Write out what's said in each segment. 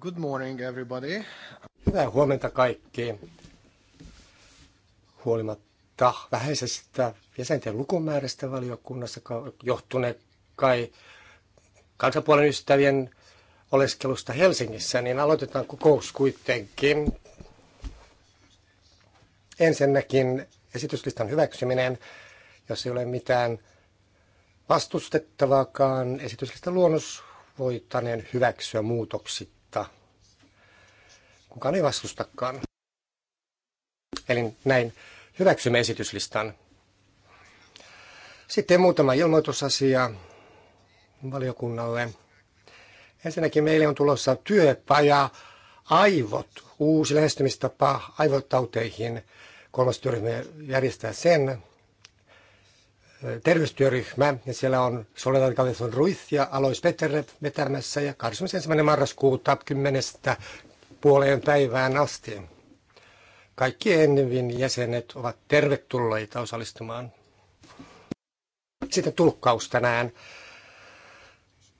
Good morning everybody. Hyvää huomenta kaikkiin. Huolimatta vähäisestä jäsenten lukumäärästä valiokunnassa johtuneet kai kansanpuolen ystävien oleskelusta Helsingissä, niin aloitetaan kokous kuitenkin. Ensinnäkin esityslistan hyväksyminen, jos ei ole mitään vastustettavaakaan esityslistan luonnos voitaneen hyväksyä muutoksi Kukaan ei vastustakaan. Eli näin hyväksymme esityslistan. Sitten muutama ilmoitusasia valiokunnalle. Ensinnäkin meille on tulossa työpaja aivot, uusi lähestymistapa aivotauteihin. Kolmas työryhmä järjestää sen. Terveystyöryhmä, ja siellä on Soledad Galeson Ruiz ja Alois Peterle vetämässä, ja 21. marraskuuta 10 puoleen päivään asti. Kaikki Ennevin jäsenet ovat tervetulleita osallistumaan. Sitten tulkkaus tänään.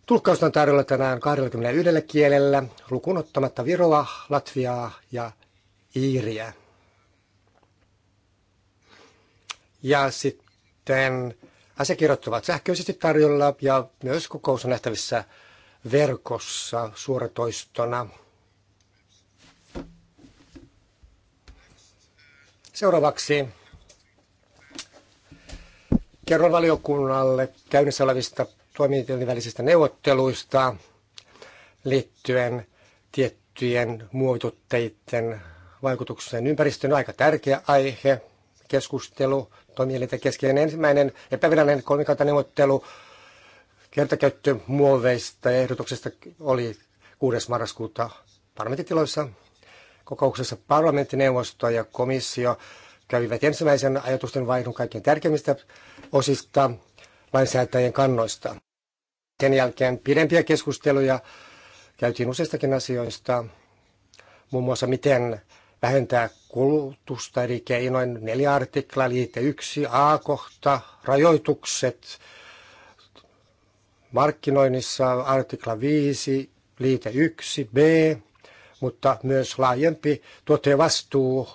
Tulkkausta on tarjolla tänään 21 kielellä, lukuun ottamatta Viroa, Latviaa ja Iiriä. Ja sitten asiakirjat ovat sähköisesti tarjolla ja myös kokous on nähtävissä verkossa suoratoistona. Seuraavaksi kerron valiokunnalle käynnissä olevista toimintojen välisistä neuvotteluista liittyen tiettyjen muovitutteiden vaikutukseen ympäristöön. Aika tärkeä aihe, keskustelu, toimielinten keskeinen ensimmäinen epävirallinen kolmikantaneuvottelu kertakäyttömuoveista ja ehdotuksesta oli 6. marraskuuta parlamentitiloissa kokouksessa parlamenttineuvosto ja komissio kävivät ensimmäisen ajatusten vaihdon kaikkein tärkeimmistä osista lainsäätäjien kannoista. Sen jälkeen pidempiä keskusteluja käytiin useistakin asioista, muun muassa miten vähentää kulutusta, eli keinoin neljä artiklaa, liite yksi, A-kohta, rajoitukset, markkinoinnissa artikla 5, liite 1, B, mutta myös laajempi tuotteen vastuu.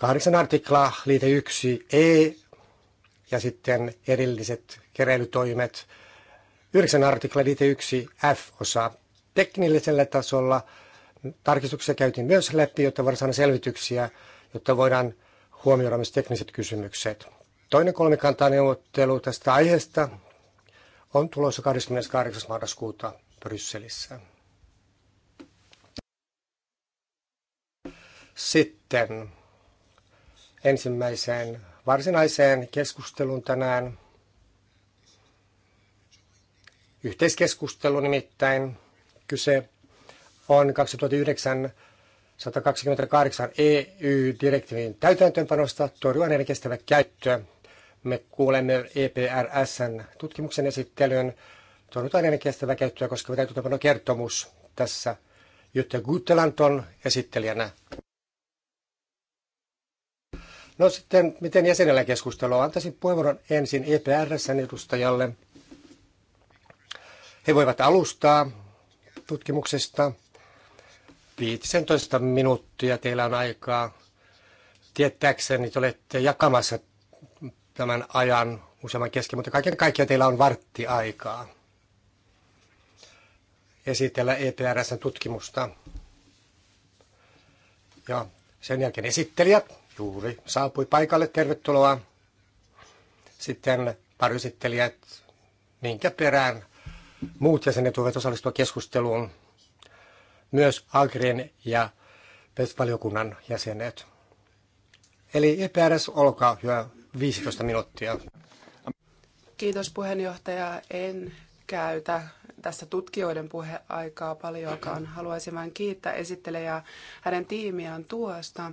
Kahdeksan artiklaa, liite 1, E ja sitten erilliset keräilytoimet. Yhdeksän artikla, liite 1, F-osa. Teknillisellä tasolla tarkistuksia käytiin myös läpi, jotta voidaan saada selvityksiä, jotta voidaan huomioida myös tekniset kysymykset. Toinen kolmikantaneuvottelu tästä aiheesta on tulossa 28. marraskuuta Brysselissä. Sitten ensimmäiseen varsinaiseen keskusteluun tänään. Yhteiskeskustelu nimittäin kyse on 2009 128 EU-direktiivin täytäntöönpanosta torjua kestävä käyttö. Me kuulemme EPRSn tutkimuksen esittelyn torjunta kestävä käyttöä koskeva täytäntöönpanokertomus. Tässä Jutta Guttelant on esittelijänä. No sitten, miten jäsenellä keskustelua? Antaisin puheenvuoron ensin EPRSn edustajalle. He voivat alustaa tutkimuksesta. 15 minuuttia teillä on aikaa. Tietääkseni te olette jakamassa tämän ajan useamman kesken, mutta kaiken kaikkiaan teillä on vartti aikaa esitellä EPRSn tutkimusta. Ja sen jälkeen esittelijät juuri saapui paikalle. Tervetuloa. Sitten parisittelijät, minkä perään muut jäsenet voivat osallistua keskusteluun. Myös Agrin ja PES-valiokunnan jäsenet. Eli EPRS, olkaa hyvä, 15 minuuttia. Kiitos puheenjohtaja. En käytä tässä tutkijoiden puheaikaa paljonkaan. Haluaisin vain kiittää esittelijää hänen tiimiään tuosta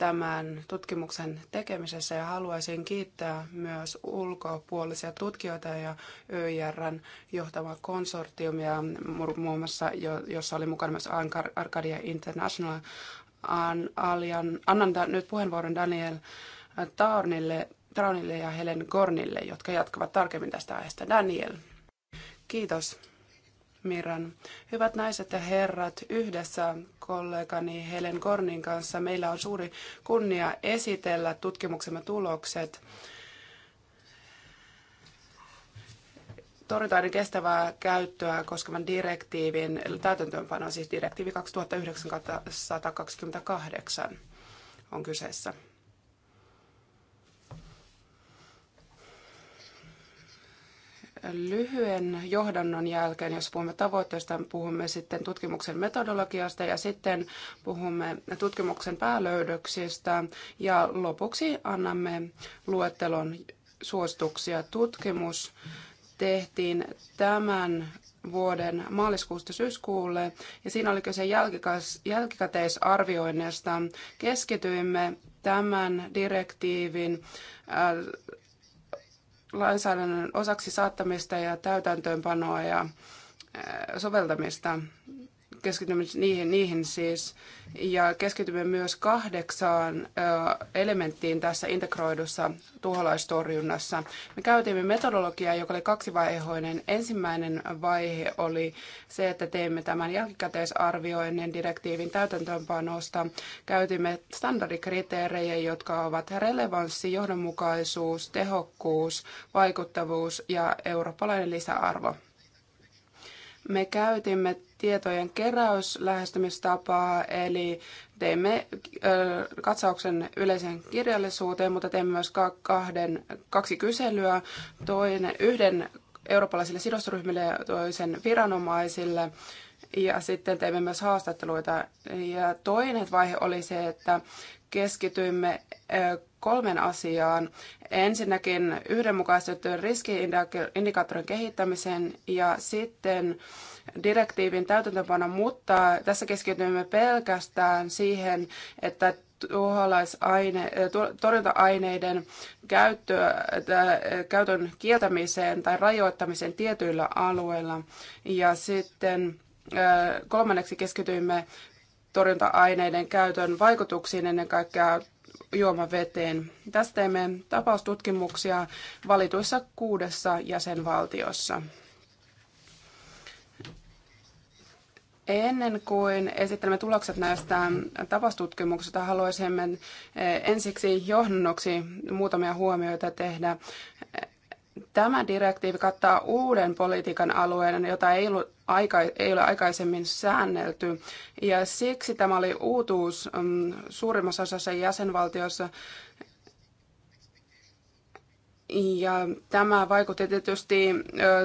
tämän tutkimuksen tekemisessä ja haluaisin kiittää myös ulkopuolisia tutkijoita ja ÖIRn johtama konsortiumia, muun muassa, jossa oli mukana myös Arcadia International. Alian, annan nyt puheenvuoron Daniel Taunille Traunille ja Helen Gornille, jotka jatkavat tarkemmin tästä aiheesta. Daniel, kiitos. Miran. Hyvät naiset ja herrat, yhdessä kollegani Helen Kornin kanssa meillä on suuri kunnia esitellä tutkimuksemme tulokset. torjuntaiden kestävää käyttöä koskevan direktiivin täytäntöönpano, siis direktiivi 2009-128 on kyseessä. lyhyen johdannon jälkeen, jos puhumme tavoitteista, puhumme sitten tutkimuksen metodologiasta ja sitten puhumme tutkimuksen päälöydöksistä ja lopuksi annamme luettelon suosituksia. Tutkimus tehtiin tämän vuoden maaliskuusta syyskuulle ja siinä oli kyse jälkikäteisarvioinnista. Keskityimme tämän direktiivin äh, lainsäädännön osaksi saattamista ja täytäntöönpanoa ja soveltamista keskitymme niihin, niihin siis, ja keskitymme myös kahdeksaan elementtiin tässä integroidussa tuholaistorjunnassa. Me käytimme metodologiaa, joka oli kaksivaiheinen. Ensimmäinen vaihe oli se, että teimme tämän jälkikäteisarvioinnin direktiivin täytäntöönpanosta. Käytimme standardikriteerejä, jotka ovat relevanssi, johdonmukaisuus, tehokkuus, vaikuttavuus ja eurooppalainen lisäarvo me käytimme tietojen keräyslähestymistapaa, eli teimme katsauksen yleisen kirjallisuuteen, mutta teimme myös kahden, kaksi kyselyä, toinen, yhden eurooppalaisille sidosryhmille ja toisen viranomaisille. Ja sitten teimme myös haastatteluita. Ja toinen vaihe oli se, että keskityimme kolmen asiaan. Ensinnäkin yhdenmukaistettujen riskiindikaattorin kehittämisen ja sitten direktiivin täytäntöpano, mutta tässä keskitymme pelkästään siihen, että tuholaisaine, torjunta-aineiden käyttö, käytön kieltämiseen tai rajoittamiseen tietyillä alueilla. Ja sitten kolmanneksi keskityimme torjunta-aineiden käytön vaikutuksiin ennen kaikkea juomaveteen. Tästä teemme tapaustutkimuksia valituissa kuudessa jäsenvaltiossa. Ennen kuin esittelemme tulokset näistä tapaustutkimuksista, haluaisimme eh, ensiksi johdannoksi muutamia huomioita tehdä. Tämä direktiivi kattaa uuden politiikan alueen, jota ei ollut aika, ei ole aikaisemmin säännelty. Ja siksi tämä oli uutuus mm, suurimmassa osassa jäsenvaltiossa Ja tämä vaikutti tietysti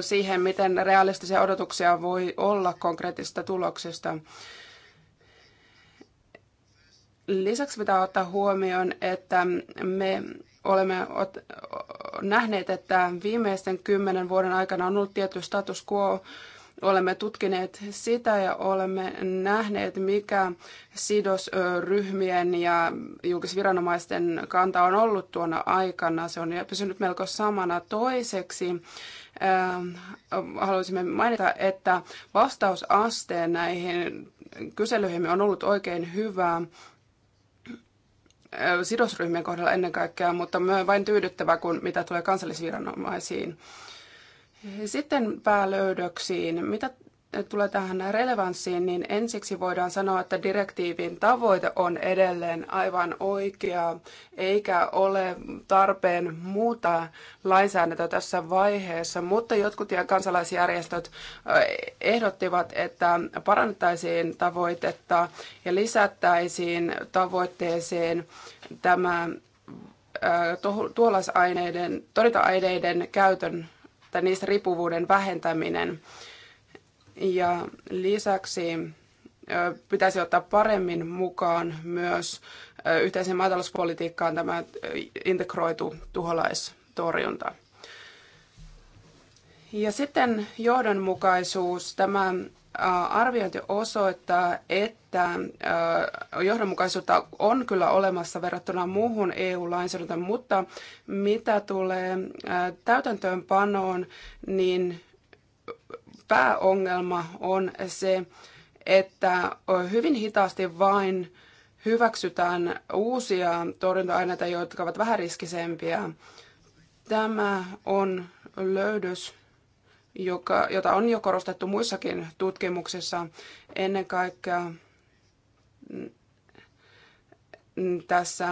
siihen, miten realistisia odotuksia voi olla konkreettisista tuloksista. Lisäksi pitää ottaa huomioon, että me olemme nähneet, että viimeisten kymmenen vuoden aikana on ollut tietty status quo Olemme tutkineet sitä ja olemme nähneet, mikä sidosryhmien ja julkisviranomaisten kanta on ollut tuona aikana. Se on pysynyt melko samana toiseksi äh, haluaisimme mainita, että vastausasteen näihin kyselyihin on ollut oikein hyvä äh, sidosryhmien kohdalla ennen kaikkea, mutta vain tyydyttävä, kun mitä tulee kansallisviranomaisiin. Sitten päälöydöksiin. Mitä tulee tähän relevanssiin, niin ensiksi voidaan sanoa, että direktiivin tavoite on edelleen aivan oikea, eikä ole tarpeen muuta lainsäädäntöä tässä vaiheessa, mutta jotkut kansalaisjärjestöt ehdottivat, että parannettaisiin tavoitetta ja lisättäisiin tavoitteeseen tämä tuholaisaineiden, torjunta-aineiden käytön että niistä riippuvuuden vähentäminen. Ja lisäksi pitäisi ottaa paremmin mukaan myös yhteiseen maatalouspolitiikkaan tämä integroitu tuholaistorjunta. Ja sitten johdonmukaisuus, tämä arviointi osoittaa, että johdonmukaisuutta on kyllä olemassa verrattuna muuhun EU-lainsäädäntöön, mutta mitä tulee täytäntöönpanoon, niin pääongelma on se, että hyvin hitaasti vain hyväksytään uusia torjunta-aineita, jotka ovat vähäriskisempiä. Tämä on löydös joka, jota on jo korostettu muissakin tutkimuksissa. Ennen kaikkea mm, mm, tässä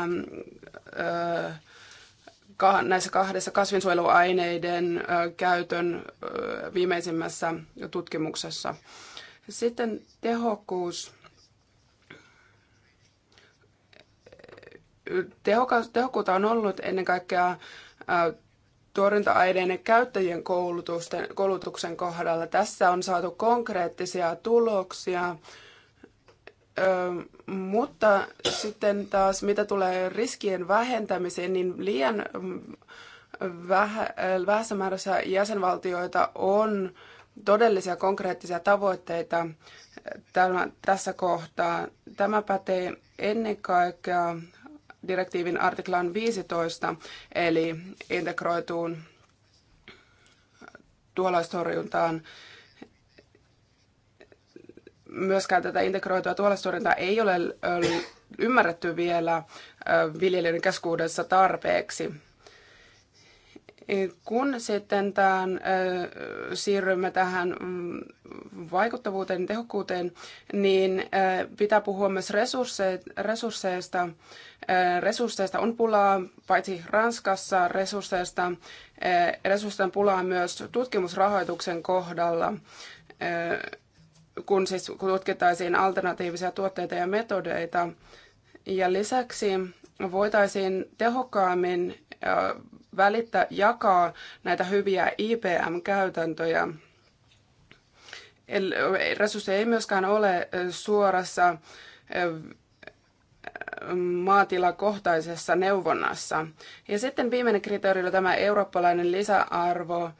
näissä kahdessa kasvinsuojeluaineiden käytön viimeisimmässä tutkimuksessa. Sitten tehokkuus. Tehokkuutta on ollut ennen kaikkea torjunta-aineiden käyttäjien koulutusten, koulutuksen kohdalla. Tässä on saatu konkreettisia tuloksia, Ö, mutta sitten taas mitä tulee riskien vähentämiseen, niin liian mm, vähä, vähässä määrässä jäsenvaltioita on todellisia konkreettisia tavoitteita tämän, tässä kohtaa. Tämä pätee ennen kaikkea direktiivin artiklan 15, eli integroituun tuolaistorjuntaan. Myöskään tätä integroitua tuolaistorjuntaa ei ole ymmärretty vielä viljelijöiden keskuudessa tarpeeksi. Kun sitten tämän, siirrymme tähän mm, vaikuttavuuteen, tehokkuuteen, niin pitää puhua myös resursseista. Resursseista on pulaa paitsi Ranskassa, resursseista, resursseista on pulaa myös tutkimusrahoituksen kohdalla, kun siis tutkittaisiin alternatiivisia tuotteita ja metodeita. Ja lisäksi voitaisiin tehokkaammin välittää, jakaa näitä hyviä IPM-käytäntöjä. Resurssi ei myöskään ole suorassa maatilakohtaisessa neuvonnassa. Ja sitten viimeinen kriteeri oli tämä eurooppalainen lisäarvo.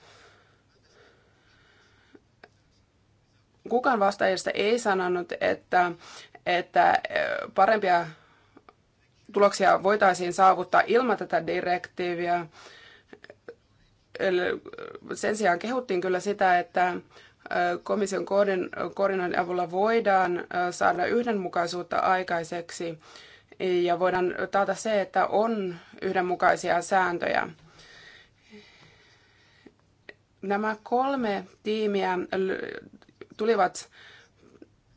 Kukaan vastaajista ei sanonut, että, että parempia tuloksia voitaisiin saavuttaa ilman tätä direktiiviä. Sen sijaan kehuttiin kyllä sitä, että komission koordinoinnin avulla voidaan saada yhdenmukaisuutta aikaiseksi ja voidaan taata se, että on yhdenmukaisia sääntöjä. Nämä kolme tiimiä tulivat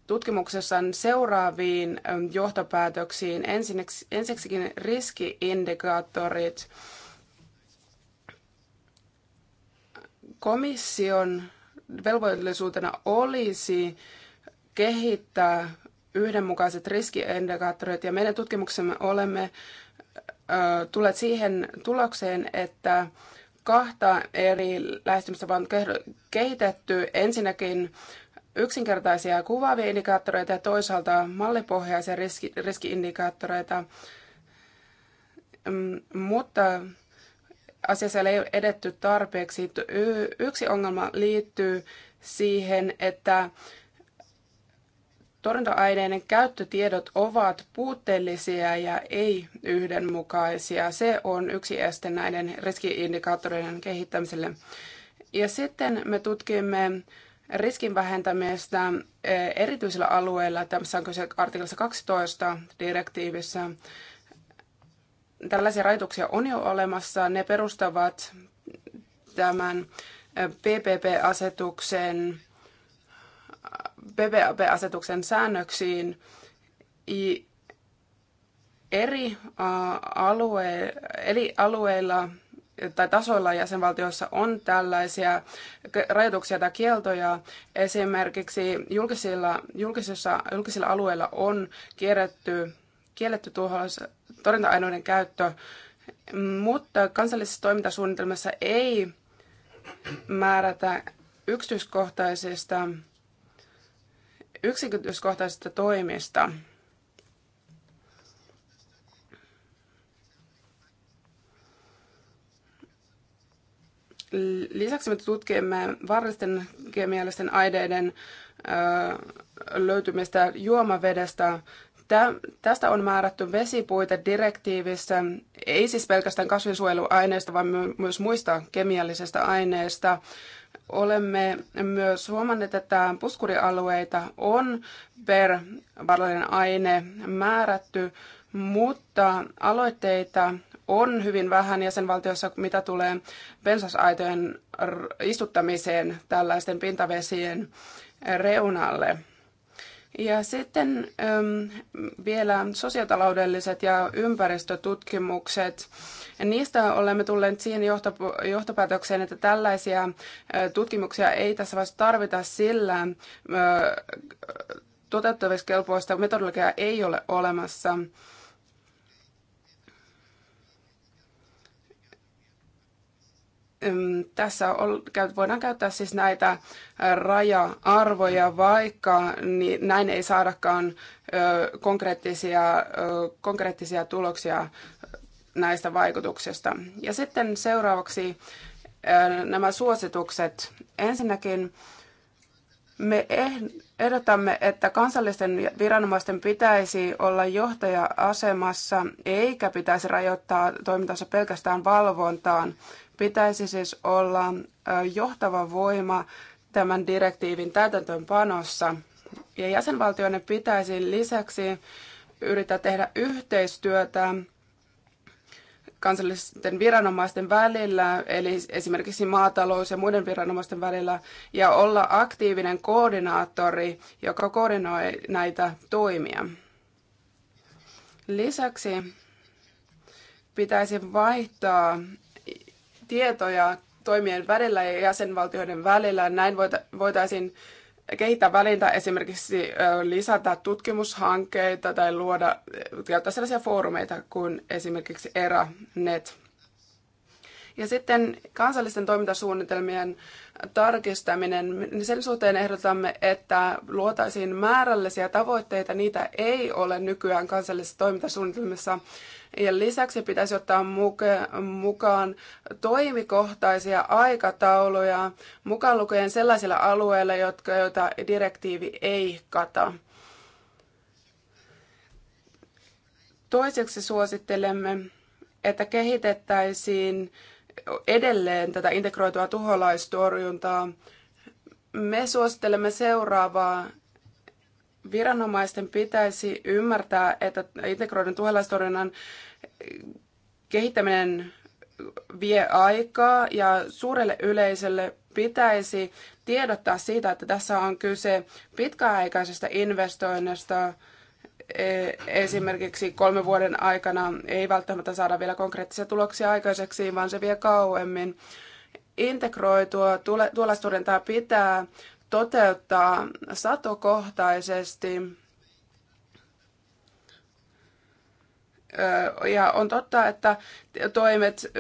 tutkimuksessaan seuraaviin johtopäätöksiin. Ensiksi, ensiksikin riskiindikaattorit. Komission velvollisuutena olisi kehittää yhdenmukaiset riskiindikaattorit ja meidän tutkimuksemme olemme tulleet siihen tulokseen, että kahta eri lähestymistä on kehitetty. Ensinnäkin yksinkertaisia ja kuvaavia indikaattoreita ja toisaalta mallipohjaisia riski, riskiindikaattoreita, mm, mutta asiassa ei ole edetty tarpeeksi. Yksi ongelma liittyy siihen, että torjunta-aineiden käyttötiedot ovat puutteellisia ja ei yhdenmukaisia. Se on yksi este näiden riskiindikaattoreiden kehittämiselle. Ja sitten me tutkimme riskin vähentämistä e, erityisillä alueilla. Tässä on kyse artiklassa 12 direktiivissä. Tällaisia rajoituksia on jo olemassa. Ne perustavat tämän e, PPP-asetuksen PPP-asetuksen säännöksiin eri, alue, eli alueilla tai tasoilla jäsenvaltioissa on tällaisia rajoituksia tai kieltoja. Esimerkiksi julkisilla, julkisissa, julkisilla alueilla on kierretty, kielletty torjunta-aineiden käyttö, mutta kansallisessa toimintasuunnitelmassa ei määrätä yksityiskohtaisista, yksityiskohtaisista toimista. Lisäksi me tutkimme vaarallisten kemiallisten aineiden löytymistä juomavedestä. Tästä on määrätty direktiivissä ei siis pelkästään kasvinsuojeluaineista, vaan myös muista kemiallisista aineista. Olemme myös huomanneet, että puskurialueita on per varallinen aine määrätty, mutta aloitteita on hyvin vähän jäsenvaltiossa, mitä tulee pensasaitojen istuttamiseen tällaisten pintavesien reunalle. Ja sitten äm, vielä sosiotaloudelliset ja ympäristötutkimukset. Niistä olemme tulleet siihen johtopäätökseen, että tällaisia äh, tutkimuksia ei tässä vaiheessa tarvita, sillä äh, toteuttavissa kelpoista metodologiaa ei ole olemassa. tässä voidaan käyttää siis näitä raja-arvoja, vaikka niin näin ei saadakaan konkreettisia, konkreettisia tuloksia näistä vaikutuksista. Ja sitten seuraavaksi nämä suositukset. Ensinnäkin me eh-, ehdotamme, että kansallisten viranomaisten pitäisi olla johtaja-asemassa eikä pitäisi rajoittaa toimintansa pelkästään valvontaan pitäisi siis olla johtava voima tämän direktiivin täytäntöönpanossa. Ja jäsenvaltioiden pitäisi lisäksi yrittää tehdä yhteistyötä kansallisten viranomaisten välillä, eli esimerkiksi maatalous- ja muiden viranomaisten välillä, ja olla aktiivinen koordinaattori, joka koordinoi näitä toimia. Lisäksi pitäisi vaihtaa tietoja toimien välillä ja jäsenvaltioiden välillä. Näin voitaisiin kehittää välintä esimerkiksi lisätä tutkimushankkeita tai luoda, käyttää sellaisia foorumeita kuin esimerkiksi ERANET. Ja sitten kansallisten toimintasuunnitelmien tarkistaminen. Niin sen suhteen ehdotamme, että luotaisiin määrällisiä tavoitteita. Niitä ei ole nykyään kansallisessa toimintasuunnitelmissa. Ja lisäksi pitäisi ottaa mukaan toimikohtaisia aikatauluja mukaan lukien sellaisilla alueilla, jotka, joita direktiivi ei kata. Toiseksi suosittelemme, että kehitettäisiin edelleen tätä integroitua tuholaistorjuntaa. Me suosittelemme seuraavaa. Viranomaisten pitäisi ymmärtää, että integroidun tuholaistorjunnan kehittäminen vie aikaa ja suurelle yleisölle pitäisi tiedottaa siitä, että tässä on kyse pitkäaikaisesta investoinnista E, esimerkiksi kolmen vuoden aikana ei välttämättä saada vielä konkreettisia tuloksia aikaiseksi, vaan se vie kauemmin. Integroitua tuollaistorjuntaa pitää toteuttaa satokohtaisesti. Ja on totta, että toimet,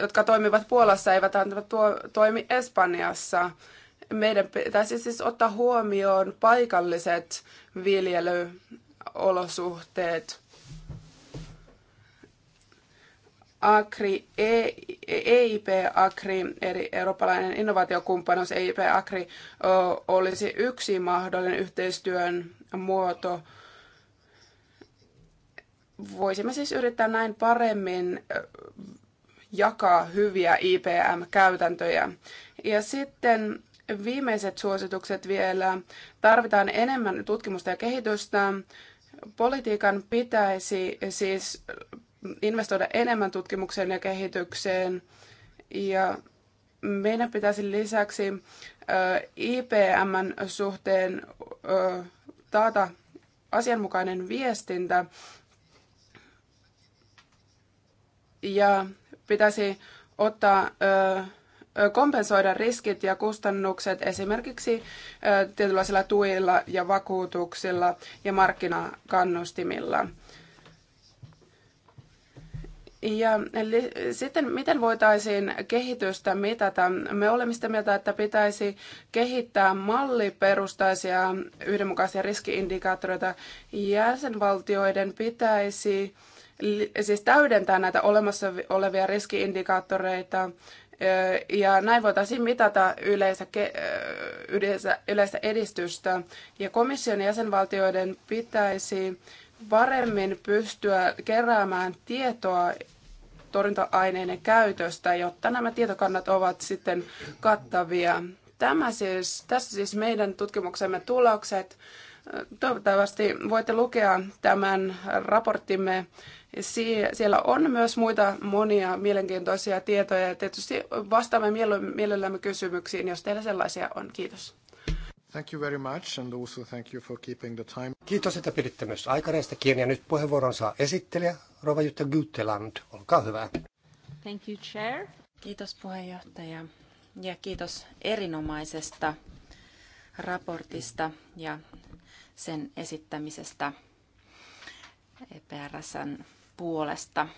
jotka toimivat Puolassa, eivät toimi Espanjassa meidän pitäisi siis ottaa huomioon paikalliset viljely, olosuhteet. Akri, EIP e Akri, eli eurooppalainen innovaatiokumppanuus EIP Akri, olisi yksi mahdollinen yhteistyön muoto. Voisimme siis yrittää näin paremmin jakaa hyviä IPM-käytäntöjä. Ja sitten viimeiset suositukset vielä. Tarvitaan enemmän tutkimusta ja kehitystä Politiikan pitäisi siis investoida enemmän tutkimukseen ja kehitykseen ja meidän pitäisi lisäksi IPMn suhteen taata asianmukainen viestintä ja pitäisi ottaa kompensoida riskit ja kustannukset esimerkiksi tietynlaisilla tuilla ja vakuutuksilla ja markkinakannustimilla. Ja eli sitten miten voitaisiin kehitystä mitata? Me olemme sitä mieltä, että pitäisi kehittää malliperustaisia yhdenmukaisia riskiindikaattoreita. Jäsenvaltioiden pitäisi siis täydentää näitä olemassa olevia riskiindikaattoreita ja näin voitaisiin mitata yleistä, yleistä, yleistä edistystä. Ja komission jäsenvaltioiden pitäisi paremmin pystyä keräämään tietoa torjunta-aineiden käytöstä, jotta nämä tietokannat ovat sitten kattavia. Tämä siis, tässä siis meidän tutkimuksemme tulokset. Toivottavasti voitte lukea tämän raporttimme. Siellä on myös muita monia mielenkiintoisia tietoja. Tietysti vastaamme mielellämme kysymyksiin, jos teillä sellaisia on. Kiitos. Thank you very much and also thank you for keeping the time. Kiitos, että piditte myös aikareista kiinni. Ja nyt puheenvuoron saa esittelijä Rova Jutta Gytteland. Olkaa hyvä. Thank you, Chair. Kiitos puheenjohtaja ja kiitos erinomaisesta raportista ja sen esittämisestä EPRSn puolesta.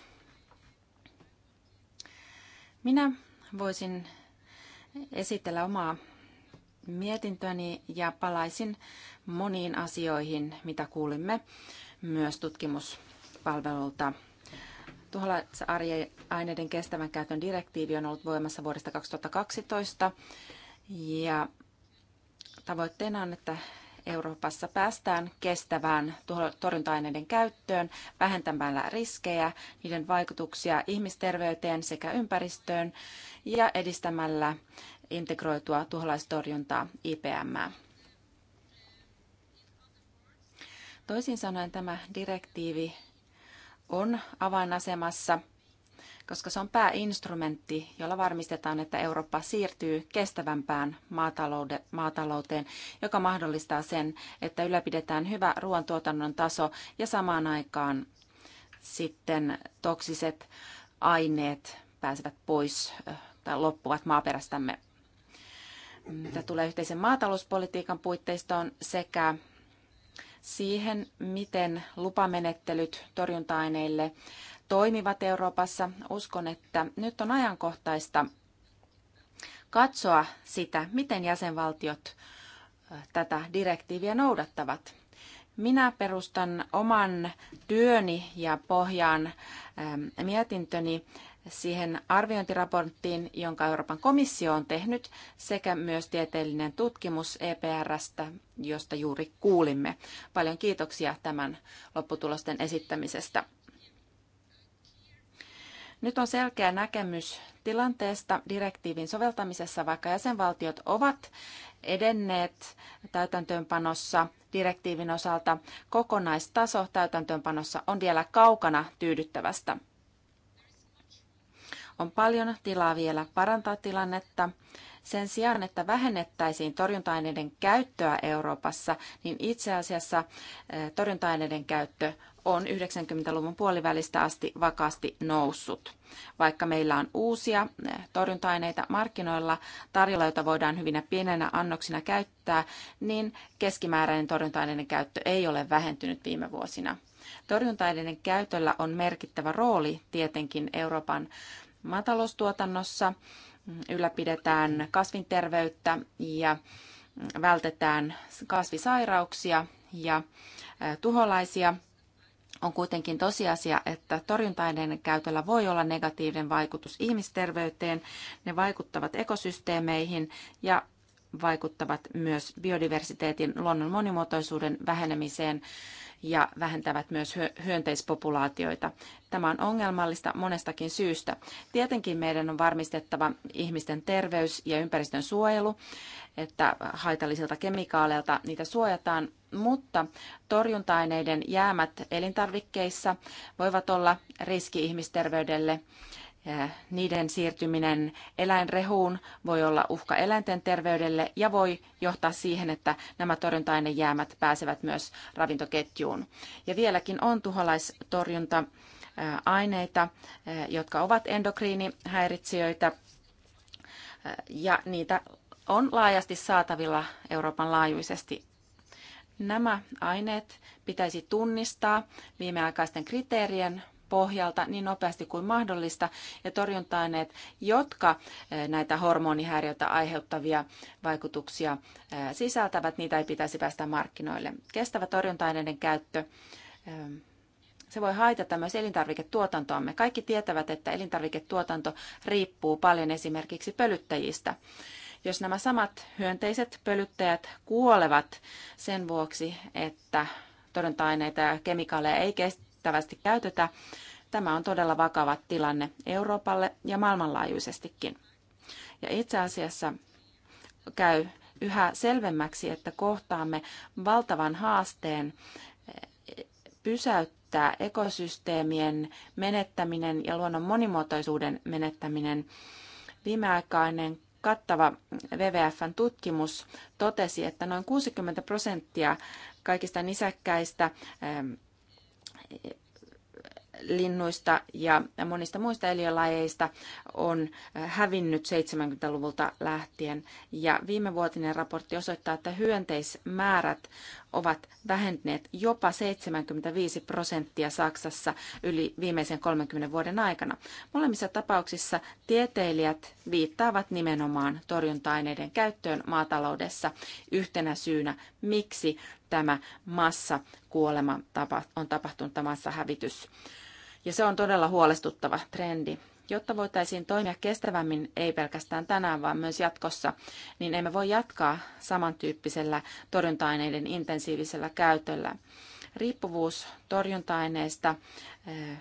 Minä voisin esitellä omaa mietintöni ja palaisin moniin asioihin, mitä kuulimme myös tutkimuspalvelulta. Tuholaisaineiden kestävän käytön direktiivi on ollut voimassa vuodesta 2012 ja tavoitteena on, että Euroopassa päästään kestävään torjunta-aineiden käyttöön vähentämällä riskejä, niiden vaikutuksia ihmisterveyteen sekä ympäristöön ja edistämällä integroitua tuholaistorjuntaa IPM. Toisin sanoen tämä direktiivi on avainasemassa – koska se on pääinstrumentti, jolla varmistetaan, että Eurooppa siirtyy kestävämpään maatalouteen, joka mahdollistaa sen, että ylläpidetään hyvä ruoantuotannon taso ja samaan aikaan sitten toksiset aineet pääsevät pois tai loppuvat maaperästämme. Mitä tulee yhteisen maatalouspolitiikan puitteistoon sekä siihen, miten lupamenettelyt torjunta-aineille toimivat Euroopassa. Uskon, että nyt on ajankohtaista katsoa sitä, miten jäsenvaltiot tätä direktiiviä noudattavat. Minä perustan oman työni ja pohjaan mietintöni siihen arviointiraporttiin, jonka Euroopan komissio on tehnyt, sekä myös tieteellinen tutkimus EPRstä, josta juuri kuulimme. Paljon kiitoksia tämän lopputulosten esittämisestä. Nyt on selkeä näkemys tilanteesta direktiivin soveltamisessa, vaikka jäsenvaltiot ovat edenneet täytäntöönpanossa direktiivin osalta. Kokonaistaso täytäntöönpanossa on vielä kaukana tyydyttävästä. On paljon tilaa vielä parantaa tilannetta. Sen sijaan, että vähennettäisiin torjunta-aineiden käyttöä Euroopassa, niin itse asiassa eh, torjunta-aineiden käyttö on 90-luvun puolivälistä asti vakaasti noussut. Vaikka meillä on uusia eh, torjunta-aineita markkinoilla tarjolla, joita voidaan hyvinä pienenä annoksina käyttää, niin keskimääräinen torjunta-aineiden käyttö ei ole vähentynyt viime vuosina. Torjunta-aineiden käytöllä on merkittävä rooli tietenkin Euroopan maataloustuotannossa. Ylläpidetään kasvinterveyttä ja vältetään kasvisairauksia ja eh, tuholaisia – on kuitenkin tosiasia, että torjuntaiden käytöllä voi olla negatiivinen vaikutus ihmisterveyteen, ne vaikuttavat ekosysteemeihin ja vaikuttavat myös biodiversiteetin, luonnon monimuotoisuuden vähenemiseen ja vähentävät myös hyönteispopulaatioita. Tämä on ongelmallista monestakin syystä. Tietenkin meidän on varmistettava ihmisten terveys ja ympäristön suojelu, että haitallisilta kemikaaleilta niitä suojataan, mutta torjunta-aineiden jäämät elintarvikkeissa voivat olla riski ihmisterveydelle Äh, niiden siirtyminen eläinrehuun voi olla uhka eläinten terveydelle ja voi johtaa siihen, että nämä torjunta-ainejäämät pääsevät myös ravintoketjuun. Ja vieläkin on tuholaistorjunta äh, aineita, äh, jotka ovat endokriinihäiritsijöitä ja niitä on laajasti saatavilla Euroopan laajuisesti. Nämä aineet pitäisi tunnistaa viimeaikaisten kriteerien pohjalta niin nopeasti kuin mahdollista ja torjunta-aineet, jotka eh, näitä hormonihäiriötä aiheuttavia vaikutuksia eh, sisältävät, niitä ei pitäisi päästä markkinoille. Kestävä torjunta-aineiden käyttö eh, se voi haitata myös elintarviketuotantoamme. Kaikki tietävät, että elintarviketuotanto riippuu paljon esimerkiksi pölyttäjistä. Jos nämä samat hyönteiset pölyttäjät kuolevat sen vuoksi, että todenta aineita ja kemikaaleja ei riittävästi käytetä. Tämä on todella vakava tilanne Euroopalle ja maailmanlaajuisestikin. Ja itse asiassa käy yhä selvemmäksi, että kohtaamme valtavan haasteen eh, pysäyttää ekosysteemien menettäminen ja luonnon monimuotoisuuden menettäminen. Viimeaikainen kattava WWFn tutkimus totesi, että noin 60 prosenttia kaikista nisäkkäistä linnuista ja monista muista eliölajeista on hävinnyt 70-luvulta lähtien. Ja viime vuotinen raportti osoittaa, että hyönteismäärät ovat vähentyneet jopa 75 prosenttia Saksassa yli viimeisen 30 vuoden aikana. Molemmissa tapauksissa tieteilijät viittaavat nimenomaan torjunta-aineiden käyttöön maataloudessa yhtenä syynä, miksi tämä massakuolema on tapahtunut, tämä massahävitys. Ja se on todella huolestuttava trendi. Jotta voitaisiin toimia kestävämmin, ei pelkästään tänään, vaan myös jatkossa, niin emme voi jatkaa samantyyppisellä torjunta-aineiden intensiivisellä käytöllä. Riippuvuus torjunta-aineista eh,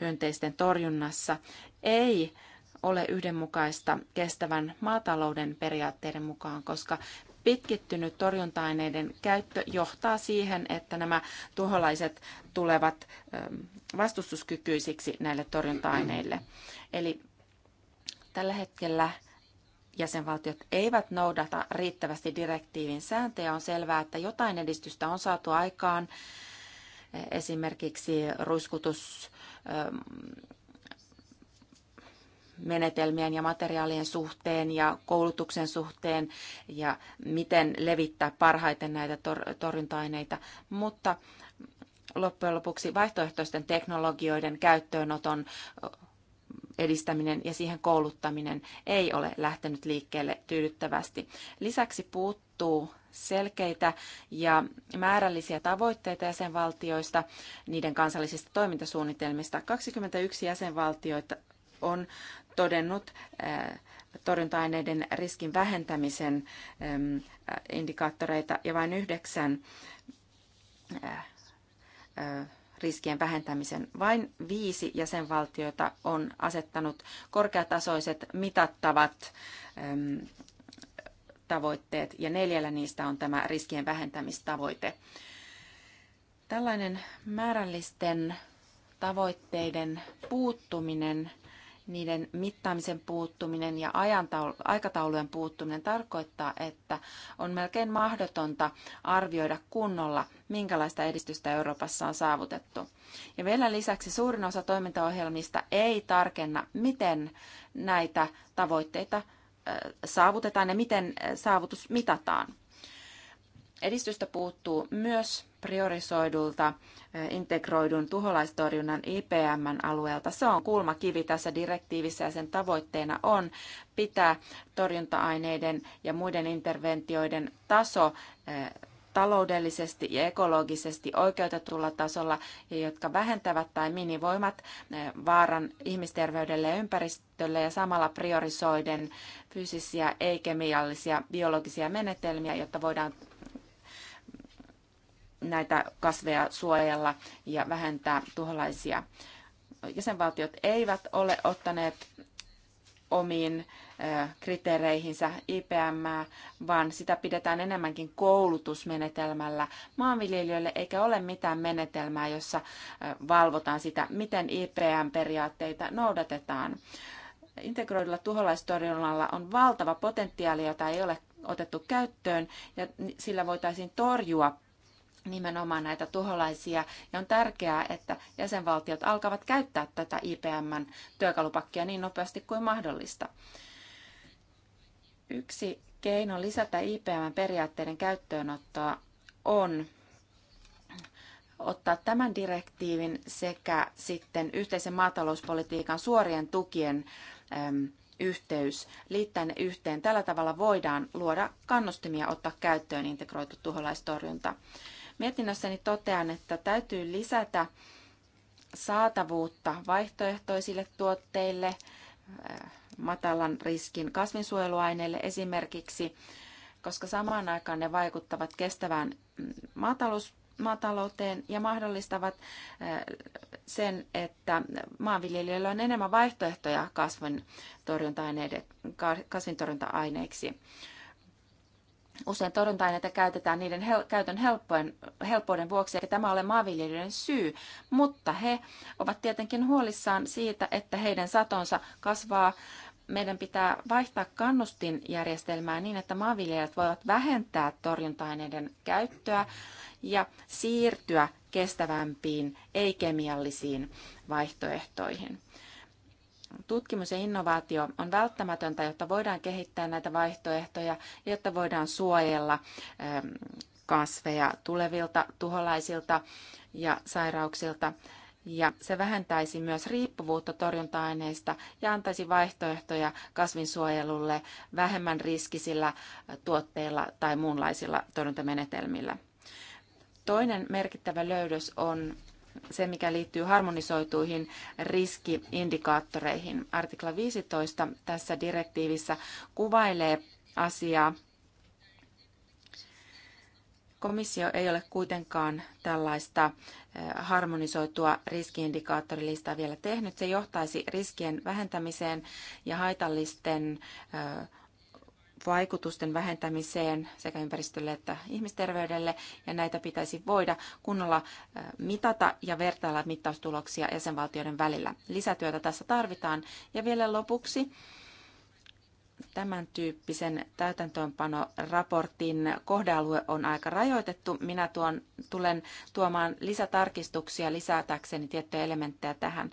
hyönteisten torjunnassa ei ole yhdenmukaista kestävän maatalouden periaatteiden mukaan, koska pitkittynyt torjunta-aineiden käyttö johtaa siihen, että nämä tuholaiset tulevat eh, vastustuskykyisiksi näille torjunta-aineille. Eli tällä hetkellä jäsenvaltiot eivät noudata riittävästi direktiivin sääntöjä. On selvää, että jotain edistystä on saatu aikaan. Esimerkiksi ruiskutusmenetelmien ähm, ja materiaalien suhteen ja koulutuksen suhteen ja miten levittää parhaiten näitä tor- torjunta-aineita, mutta loppujen lopuksi vaihtoehtoisten teknologioiden käyttöönoton edistäminen ja siihen kouluttaminen ei ole lähtenyt liikkeelle tyydyttävästi. Lisäksi puuttuu selkeitä ja määrällisiä tavoitteita jäsenvaltioista, niiden kansallisista toimintasuunnitelmista. 21 jäsenvaltioita on todennut torjunta-aineiden riskin vähentämisen indikaattoreita ja vain yhdeksän riskien vähentämisen. Vain viisi jäsenvaltiota on asettanut korkeatasoiset mitattavat ähm, tavoitteet ja neljällä niistä on tämä riskien vähentämistavoite. Tällainen määrällisten tavoitteiden puuttuminen niiden mittaamisen puuttuminen ja aikataulujen puuttuminen tarkoittaa, että on melkein mahdotonta arvioida kunnolla, minkälaista edistystä Euroopassa on saavutettu. Ja vielä lisäksi suurin osa toimintaohjelmista ei tarkenna, miten näitä tavoitteita saavutetaan ja miten saavutus mitataan. Edistystä puuttuu myös priorisoidulta integroidun tuholaistorjunnan ipm alueelta. Se on kulmakivi tässä direktiivissä ja sen tavoitteena on pitää torjunta-aineiden ja muiden interventioiden taso taloudellisesti ja ekologisesti oikeutetulla tasolla ja jotka vähentävät tai minivoimat vaaran ihmisterveydelle ja ympäristölle ja samalla priorisoiden fyysisiä, ei-kemiallisia, biologisia menetelmiä, jotta voidaan näitä kasveja suojella ja vähentää tuholaisia. Jäsenvaltiot eivät ole ottaneet omiin kriteereihinsä IPM, vaan sitä pidetään enemmänkin koulutusmenetelmällä maanviljelijöille, eikä ole mitään menetelmää, jossa valvotaan sitä, miten IPM-periaatteita noudatetaan. Integroidulla tuholaistorjunnalla on valtava potentiaali, jota ei ole otettu käyttöön, ja sillä voitaisiin torjua nimenomaan näitä tuholaisia. Ja on tärkeää, että jäsenvaltiot alkavat käyttää tätä IPMn työkalupakkia niin nopeasti kuin mahdollista. Yksi keino lisätä IPMn periaatteiden käyttöönottoa on ottaa tämän direktiivin sekä sitten yhteisen maatalouspolitiikan suorien tukien yhteys, liittää ne yhteen. Tällä tavalla voidaan luoda kannustimia ottaa käyttöön integroitu tuholaistorjunta. Mietinnössäni totean, että täytyy lisätä saatavuutta vaihtoehtoisille tuotteille, äh, matalan riskin kasvinsuojeluaineille esimerkiksi, koska samaan aikaan ne vaikuttavat kestävään mm, maatalous, maatalouteen ja mahdollistavat äh, sen, että maanviljelijöillä on enemmän vaihtoehtoja kasvintorjunta-aineiksi. Usein torjunta-aineita käytetään niiden hel- käytön helppojen, helppouden vuoksi, eikä tämä ole maanviljelijöiden syy, mutta he ovat tietenkin huolissaan siitä, että heidän satonsa kasvaa. Meidän pitää vaihtaa kannustinjärjestelmää niin, että maanviljelijät voivat vähentää torjunta-aineiden käyttöä ja siirtyä kestävämpiin, ei-kemiallisiin vaihtoehtoihin. Tutkimus ja innovaatio on välttämätöntä, jotta voidaan kehittää näitä vaihtoehtoja, jotta voidaan suojella ähm, kasveja tulevilta tuholaisilta ja sairauksilta. Ja se vähentäisi myös riippuvuutta torjunta-aineista ja antaisi vaihtoehtoja kasvinsuojelulle vähemmän riskisillä tuotteilla tai muunlaisilla torjuntamenetelmillä. Toinen merkittävä löydös on se, mikä liittyy harmonisoituihin riskiindikaattoreihin. Artikla 15 tässä direktiivissä kuvailee asiaa. Komissio ei ole kuitenkaan tällaista eh, harmonisoitua riskiindikaattorilistaa vielä tehnyt. Se johtaisi riskien vähentämiseen ja haitallisten eh, vaikutusten vähentämiseen sekä ympäristölle että ihmisterveydelle, ja näitä pitäisi voida kunnolla mitata ja vertailla mittaustuloksia jäsenvaltioiden välillä. Lisätyötä tässä tarvitaan. Ja vielä lopuksi tämän tyyppisen täytäntöönpanoraportin kohdealue on aika rajoitettu. Minä tuon, tulen tuomaan lisätarkistuksia lisätäkseni tiettyjä elementtejä tähän.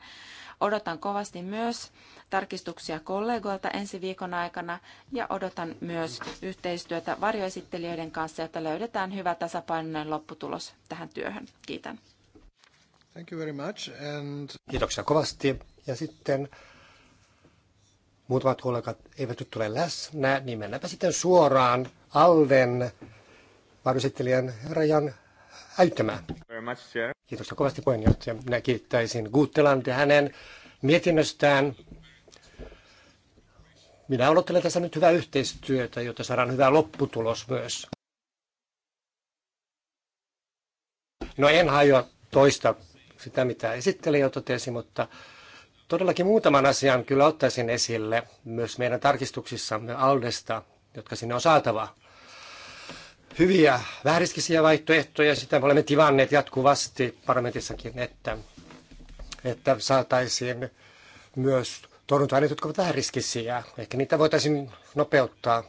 Odotan kovasti myös tarkistuksia kollegoilta ensi viikon aikana ja odotan myös yhteistyötä varjoesittelijöiden kanssa, jotta löydetään hyvä tasapainoinen lopputulos tähän työhön. Kiitän. Thank you very much and... Kiitoksia kovasti. Ja sitten muutamat kollegat eivät nyt tule läsnä, niin mennäänpä sitten suoraan Alden varjoesittelijän Rajan äyttämään. Very much, Kiitosta kovasti puheenjohtaja. Minä kiittäisin Gutteland ja hänen mietinnöstään. Minä odottelen tässä nyt hyvää yhteistyötä, jotta saadaan hyvä lopputulos myös. No en hajoa toista sitä, mitä esittelijä totesi, mutta todellakin muutaman asian kyllä ottaisin esille myös meidän tarkistuksissamme Aldesta, jotka sinne on saatava hyviä vähäriskisiä vaihtoehtoja. Sitä me olemme tivanneet jatkuvasti parlamentissakin, että, että saataisiin myös torjunta-aineet, jotka ovat vähäriskisiä. Ehkä niitä voitaisiin nopeuttaa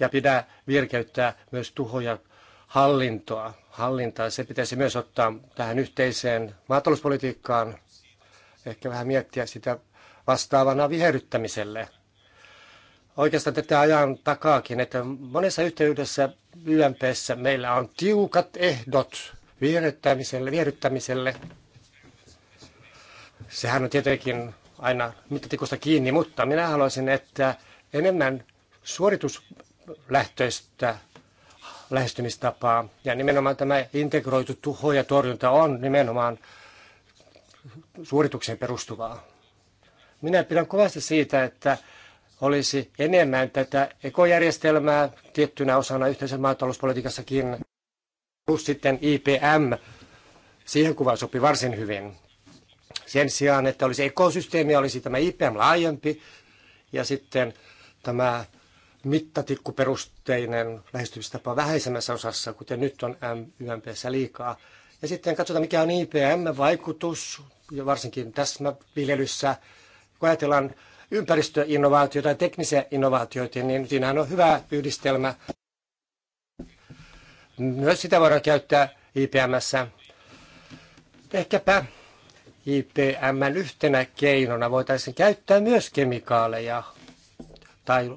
ja pidä virkeyttää myös tuhoja hallintoa. Hallintaa, se pitäisi myös ottaa tähän yhteiseen maatalouspolitiikkaan. Ehkä vähän miettiä sitä vastaavana viherryttämiselle – oikeastaan tätä ajan takaakin, että monessa yhteydessä YMPssä meillä on tiukat ehdot vieryttämiselle, vieryttämiselle. Sehän on tietenkin aina mittatikusta kiinni, mutta minä haluaisin, että enemmän suorituslähtöistä lähestymistapaa ja nimenomaan tämä integroitu tuho ja torjunta on nimenomaan suoritukseen perustuvaa. Minä pidän kovasti siitä, että olisi enemmän tätä ekojärjestelmää tiettynä osana yhteisen maatalouspolitiikassakin, plus sitten IPM, siihen kuvaan sopi varsin hyvin. Sen sijaan, että olisi ekosysteemi, olisi tämä IPM laajempi ja sitten tämä mittatikkuperusteinen lähestymistapa vähäisemmässä osassa, kuten nyt on YMPssä liikaa. Ja sitten katsotaan, mikä on IPM-vaikutus, varsinkin tässä viljelyssä, kun ajatellaan ympäristöinnovaatioita ja teknisiä innovaatioita, niin siinähän on hyvä yhdistelmä. Myös sitä voidaan käyttää IPMssä. Ehkäpä IPMn yhtenä keinona voitaisiin käyttää myös kemikaaleja tai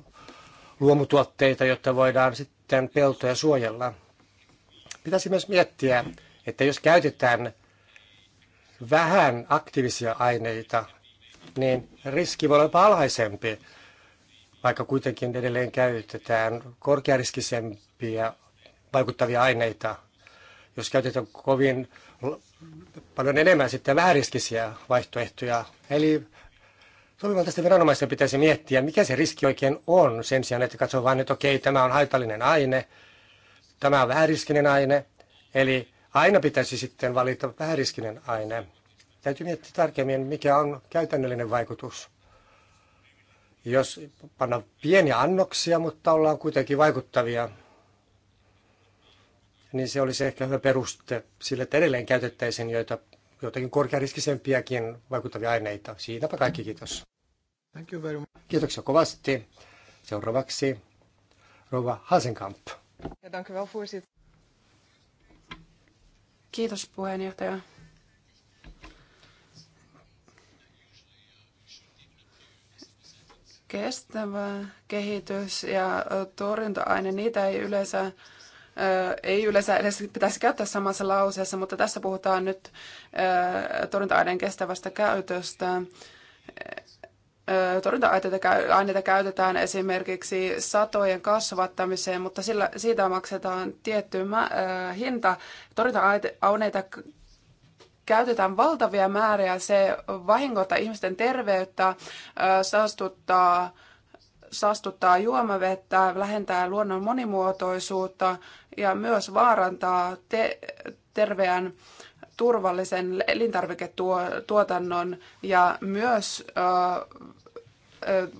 luomutuotteita, jotta voidaan sitten peltoja suojella. Pitäisi myös miettiä, että jos käytetään vähän aktiivisia aineita, niin riski voi olla jopa alhaisempi, vaikka kuitenkin edelleen käytetään korkeariskisempiä vaikuttavia aineita. Jos käytetään kovin paljon enemmän sitten vähäriskisiä vaihtoehtoja. Eli toimivaltaisten viranomaisten pitäisi miettiä, mikä se riski oikein on sen sijaan, että katsoo vain, että okei, tämä on haitallinen aine, tämä on vähäriskinen aine. Eli aina pitäisi sitten valita vähäriskinen aine. Täytyy miettiä tarkemmin, mikä on käytännöllinen vaikutus. Jos panna pieniä annoksia, mutta ollaan kuitenkin vaikuttavia, niin se olisi ehkä hyvä peruste sille, että edelleen käytettäisiin joita, joitakin korkeariskisempiäkin vaikuttavia aineita. Siitäpä kaikki, kiitos. Thank you very much. Kiitoksia kovasti. Seuraavaksi Rova Hasenkamp. Ja dank u wel, voorzitter. Kiitos puheenjohtaja. kestävä kehitys ja torjunta-aine, niitä ei yleensä ei yleensä edes pitäisi käyttää samassa lauseessa, mutta tässä puhutaan nyt torjunta-aineen kestävästä käytöstä. Torjunta-aineita käytetään esimerkiksi satojen kasvattamiseen, mutta sillä, siitä maksetaan tietty hinta. Torjunta-aineita käytetään valtavia määriä, se vahingoittaa ihmisten terveyttä, saastuttaa, saastuttaa juomavettä, lähentää luonnon monimuotoisuutta ja myös vaarantaa te- terveän turvallisen elintarviketuotannon ja myös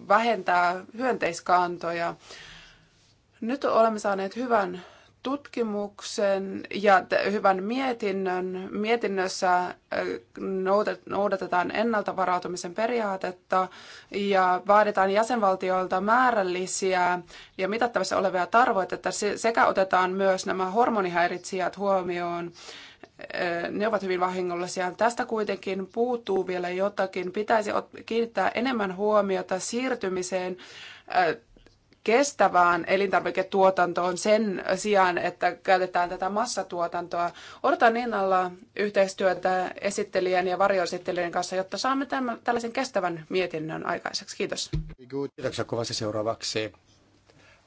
vähentää hyönteiskantoja. Nyt olemme saaneet hyvän tutkimuksen ja hyvän mietinnön. Mietinnössä äh, noudatetaan ennalta varautumisen periaatetta ja vaaditaan jäsenvaltioilta määrällisiä ja mitattavissa olevia tarvoitetta. Sekä otetaan myös nämä hormonihäiritsijät huomioon. Äh, ne ovat hyvin vahingollisia. Tästä kuitenkin puuttuu vielä jotakin. Pitäisi kiinnittää enemmän huomiota siirtymiseen äh, kestävään elintarviketuotantoon sen sijaan, että käytetään tätä massatuotantoa. Odotan niin alla yhteistyötä esittelijän ja varjoesittelijän kanssa, jotta saamme tämän, tällaisen kestävän mietinnön aikaiseksi. Kiitos. Kiitoksia kovasti seuraavaksi.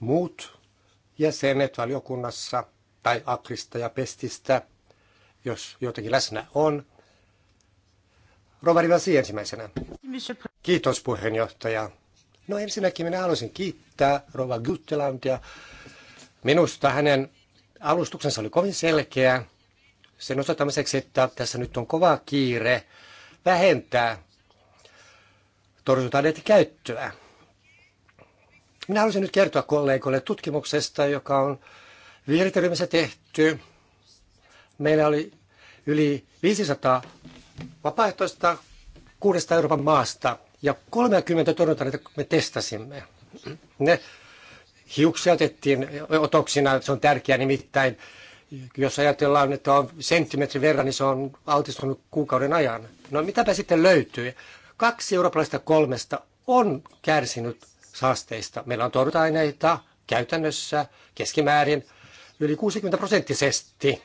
Muut jäsenet valiokunnassa tai Akrista ja Pestistä, jos jotenkin läsnä on. Rovari Vasi ensimmäisenä. Kiitos puheenjohtaja. No ensinnäkin minä haluaisin kiittää Rova Guttelandia. Minusta hänen alustuksensa oli kovin selkeä sen osoittamiseksi, että tässä nyt on kova kiire vähentää torjunta käyttöä. Minä haluaisin nyt kertoa kollegoille tutkimuksesta, joka on viiriteryhmässä tehty. Meillä oli yli 500 vapaaehtoista kuudesta Euroopan maasta – ja 30 torjuntaneita me testasimme. Ne hiuksia otettiin otoksina, se on tärkeää nimittäin. Jos ajatellaan, että on senttimetrin verran, niin se on altistunut kuukauden ajan. No mitäpä sitten löytyy? Kaksi eurooppalaista kolmesta on kärsinyt saasteista. Meillä on torjunta-aineita käytännössä keskimäärin yli 60 prosenttisesti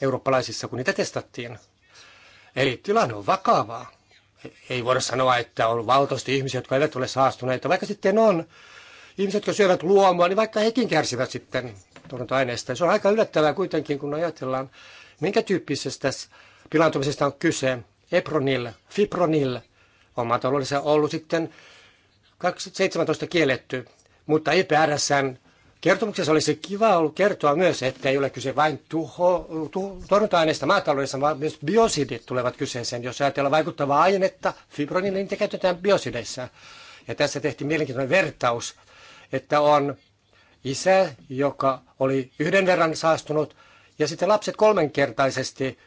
eurooppalaisissa, kun niitä testattiin. Eli tilanne on vakavaa ei voida sanoa, että on valtavasti ihmisiä, jotka eivät ole saastuneita, vaikka sitten on. Ihmiset, jotka syövät luomua, niin vaikka hekin kärsivät sitten torjunta-aineista. Se on aika yllättävää kuitenkin, kun ajatellaan, minkä tyyppisestä pilantumisesta on kyse. Epronil, fipronil on maataloudessa ollut sitten 17 kielletty, mutta IPRSn e Kertomuksessa olisi kiva ollut kertoa myös, että ei ole kyse vain tuho, torjunta-aineista maataloudessa, vaan myös biosidit tulevat kyseeseen. Jos ajatellaan vaikuttavaa ainetta, fibronille niitä käytetään biosideissa. Ja tässä tehtiin mielenkiintoinen vertaus, että on isä, joka oli yhden verran saastunut, ja sitten lapset kolmenkertaisesti.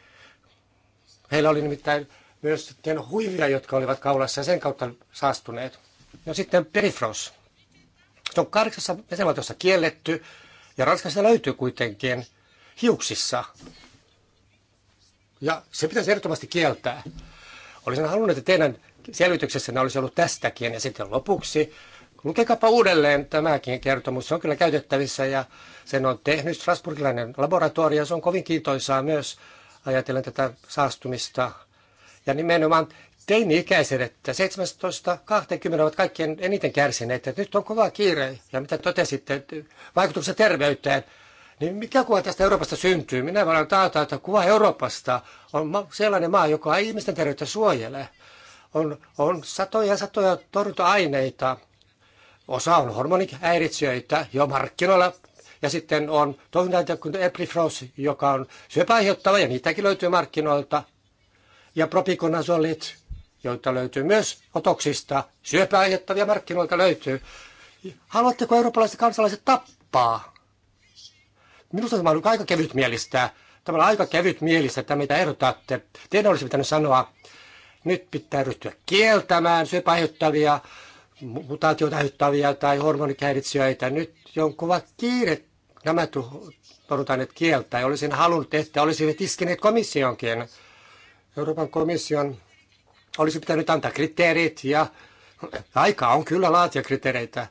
Heillä oli nimittäin myös huivia, jotka olivat kaulassa ja sen kautta saastuneet. No sitten perifros se on kahdeksassa jäsenvaltiossa kielletty ja Ranskassa löytyy kuitenkin hiuksissa. Ja se pitäisi ehdottomasti kieltää. Olisin halunnut, että teidän selvityksessänne olisi ollut tästäkin. Ja sitten lopuksi, lukekaapa uudelleen tämäkin kertomus. Se on kyllä käytettävissä ja sen on tehnyt Strasburgilainen laboratorio. Se on kovin kiitoisaa myös ajatellen tätä saastumista. Ja nimenomaan teini-ikäiset, että 17-20 ovat kaikkien eniten kärsineet, että nyt on kova kiire, ja mitä totesitte, vaikutuksessa terveyteen, niin mikä kuva tästä Euroopasta syntyy? Minä voin taata, että kuva Euroopasta on sellainen maa, joka ei ihmisten terveyttä suojele. On, on satoja satoja torjunta-aineita. Osa on hormonihäiritsijöitä jo markkinoilla. Ja sitten on toimintaita kuin Eprifros, joka on syöpäaiheuttava ja niitäkin löytyy markkinoilta. Ja propikonazolit, joita löytyy myös otoksista. Syöpäaiheuttavia markkinoilta löytyy. Haluatteko eurooppalaiset kansalaiset tappaa? Minusta tämä on aika kevyt mielistä. Tämä on aika kevyt mielistä, että mitä ehdotatte. Teidän olisi pitänyt sanoa, nyt pitää ryhtyä kieltämään syöpäaiheuttavia, mutaatioita aiheuttavia tai hormonikäiritsijöitä. Nyt on kova kiire nämä porutaneet kieltä. Ja olisin halunnut, että olisivat iskineet komissionkin. Euroopan komission olisi pitänyt antaa kriteerit ja aika on kyllä laatia kriteereitä.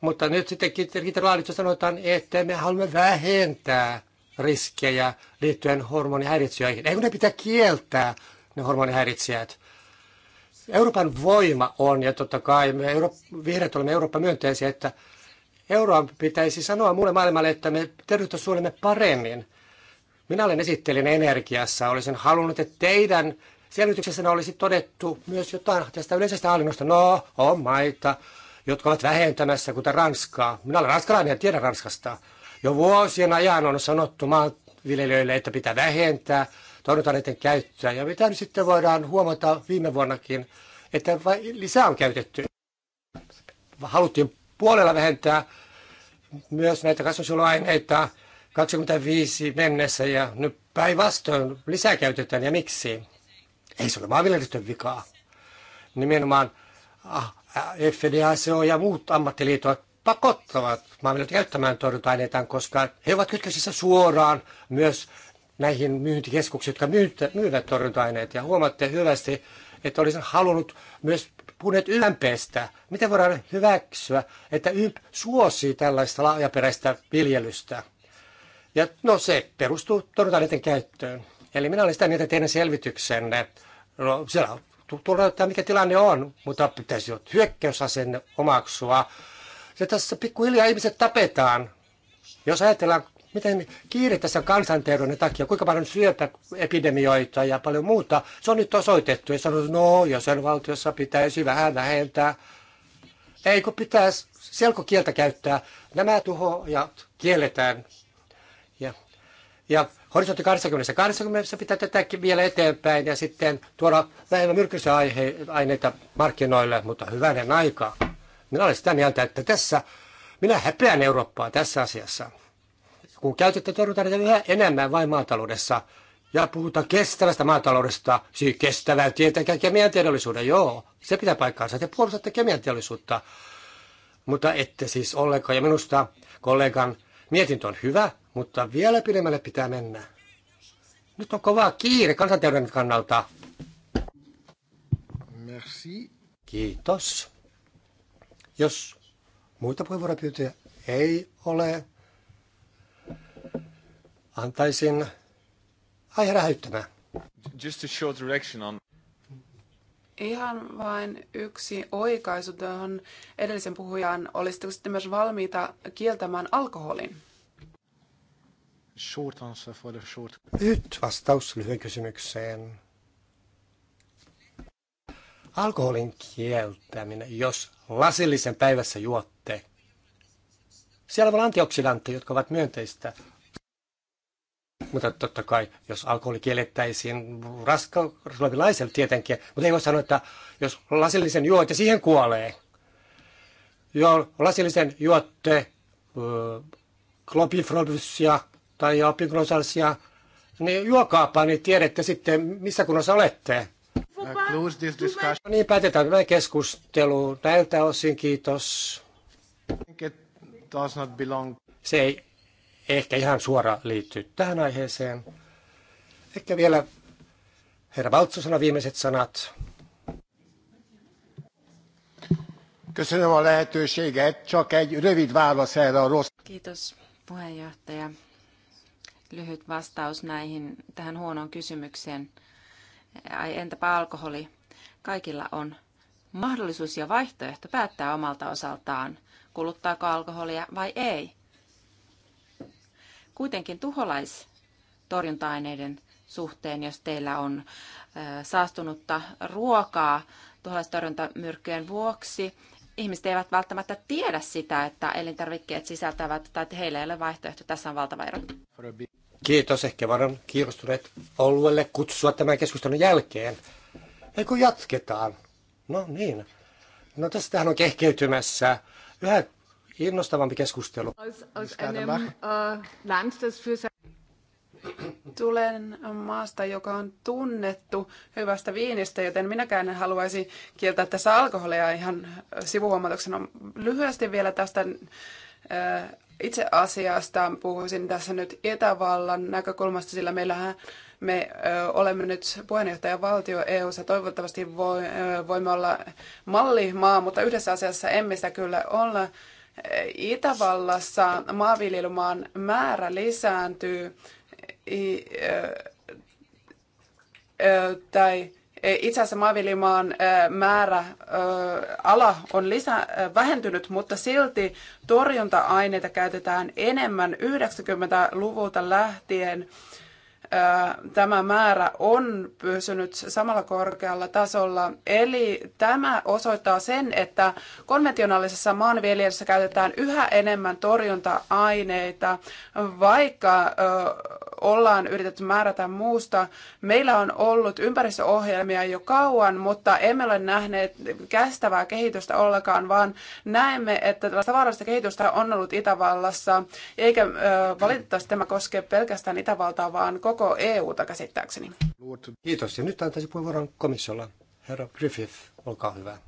Mutta nyt sitten kriteerilaalitossa sanotaan, että me haluamme vähentää riskejä liittyen hormonihäiritsijöihin. Eikö ne pitää kieltää, ne hormonihäiritsijät? Euroopan voima on, ja totta kai me Euro- vihreät olemme Eurooppa myönteisiä, että Euroopan pitäisi sanoa muulle maailmalle, että me terveyttä suojelemme paremmin. Minä olen esittelin energiassa, olisin halunnut, että teidän selvityksessä olisi todettu myös jotain tästä yleisestä hallinnosta. No, on maita, jotka ovat vähentämässä, kuten Ranskaa. Minä olen ranskalainen ja tiedän Ranskasta. Jo vuosien ajan on sanottu maanviljelijöille, että pitää vähentää torjunta niiden käyttöä. Ja mitä nyt sitten voidaan huomata viime vuonnakin, että lisää on käytetty. Haluttiin puolella vähentää myös näitä kasvinsuojeluaineita 25 mennessä ja nyt päinvastoin lisää käytetään ja miksi? Ei se ole maanviljelijöiden vikaa. Nimenomaan ah, äh, FDACO ja muut ammattiliitot pakottavat maanviljelijöitä käyttämään torjunta-aineitaan, koska he ovat kytköksissä suoraan myös näihin myyntikeskuksiin, jotka myyvät torjunta-aineet. Ja huomaatte hyvästi, että olisin halunnut myös puhuneet ylämpeestä. Miten voidaan hyväksyä, että YMP suosii tällaista laajaperäistä viljelystä? Ja no se perustuu torjunta käyttöön. Eli minä olen sitä mieltä teidän selvityksenne. No, siellä tulee näyttää, mikä tilanne on, mutta pitäisi jo hyökkäysasenne omaksua. Ja tässä pikkuhiljaa ihmiset tapetaan. Jos ajatellaan, miten kiire tässä on kansanterveyden takia, kuinka paljon syöpäepidemioita ja paljon muuta, se on nyt osoitettu. Ja sanotaan, no valtiossa pitäisi vähän vähentää. Ei kun pitäisi selkokieltä käyttää. Nämä tuhojat kielletään. Ja, ja Horisontti 20, 20 pitää tätäkin vielä eteenpäin ja sitten tuoda vähemmän myrkyisiä aineita markkinoille, mutta hyvänen aikaa. Minä olen sitä mieltä, että tässä minä häpeän Eurooppaa tässä asiassa. Kun käytätte torjutaan yhä enemmän vain maataloudessa ja puhutaan kestävästä maataloudesta, siis kestävää tietenkään kemianteollisuuden, joo, se pitää paikkaansa. Te puolustatte kemianteollisuutta, mutta ette siis ollenkaan. Ja minusta kollegan mietintö on hyvä, mutta vielä pidemmälle pitää mennä. Nyt on kova kiire kansanterveyden kannalta. Merci. Kiitos. Jos muita puheenvuoropyyntöjä ei ole, antaisin aihe rähyttämään. Just a short direction on... Ihan vain yksi oikaisu tuohon edellisen puhujaan. Olisitteko sitten myös valmiita kieltämään alkoholin? Short answer for the short. Nyt vastaus lyhyen kysymykseen. Alkoholin kieltäminen, jos lasillisen päivässä juotte. Siellä on antioksidantteja, jotka ovat myönteistä. Mutta totta kai, jos alkoholi kiellettäisiin raskaudenlaiselle tietenkin, mutta ei voi sanoa, että jos lasillisen juotte, siihen kuolee. Joo, lasillisen juotte klopifrodussia, tai apinkulosarsia, niin juokaapa, niin tiedätte sitten, missä kunnossa olette. Äh, no niin, päätetään tämä keskustelu. Näiltä osin kiitos. Se ei ehkä ihan suora liitty. tähän aiheeseen. Ehkä vielä herra Valtso sanoi viimeiset sanat. Köszönöm a lehetőséget, että. rövid a Kiitos puheenjohtaja lyhyt vastaus näihin, tähän huonoon kysymykseen. Ai entäpä alkoholi? Kaikilla on mahdollisuus ja vaihtoehto päättää omalta osaltaan, kuluttaako alkoholia vai ei. Kuitenkin tuholaistorjunta-aineiden suhteen, jos teillä on saastunutta ruokaa tuholaistorjuntamyrkkyjen vuoksi, ihmiset eivät välttämättä tiedä sitä, että elintarvikkeet sisältävät tai että heillä ei ole vaihtoehto. Tässä on valtava ero. Kiitos, ehkä varmaan kiinnostuneet oluelle kutsua tämän keskustelun jälkeen. Ei kun jatketaan. No niin. No tästähän on kehkeytymässä yhä innostavampi keskustelu. Äh, Tulen maasta, joka on tunnettu hyvästä viinistä, joten minäkään en haluaisi kieltää tässä alkoholia ihan sivuhuomautuksena. Lyhyesti vielä tästä äh, itse asiasta puhuisin tässä nyt Itävallan näkökulmasta, sillä meillähän me ö, olemme nyt puheenjohtajavaltio EU-ssa. Toivottavasti voi, ö, voimme olla mallimaa, mutta yhdessä asiassa emme sitä kyllä olla. Itävallassa maanviljelumaan määrä lisääntyy. I, ö, ö, tai itse asiassa maanviljelymaan määrä, ala on lisä, vähentynyt, mutta silti torjunta-aineita käytetään enemmän 90-luvulta lähtien tämä määrä on pysynyt samalla korkealla tasolla. Eli tämä osoittaa sen, että konventionaalisessa maanviljelyssä käytetään yhä enemmän torjunta-aineita, vaikka ollaan yritetty määrätä muusta. Meillä on ollut ympäristöohjelmia jo kauan, mutta emme ole nähneet kestävää kehitystä ollenkaan, vaan näemme, että tällaista vaarallista kehitystä on ollut Itävallassa, eikä valitettavasti tämä koske pelkästään Itävaltaa, vaan koko koko EUta käsittääkseni. Kiitos. Ja nyt antaisin puheenvuoron komissiolla. Herra Griffith, olkaa hyvä.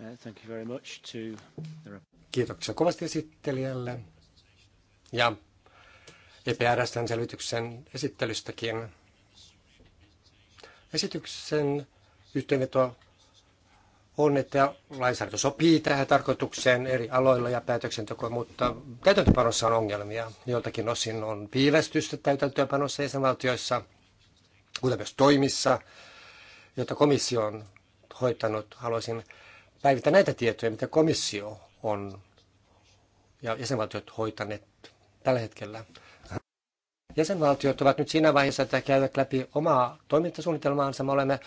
Uh, Kiitoksia kovasti esittelijälle ja EPRSn selvityksen esittelystäkin. Esityksen yhteenveto on, että lainsäädäntö sopii tähän tarkoitukseen eri aloilla ja päätöksentekoon, mutta täytäntöpanossa on ongelmia. Joiltakin osin on viivästystä täytäntöönpanossa jäsenvaltioissa, kuten myös toimissa, joita komissio on hoitanut. Haluaisin päivittää näitä tietoja, mitä komissio on ja jäsenvaltiot hoitaneet tällä hetkellä. Jäsenvaltiot ovat nyt siinä vaiheessa, että käyvät läpi omaa toimintasuunnitelmaansa. Me olemme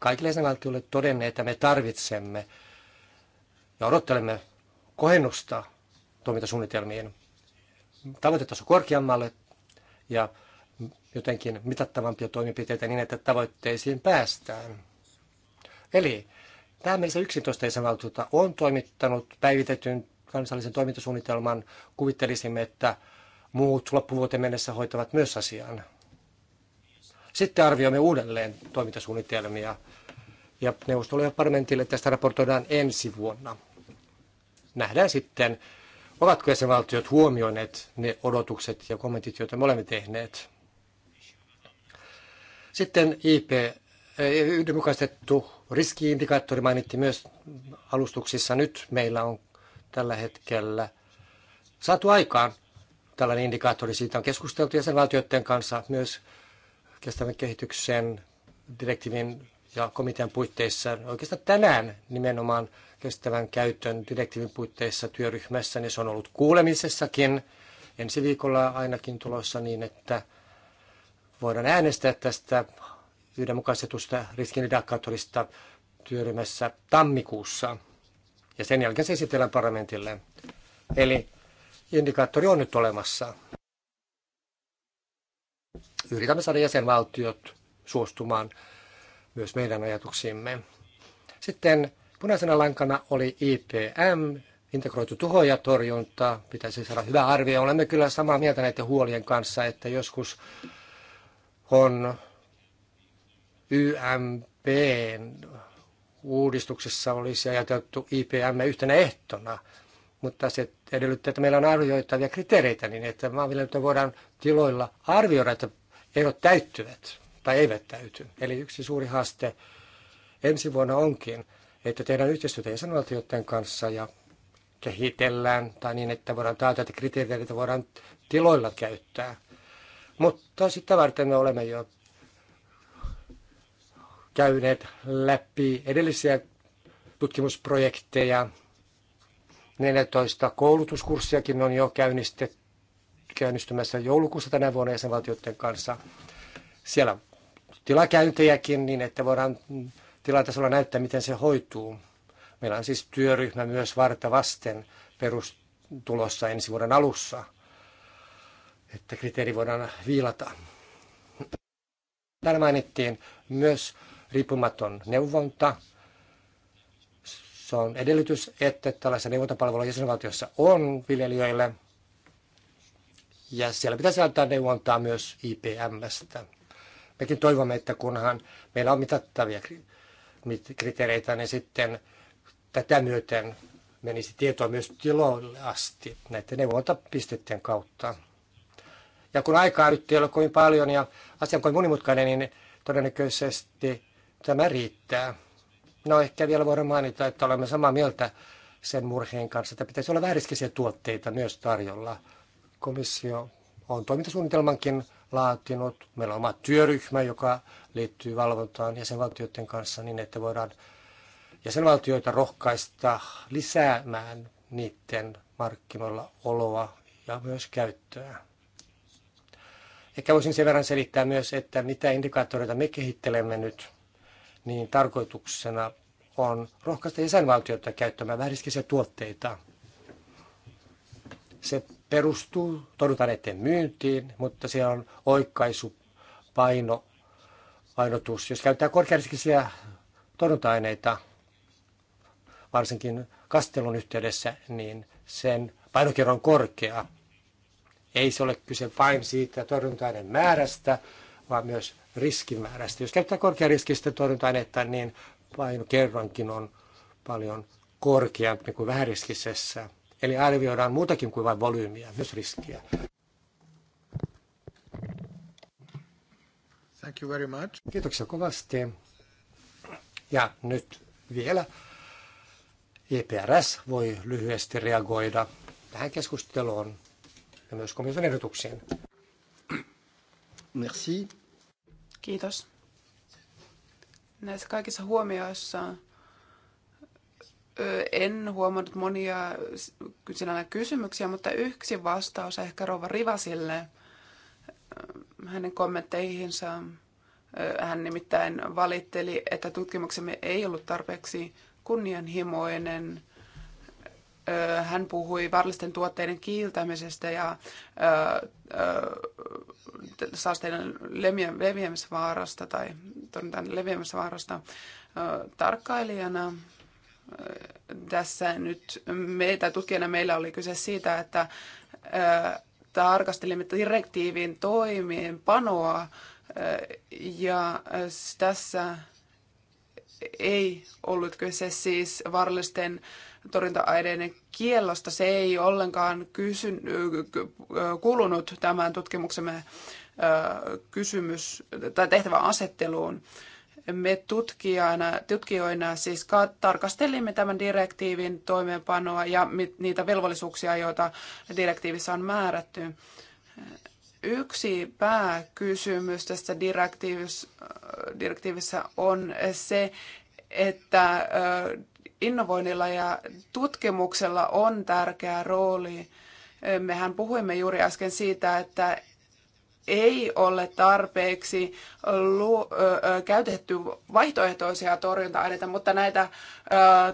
kaikille jäsenvaltioille todenneet, että me tarvitsemme ja odottelemme kohennusta toimintasuunnitelmiin tavoitetaso korkeammalle ja jotenkin mitattavampia toimenpiteitä niin, että tavoitteisiin päästään. Eli tähän mennessä 11 jäsenvaltiota on toimittanut päivitetyn kansallisen toimintasuunnitelman. Kuvittelisimme, että muut loppuvuoteen mennessä hoitavat myös asian. Sitten arvioimme uudelleen toimintasuunnitelmia ja neuvostolle ja parlamentille tästä raportoidaan ensi vuonna. Nähdään sitten, ovatko jäsenvaltiot huomioineet ne odotukset ja kommentit, joita me olemme tehneet. Sitten IP, eh, yhdenmukaistettu riskiindikaattori mainittiin myös alustuksissa. Nyt meillä on tällä hetkellä saatu aikaan tällainen indikaattori. Siitä on keskusteltu jäsenvaltioiden kanssa myös kestävän kehityksen direktiivin ja komitean puitteissa, oikeastaan tänään nimenomaan kestävän käytön direktiivin puitteissa työryhmässä, niin se on ollut kuulemisessakin ensi viikolla ainakin tulossa niin, että voidaan äänestää tästä yhdenmukaistetusta riskinindikaattorista työryhmässä tammikuussa. Ja sen jälkeen se esitellään parlamentille. Eli indikaattori on nyt olemassa. Yritämme saada jäsenvaltiot suostumaan myös meidän ajatuksiimme. Sitten punaisena lankana oli IPM, integroitu tuhojatorjunta. Pitäisi saada hyvä arvio. Olemme kyllä samaa mieltä näiden huolien kanssa, että joskus on YMP uudistuksessa olisi ajateltu IPM yhtenä ehtona – mutta se edellyttää, että meillä on arvioitavia kriteereitä niin, että maanviljelijöitä voidaan tiloilla arvioida, että erot täyttyvät tai eivät täyty. Eli yksi suuri haaste ensi vuonna onkin, että tehdään yhteistyötä jäsenvaltioiden kanssa ja kehitellään tai niin, että voidaan taata, että kriteereitä voidaan tiloilla käyttää. Mutta sitä varten me olemme jo käyneet läpi edellisiä tutkimusprojekteja, 14 koulutuskurssiakin on jo käynnistymässä joulukuussa tänä vuonna jäsenvaltioiden kanssa. Siellä tilakäyntejäkin niin, että voidaan tilatasolla näyttää, miten se hoituu. Meillä on siis työryhmä myös varta vasten perustulossa ensi vuoden alussa, että kriteeri voidaan viilata. Täällä mainittiin myös riippumaton neuvonta, se on edellytys, että tällaisia neuvontapalveluja jäsenvaltiossa on viljelijöille. Ja siellä pitäisi antaa neuvontaa myös IPMstä. Mekin toivomme, että kunhan meillä on mitattavia kriteereitä, niin sitten tätä myöten menisi tietoa myös tiloille asti näiden neuvontapisteiden kautta. Ja kun aikaa nyt ei ole kovin paljon ja asia on kovin monimutkainen, niin todennäköisesti tämä riittää. No ehkä vielä voidaan mainita, että olemme samaa mieltä sen murheen kanssa, että pitäisi olla vääriskisiä tuotteita myös tarjolla. Komissio on toimintasuunnitelmankin laatinut. Meillä on oma työryhmä, joka liittyy valvontaan jäsenvaltioiden kanssa niin, että voidaan jäsenvaltioita rohkaista lisäämään niiden markkinoilla oloa ja myös käyttöä. Ehkä voisin sen verran selittää myös, että mitä indikaattoreita me kehittelemme nyt niin tarkoituksena on rohkaista jäsenvaltioita käyttämään vähäriskisiä tuotteita. Se perustuu torjuntaneiden myyntiin, mutta se on oikaisu, paino, painotus. Jos käytetään korkeariskisiä torjunta-aineita, varsinkin kastelun yhteydessä, niin sen painokerro on korkea. Ei se ole kyse vain siitä torjunta-aineen määrästä, vaan myös riskimäärästä. Jos käyttää korkeariskistä torjunta-ainetta, niin kerrankin on paljon korkeampi kuin vähäriskisessä. Eli arvioidaan muutakin kuin vain volyymiä, myös riskiä. Thank you very much. Kiitoksia kovasti. Ja nyt vielä EPRS voi lyhyesti reagoida tähän keskusteluun ja myös komission ehdotuksiin. Merci. Kiitos. Näissä kaikissa huomioissa en huomannut monia sinällä kysymyksiä, mutta yksi vastaus ehkä Rova Rivasille hänen kommentteihinsa. Hän nimittäin valitteli, että tutkimuksemme ei ollut tarpeeksi kunnianhimoinen hän puhui vaarallisten tuotteiden kiiltämisestä ja saasteiden leviämisvaarasta tai torjuntaan leviämisvaarasta tarkkailijana. Tässä nyt meitä tutkijana meillä oli kyse siitä, että tarkastelimme direktiivin toimeenpanoa ja tässä ei ollut kyse siis vaarallisten torjunta-aineiden kiellosta. Se ei ollenkaan kysyn, kulunut tämän tutkimuksemme kysymys tai tehtävän asetteluun. Me tutkijana, tutkijoina siis tarkastelimme tämän direktiivin toimeenpanoa ja niitä velvollisuuksia, joita direktiivissä on määrätty yksi pääkysymys tässä direktiivissä, direktiivissä on se, että innovoinnilla ja tutkimuksella on tärkeä rooli. Mehän puhuimme juuri äsken siitä, että ei ole tarpeeksi lu- käytetty vaihtoehtoisia torjunta-aineita, mutta näitä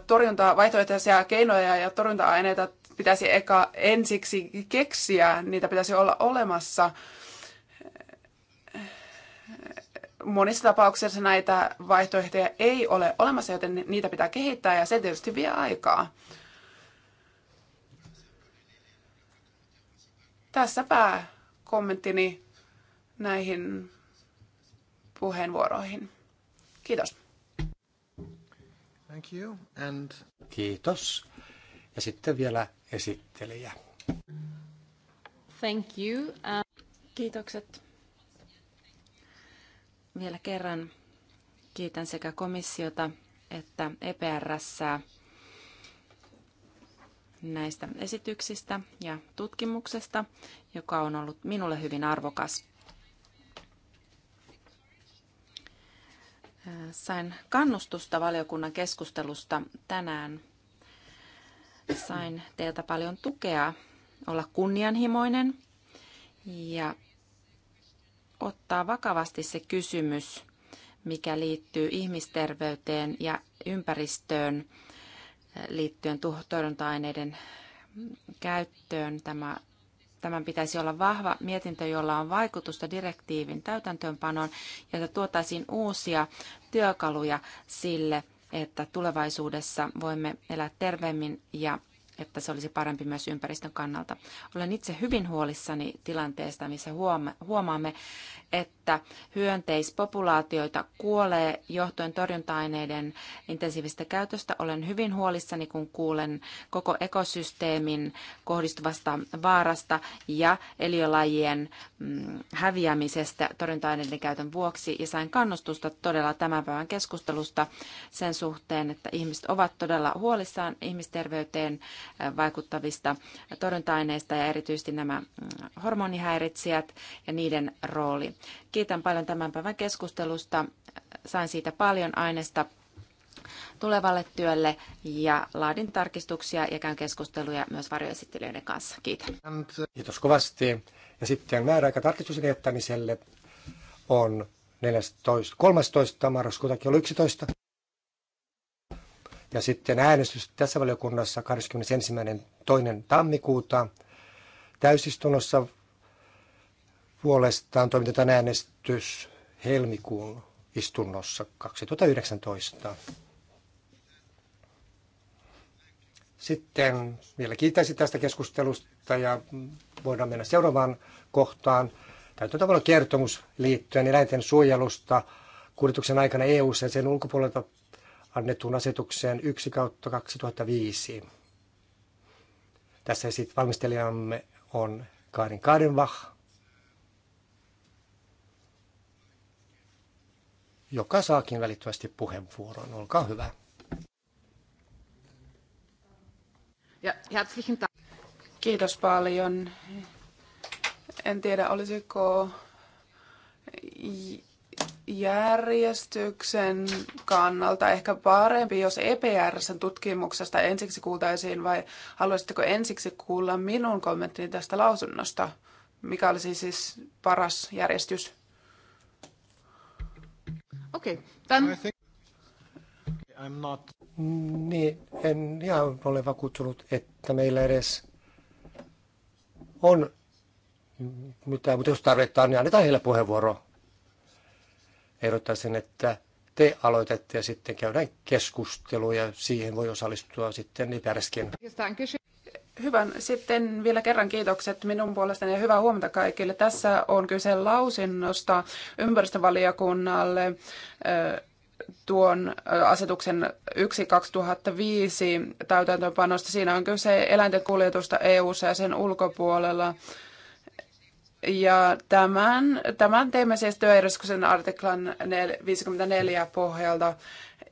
torjunta- vaihtoehtoisia keinoja ja torjunta-aineita pitäisi eka ensiksi keksiä, niitä pitäisi olla olemassa. monissa tapauksissa näitä vaihtoehtoja ei ole olemassa, joten niitä pitää kehittää ja se tietysti vie aikaa. Tässäpä kommenttini näihin puheenvuoroihin. Kiitos. Thank you. And... Kiitos. Ja sitten vielä esittelijä. Thank you. Uh... Kiitokset. Vielä kerran kiitän sekä komissiota että EPRS näistä esityksistä ja tutkimuksesta, joka on ollut minulle hyvin arvokas. Sain kannustusta valiokunnan keskustelusta tänään. Sain teiltä paljon tukea olla kunnianhimoinen ja ottaa vakavasti se kysymys, mikä liittyy ihmisterveyteen ja ympäristöön eh, liittyen torjunta-aineiden käyttöön. Tämä, tämän pitäisi olla vahva mietintö, jolla on vaikutusta direktiivin täytäntöönpanoon, ja että tuotaisiin uusia työkaluja sille, että tulevaisuudessa voimme elää terveemmin ja että se olisi parempi myös ympäristön kannalta. Olen itse hyvin huolissani tilanteesta, missä huomaamme, että hyönteispopulaatioita kuolee johtuen torjunta-aineiden intensiivistä käytöstä. Olen hyvin huolissani, kun kuulen koko ekosysteemin kohdistuvasta vaarasta ja eliölajien mm, häviämisestä torjunta-aineiden käytön vuoksi ja sain kannustusta todella tämän päivän keskustelusta sen suhteen, että ihmiset ovat todella huolissaan ihmisterveyteen vaikuttavista torjunta-aineista ja erityisesti nämä mm, hormonihäiritsijät ja niiden rooli. Kiitän paljon tämän päivän keskustelusta. Sain siitä paljon aineesta tulevalle työlle ja laadin tarkistuksia ja käyn keskusteluja myös varjoesittelijöiden kanssa. Kiitos. Kiitos kovasti. Ja sitten määräaika tarkistuksen jättämiselle on 14, 13. marraskuuta kello 11 ja sitten äänestys tässä valiokunnassa 21. toinen tammikuuta täysistunnossa puolestaan toimitetaan äänestys helmikuun istunnossa 2019. Sitten vielä kiitäisin tästä keskustelusta ja voidaan mennä seuraavaan kohtaan. Täytyy tavallaan kertomus liittyen eläinten suojelusta kuljetuksen aikana EU-ssa ja sen ulkopuolelta annettuun asetukseen 1 kautta 2005. Tässä sitten valmistelijamme on Karin Kadenbach, joka saakin välittömästi puheenvuoron. Olkaa hyvä. Ja Kiitos paljon. En tiedä, olisiko järjestyksen kannalta ehkä parempi, jos EPRSn tutkimuksesta ensiksi kuultaisiin vai haluaisitteko ensiksi kuulla minun kommenttini tästä lausunnosta? Mikä olisi siis paras järjestys? Okei, okay, tämän... not... Niin, en ihan ole vakuuttunut, että meillä edes on mitään, mutta jos tarvitaan, niin annetaan heille puheenvuoro ehdottaisin, että te aloitatte ja sitten käydään keskusteluja. Siihen voi osallistua sitten Ipärskin. Hyvän. Sitten vielä kerran kiitokset minun puolestani ja hyvää huomenta kaikille. Tässä on kyse lausinnosta ympäristövaliokunnalle eh, tuon eh, asetuksen 1-2005 täytäntöönpanosta. Siinä on kyse eläinten kuljetusta EU-ssa ja sen ulkopuolella. Ja tämän, tämän teemme siis työjärjestyksen artiklan 54 pohjalta.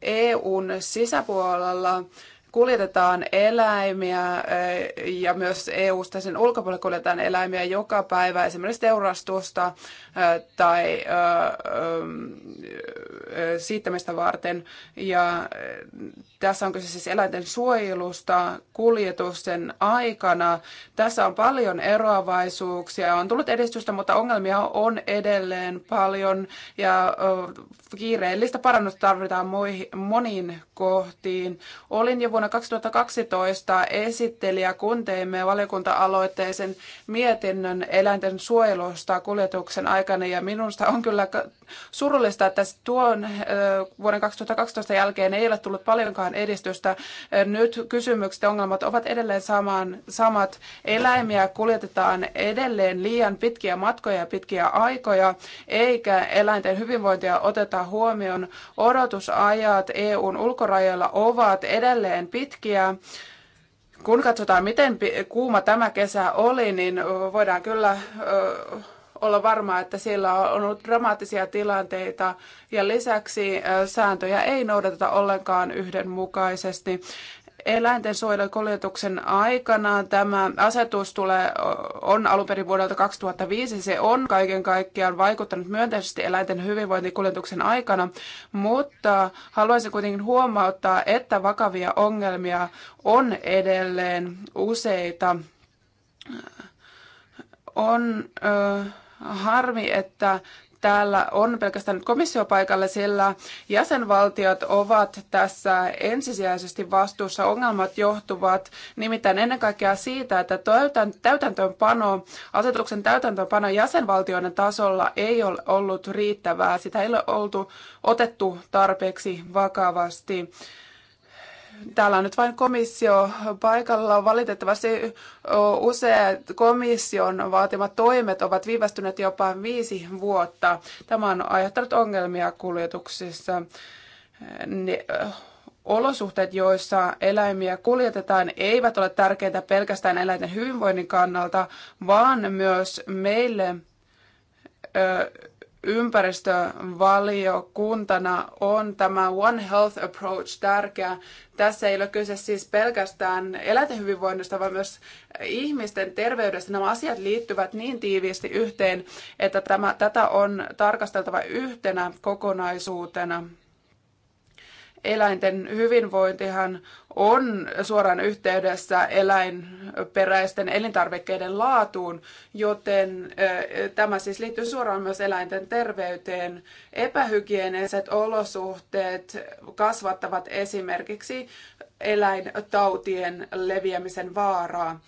EUn sisäpuolella kuljetetaan eläimiä eh, ja myös EU-sta sen ulkopuolella kuljetetaan eläimiä joka päivä esimerkiksi teurastusta eh, tai eh, siittämistä varten. Ja tässä on kyse siis eläinten suojelusta kuljetusten aikana. Tässä on paljon eroavaisuuksia. On tullut edistystä, mutta ongelmia on edelleen paljon ja kiireellistä parannusta tarvitaan moniin kohtiin. Olin jo vuonna vuonna 2012 esittelijä, kun teimme valiokunta-aloitteisen mietinnön eläinten suojelusta kuljetuksen aikana. Ja minusta on kyllä surullista, että tuon vuoden 2012 jälkeen ei ole tullut paljonkaan edistystä. Nyt kysymykset ja ongelmat ovat edelleen saman, samat. Eläimiä kuljetetaan edelleen liian pitkiä matkoja ja pitkiä aikoja, eikä eläinten hyvinvointia oteta huomioon. Odotusajat EUn ulkorajoilla ovat edelleen pitkiä. Kun katsotaan, miten kuuma tämä kesä oli, niin voidaan kyllä olla varma, että siellä on ollut dramaattisia tilanteita ja lisäksi sääntöjä ei noudateta ollenkaan yhdenmukaisesti eläinten aikana. Tämä asetus tulee, on alun perin vuodelta 2005. Se on kaiken kaikkiaan vaikuttanut myönteisesti eläinten hyvinvointikuljetuksen aikana, mutta haluaisin kuitenkin huomauttaa, että vakavia ongelmia on edelleen useita. On ö, harmi, että täällä on pelkästään nyt komissio paikalla, sillä jäsenvaltiot ovat tässä ensisijaisesti vastuussa. Ongelmat johtuvat nimittäin ennen kaikkea siitä, että täytäntöönpano, asetuksen täytäntöönpano jäsenvaltioiden tasolla ei ole ollut riittävää. Sitä ei ole oltu otettu tarpeeksi vakavasti. Täällä on nyt vain komissio paikalla. Valitettavasti useat komission vaatimat toimet ovat viivästyneet jopa viisi vuotta. Tämä on aiheuttanut ongelmia kuljetuksissa. Ne, olosuhteet, joissa eläimiä kuljetetaan, eivät ole tärkeitä pelkästään eläinten hyvinvoinnin kannalta, vaan myös meille ö, ympäristövaliokuntana on tämä One Health Approach tärkeä. Tässä ei ole kyse siis pelkästään eläinten hyvinvoinnista, vaan myös ihmisten terveydestä. Nämä asiat liittyvät niin tiiviisti yhteen, että tämä, tätä on tarkasteltava yhtenä kokonaisuutena eläinten hyvinvointihan on suoraan yhteydessä eläinperäisten elintarvikkeiden laatuun, joten tämä siis liittyy suoraan myös eläinten terveyteen. Epähygieniset olosuhteet kasvattavat esimerkiksi eläintautien leviämisen vaaraa.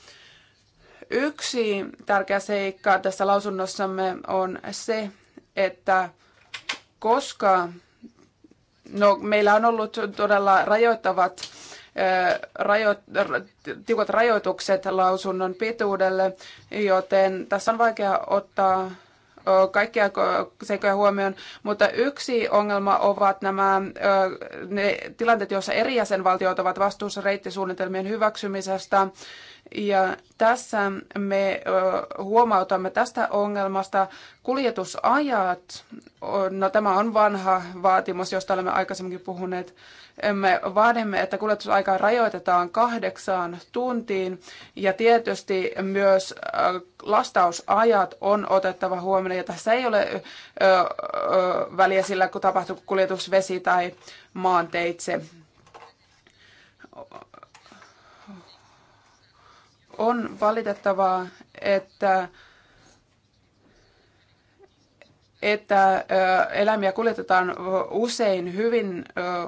Yksi tärkeä seikka tässä lausunnossamme on se, että koska No, meillä on ollut todella rajoittavat rajo, tiukat rajoitukset lausunnon pituudelle, joten tässä on vaikea ottaa kaikkia seikkoja huomioon, mutta yksi ongelma ovat nämä ne tilanteet, joissa eri jäsenvaltiot ovat vastuussa reittisuunnitelmien hyväksymisestä ja tässä me huomautamme tästä ongelmasta kuljetusajat. No tämä on vanha vaatimus, josta olemme aikaisemminkin puhuneet. Me vaadimme, että kuljetusaikaa rajoitetaan kahdeksaan tuntiin ja tietysti myös lastausajat on otettava huomioon. Ja tässä ei ole väliä sillä, kun tapahtuu kuljetusvesi tai maanteitse on valitettavaa, että että eläimiä kuljetetaan usein hyvin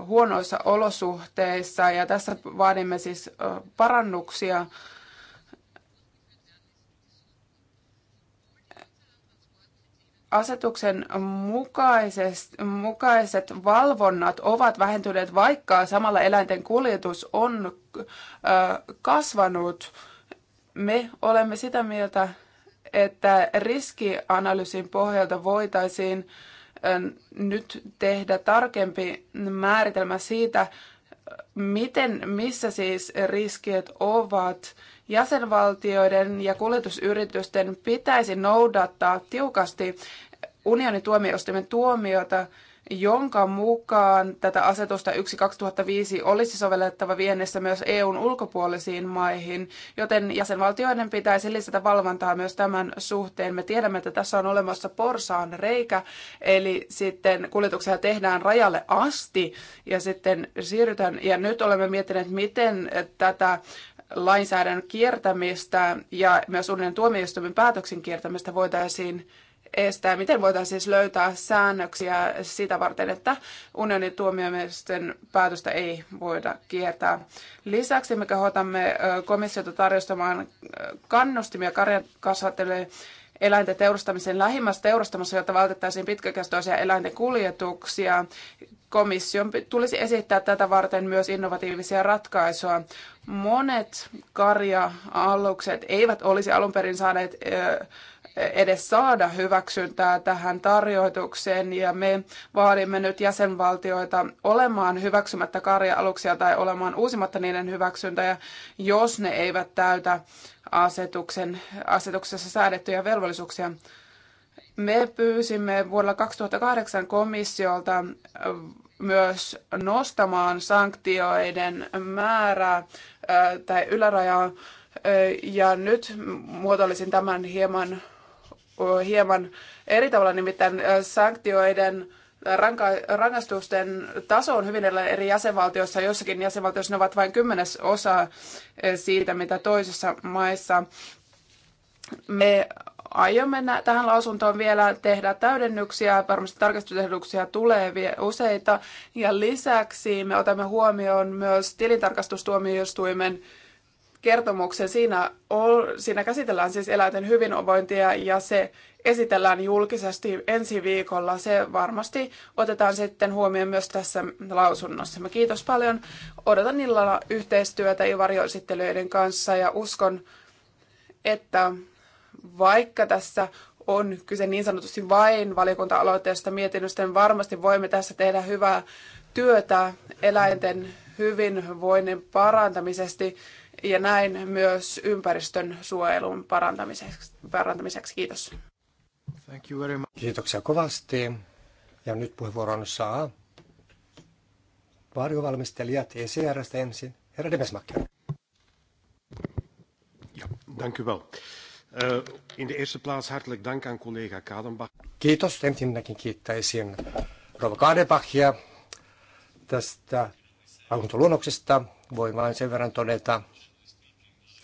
huonoissa olosuhteissa ja tässä vaadimme siis parannuksia. Asetuksen mukaiset, mukaiset valvonnat ovat vähentyneet, vaikka samalla eläinten kuljetus on kasvanut me olemme sitä mieltä, että riskianalyysin pohjalta voitaisiin nyt tehdä tarkempi määritelmä siitä, miten, missä siis riskit ovat. Jäsenvaltioiden ja kuljetusyritysten pitäisi noudattaa tiukasti unionin tuomioistuimen tuomiota jonka mukaan tätä asetusta 1 olisi sovellettava viennissä myös EUn ulkopuolisiin maihin, joten jäsenvaltioiden pitäisi lisätä valvontaa myös tämän suhteen. Me tiedämme, että tässä on olemassa porsaan reikä, eli sitten kuljetuksia tehdään rajalle asti ja sitten siirrytään, ja nyt olemme miettineet, miten tätä lainsäädännön kiertämistä ja myös uuden tuomioistuimen päätöksen kiertämistä voitaisiin estää, miten voitaisiin siis löytää säännöksiä sitä varten, että unionin tuomioimisten päätöstä ei voida kiertää. Lisäksi me kehotamme komissiota tarjostamaan kannustimia karjan kasvattajille eläinten teurastamisen lähimmässä teurastamossa, jotta vältettäisiin pitkäkestoisia eläinten kuljetuksia. Komission tulisi esittää tätä varten myös innovatiivisia ratkaisuja. Monet karja alukset eivät olisi alun perin saaneet edes saada hyväksyntää tähän tarjoitukseen ja me vaadimme nyt jäsenvaltioita olemaan hyväksymättä karja-aluksia tai olemaan uusimatta niiden hyväksyntää, jos ne eivät täytä asetuksen, asetuksessa säädettyjä velvollisuuksia. Me pyysimme vuodella 2008 komissiolta myös nostamaan sanktioiden määrää tai ylärajaa, ja nyt muotoilisin tämän hieman hieman eri tavalla, nimittäin sanktioiden ranka- rangaistusten taso on hyvin erilainen eri jäsenvaltioissa. Jossakin jäsenvaltioissa ne ovat vain kymmenesosa siitä, mitä toisessa maissa. Me aiomme tähän lausuntoon vielä tehdä täydennyksiä, varmasti tarkastusehdotuksia tulee useita, ja lisäksi me otamme huomioon myös tilintarkastustuomioistuimen kertomuksen. Siinä, on, siinä käsitellään siis eläinten hyvinvointia ja se esitellään julkisesti ensi viikolla. Se varmasti otetaan sitten huomioon myös tässä lausunnossa. Mä kiitos paljon. Odotan illalla yhteistyötä varjoesittelyiden kanssa ja uskon, että vaikka tässä on kyse niin sanotusti vain valiokunta-aloitteesta mietinnöstä, niin varmasti voimme tässä tehdä hyvää työtä eläinten hyvinvoinnin parantamisesti ja näin myös ympäristön suojelun parantamiseksi. parantamiseksi. Kiitos. Thank you very much. Kiitoksia kovasti. Ja nyt puheenvuoron saa varjovalmistelijat ECRstä ensin. Herra Demesmakki. Ja, dank u wel. Uh, in de eerste plaats hartelijk dank aan collega Kadenbach. Kiitos. Ensinnäkin kiittäisin Rova Kadenbachia tästä lausuntoluonnoksesta. Voin vain sen verran todeta,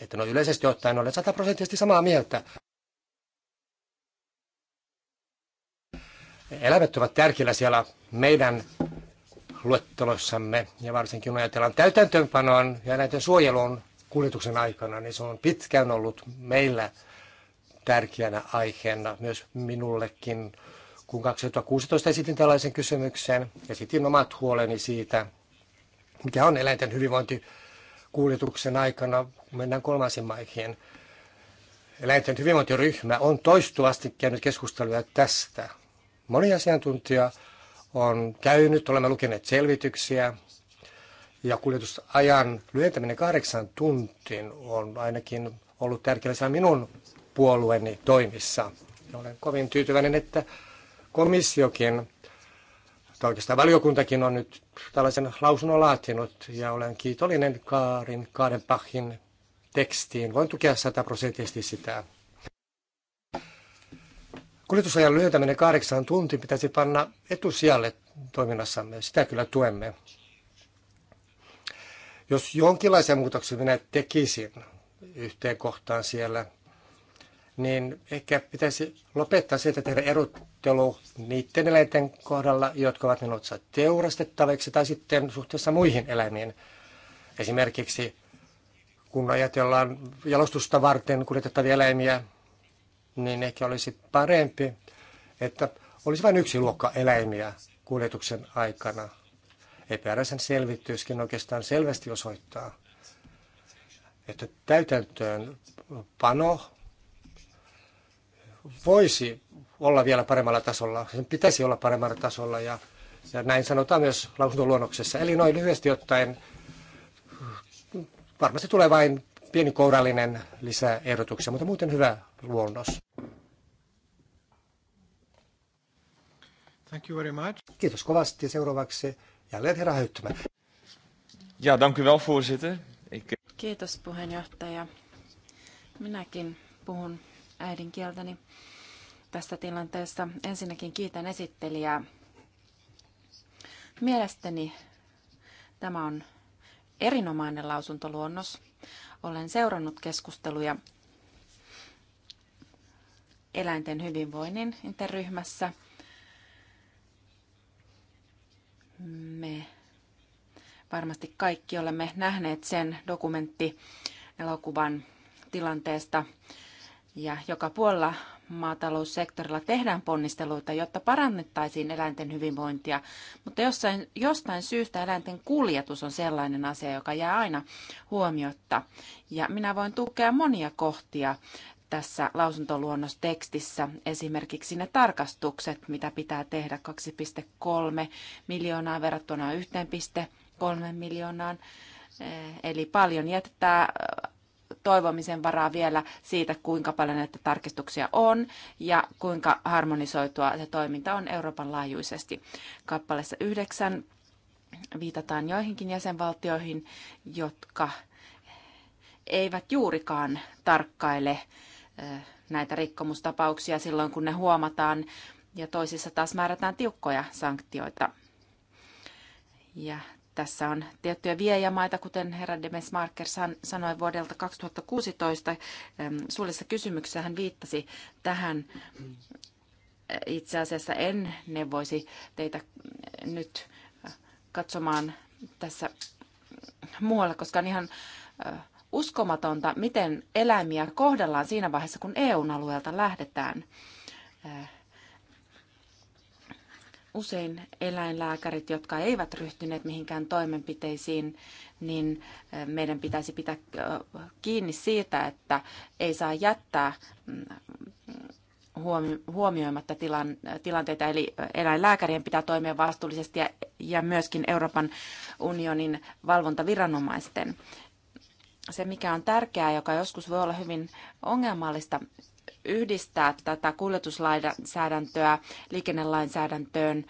että no yleisesti ottaen olen sataprosenttisesti samaa mieltä. Eläimet ovat tärkeillä siellä meidän luettelossamme ja varsinkin kun ajatellaan täytäntöönpanoon ja näiden suojelun kuljetuksen aikana, niin se on pitkään ollut meillä tärkeänä aiheena myös minullekin. Kun 2016 esitin tällaisen kysymyksen, esitin omat huoleni siitä, mikä on eläinten hyvinvointi kuljetuksen aikana, kun mennään kolmansiin maihin. Eläinten hyvinvointiryhmä on toistuvasti käynyt keskusteluja tästä. Moni asiantuntija on käynyt, olemme lukeneet selvityksiä, ja kuljetusajan lyhentäminen kahdeksan tuntiin on ainakin ollut tärkeä minun puolueeni toimissa. Olen kovin tyytyväinen, että komissiokin tai oikeastaan valiokuntakin on nyt tällaisen lausunnon laatinut ja olen kiitollinen Kaarin Kaadenpahin tekstiin. Voin tukea sataprosenttisesti sitä. Kuljetusajan lyhentäminen kahdeksaan tuntiin pitäisi panna etusijalle toiminnassamme. Sitä kyllä tuemme. Jos jonkinlaisia muutoksia minä tekisin yhteen kohtaan siellä, niin ehkä pitäisi lopettaa se, että tehdä erot kohtelu niiden eläinten kohdalla, jotka ovat menossa teurastettaviksi tai sitten suhteessa muihin eläimiin. Esimerkiksi kun ajatellaan jalostusta varten kuljetettavia eläimiä, niin ehkä olisi parempi, että olisi vain yksi luokka eläimiä kuljetuksen aikana. EPRSn selvityskin oikeastaan selvästi osoittaa, että täytäntöön pano voisi olla vielä paremmalla tasolla. Sen pitäisi olla paremmalla tasolla ja, ja näin sanotaan myös lausuntoluonnoksessa. Eli noin lyhyesti ottaen varmasti tulee vain pieni kourallinen lisäehdotuksia, mutta muuten hyvä luonnos. Thank you very much. Kiitos kovasti. Seuraavaksi jälleen herra Höyttymä. Ja, dank u wel, voorzitter. Ik... Eh, Kiitos puheenjohtaja. Minäkin puhun äidinkieltäni tästä tilanteesta. Ensinnäkin kiitän esittelijää. Mielestäni tämä on erinomainen lausuntoluonnos. Olen seurannut keskusteluja eläinten hyvinvoinnin interryhmässä. Me varmasti kaikki olemme nähneet sen dokumenttielokuvan tilanteesta ja joka puolella maataloussektorilla tehdään ponnisteluita, jotta parannettaisiin eläinten hyvinvointia, mutta jossain, jostain syystä eläinten kuljetus on sellainen asia, joka jää aina huomiotta. Ja minä voin tukea monia kohtia tässä lausuntoluonnostekstissä, esimerkiksi ne tarkastukset, mitä pitää tehdä 2,3 miljoonaa verrattuna 1,3 miljoonaan, eli paljon jättää toivomisen varaa vielä siitä, kuinka paljon näitä tarkistuksia on ja kuinka harmonisoitua se toiminta on Euroopan laajuisesti. Kappaleessa yhdeksän viitataan joihinkin jäsenvaltioihin, jotka eivät juurikaan tarkkaile näitä rikkomustapauksia silloin, kun ne huomataan, ja toisissa taas määrätään tiukkoja sanktioita. Ja tässä on tiettyjä viejämaita, kuten herra Demesmarker sanoi vuodelta 2016. Suullisessa kysymyksessä hän viittasi tähän. Itse asiassa en ne voisi teitä nyt katsomaan tässä muualla, koska on ihan uskomatonta, miten eläimiä kohdellaan siinä vaiheessa, kun eu alueelta lähdetään usein eläinlääkärit, jotka eivät ryhtyneet mihinkään toimenpiteisiin, niin meidän pitäisi pitää kiinni siitä, että ei saa jättää mm, huomioimatta tilanteita. Eli eläinlääkärien pitää toimia vastuullisesti ja myöskin Euroopan unionin valvontaviranomaisten. Se, mikä on tärkeää, joka joskus voi olla hyvin ongelmallista, yhdistää tätä kuljetuslainsäädäntöä liikennelainsäädäntöön.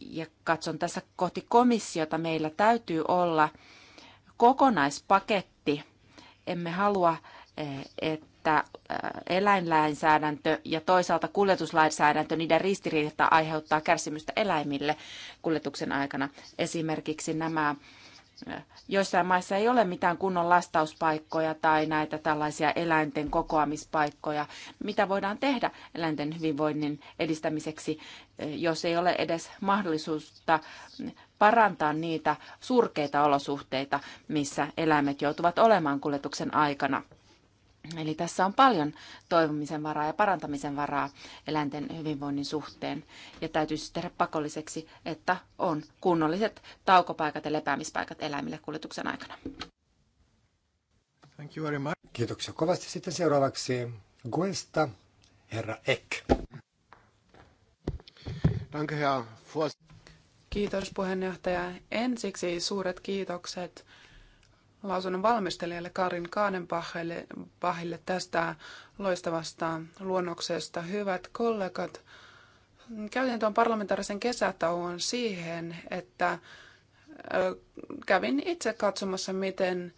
Ja katson tässä kohti komissiota. Meillä täytyy olla kokonaispaketti. Emme halua, eh, että eh, eläinlainsäädäntö ja toisaalta kuljetuslainsäädäntö, niiden ristiriita aiheuttaa kärsimystä eläimille kuljetuksen aikana. Esimerkiksi nämä joissain maissa ei ole mitään kunnon lastauspaikkoja tai näitä tällaisia eläinten kokoamispaikkoja. Mitä voidaan tehdä eläinten hyvinvoinnin edistämiseksi, e, jos ei ole edes mahdollisuutta parantaa niitä surkeita olosuhteita, missä eläimet joutuvat olemaan kuljetuksen aikana? Eli tässä on paljon toivomisen varaa ja parantamisen varaa eläinten hyvinvoinnin suhteen. Ja täytyisi siis tehdä pakolliseksi, että on kunnolliset taukopaikat ja lepäämispaikat eläimille kuljetuksen aikana. Thank you very much. Kiitoksia kovasti. Sitten seuraavaksi Guesta, herra Eck. Danke, herr Kiitos puheenjohtaja. Ensiksi suuret kiitokset lausunnon valmistelijalle Karin Kaanenpahille tästä loistavasta luonnoksesta. Hyvät kollegat, käytin tuon parlamentaarisen kesätauon siihen, että kävin itse katsomassa, miten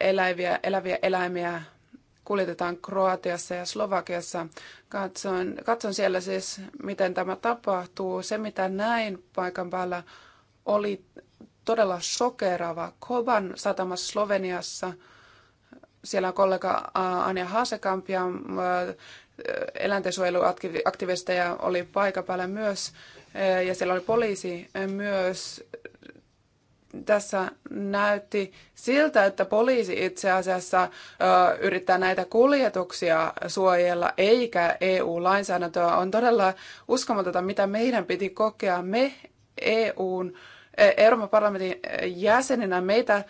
eläviä, eläviä eläimiä kuljetetaan Kroatiassa ja Slovakiassa. Katson, katson siellä siis, miten tämä tapahtuu. Se, mitä näin paikan päällä, oli todella sokerava Koban satamassa Sloveniassa, siellä kollega Anja Haasekamp ja äh, eläintensuojeluaktivisteja oli paikan päällä myös, äh, ja siellä oli poliisi myös. Tässä näytti siltä, että poliisi itse asiassa äh, yrittää näitä kuljetuksia suojella, eikä EU-lainsäädäntöä. On todella uskomatonta, mitä meidän piti kokea. Me EUn E, Euroopan parlamentin e, jäsenenä meitä e,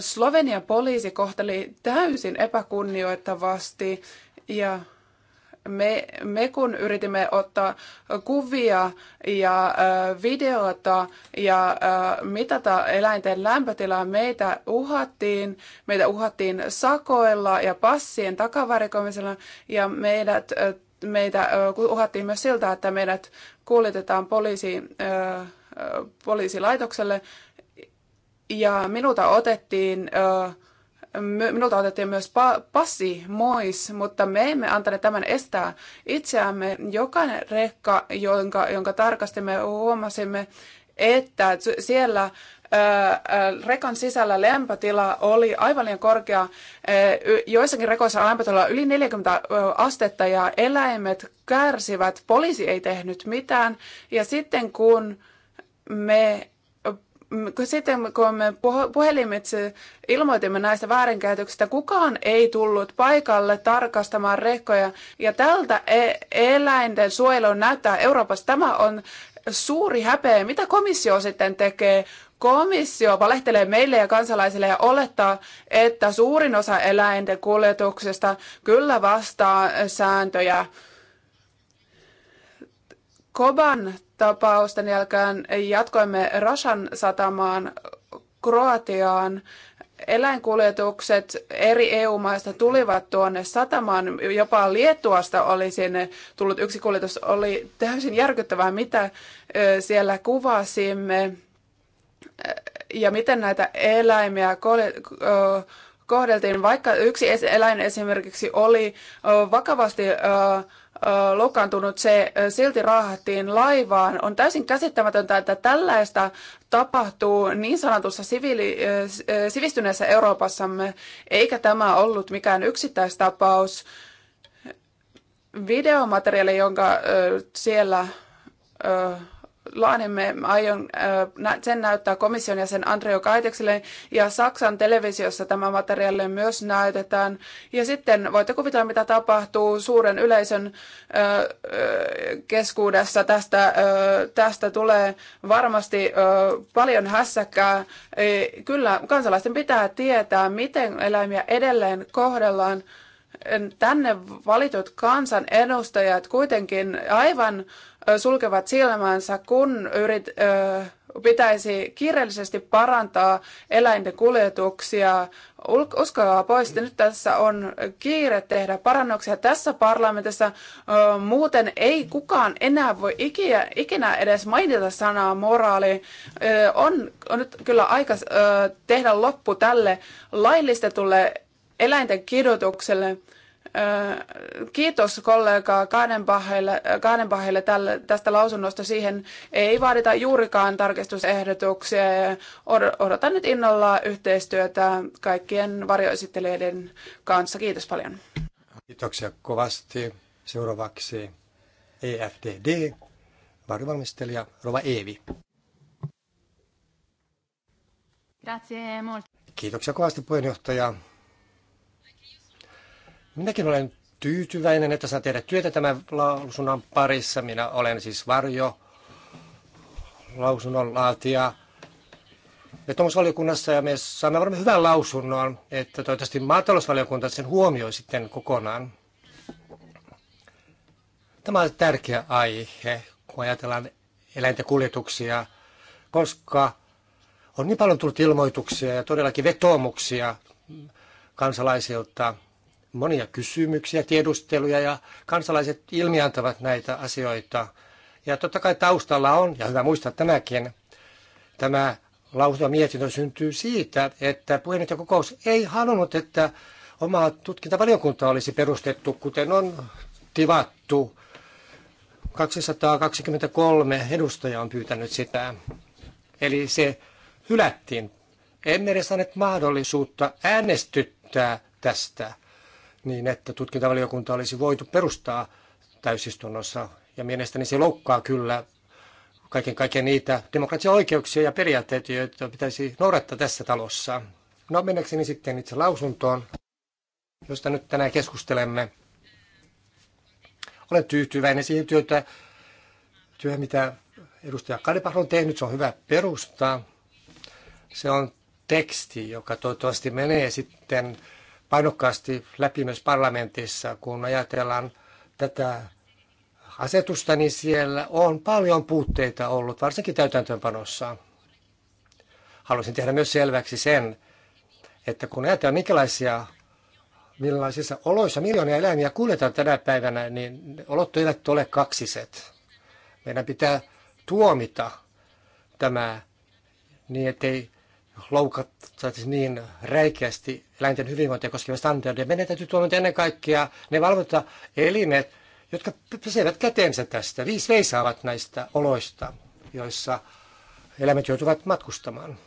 Slovenian poliisi kohteli täysin epäkunnioittavasti ja me, me kun yritimme ottaa kuvia ja videoita videota ja mitata eläinten lämpötilaa, meitä uhattiin, meitä uhattiin sakoilla ja passien takavarikoimisella ja meidät, meitä uhattiin myös siltä, että meidät kuljetetaan poliisiin poliisilaitokselle ja minulta otettiin, minulta otettiin myös passi mois, mutta me emme antaneet tämän estää itseämme. Jokainen rekka, jonka, jonka tarkastimme, huomasimme, että siellä rekan sisällä lämpötila oli aivan liian korkea. Joissakin rekoissa lämpötila oli yli 40 astetta ja eläimet kärsivät. Poliisi ei tehnyt mitään. Ja sitten kun me sitten kun me puhelimitse ilmoitimme näistä väärinkäytöksistä, kukaan ei tullut paikalle tarkastamaan rekkoja. Ja tältä e-, eläinten suojelu näyttää Euroopassa. Tämä on suuri häpeä. Mitä komissio sitten tekee? Komissio valehtelee meille ja kansalaisille ja olettaa, että suurin osa eläinten kuljetuksesta kyllä vastaa sääntöjä. Koban tapausten jälkeen jatkoimme Rasan satamaan Kroatiaan. Eläinkuljetukset eri EU-maista tulivat tuonne satamaan, jopa Lietuasta oli sinne tullut yksi kuljetus. Oli täysin järkyttävää, mitä siellä kuvasimme ja miten näitä eläimiä kohdeltiin. Vaikka yksi eläin esimerkiksi oli vakavasti lokantunut se silti raahattiin laivaan. On täysin käsittämätöntä, että tällaista tapahtuu niin sanotussa siviili, sivistyneessä Euroopassamme, eikä tämä ollut mikään yksittäistapaus. Videomateriaali, jonka siellä laadimme, aion äh, sen näyttää komission jäsen Andreo Kaitekselle ja Saksan televisiossa tämä materiaali myös näytetään. Ja sitten voitte kuvitella, mitä tapahtuu suuren yleisön äh, äh, keskuudessa. Tästä, tästä tulee varmasti paljon hässäkkää. Kyllä kansalaisten pitää tietää, miten eläimiä edelleen kohdellaan tänne valitut kansanedustajat kuitenkin aivan sulkevat silmänsä, kun yrit, pitäisi kiireellisesti parantaa eläinten kuljetuksia. Uskokaa pois, että nyt tässä on kiire tehdä parannuksia tässä parlamentissa. Muuten ei kukaan enää voi ikinä, ikinä edes mainita sanaa moraali. On, on nyt kyllä aika tehdä loppu tälle laillistetulle eläinten kidutukselle. Kiitos kollega Kahdenpahelle, tästä lausunnosta. Siihen ei vaadita juurikaan tarkistusehdotuksia. Odotan nyt innolla yhteistyötä kaikkien varjoesittelijöiden kanssa. Kiitos paljon. Kiitoksia kovasti. Seuraavaksi EFDD, varjovalmistelija Rova Eevi. Kiitoksia kovasti puheenjohtaja. Minäkin olen tyytyväinen, että saan tehdä työtä tämän lausunnon parissa. Minä olen siis varjo lausunnon laatija vetomusvaliokunnassa ja me saamme varmaan hyvän lausunnon, että toivottavasti maatalousvaliokunta sen huomioi sitten kokonaan. Tämä on tärkeä aihe, kun ajatellaan eläinten kuljetuksia, koska on niin paljon tullut ilmoituksia ja todellakin vetoomuksia kansalaisilta – monia kysymyksiä, tiedusteluja ja kansalaiset ilmiantavat näitä asioita. Ja totta kai taustalla on, ja hyvä muistaa tämäkin, tämä mietintö syntyy siitä, että puheenjohtajakokous ei halunnut, että oma tutkintavaliokunta olisi perustettu, kuten on tivattu. 223 edustajaa on pyytänyt sitä. Eli se hylättiin. Emme edes mahdollisuutta äänestyttää tästä niin, että tutkintavaliokunta olisi voitu perustaa täysistunnossa. Ja mielestäni se loukkaa kyllä kaiken kaikkiaan niitä demokratian oikeuksia ja periaatteita, joita pitäisi noudattaa tässä talossa. No mennäkseni sitten itse lausuntoon, josta nyt tänään keskustelemme. Olen tyytyväinen siihen työtä, työhön, mitä edustaja Kalipah on tehnyt. Se on hyvä perustaa. Se on teksti, joka toivottavasti menee sitten painokkaasti läpi myös parlamentissa, kun ajatellaan tätä asetusta, niin siellä on paljon puutteita ollut, varsinkin täytäntöönpanossa. Haluaisin tehdä myös selväksi sen, että kun ajatellaan minkälaisia millaisissa oloissa miljoonia eläimiä kuljetaan tänä päivänä, niin olot eivät ole kaksiset. Meidän pitää tuomita tämä niin, ettei loukattaisi niin räikeästi eläinten hyvinvointia koskevia standardeja. Meidän täytyy tuomita ennen kaikkea ne valvontaelimet, jotka pesevät käteensä tästä, viis veisaavat näistä oloista, joissa eläimet joutuvat matkustamaan.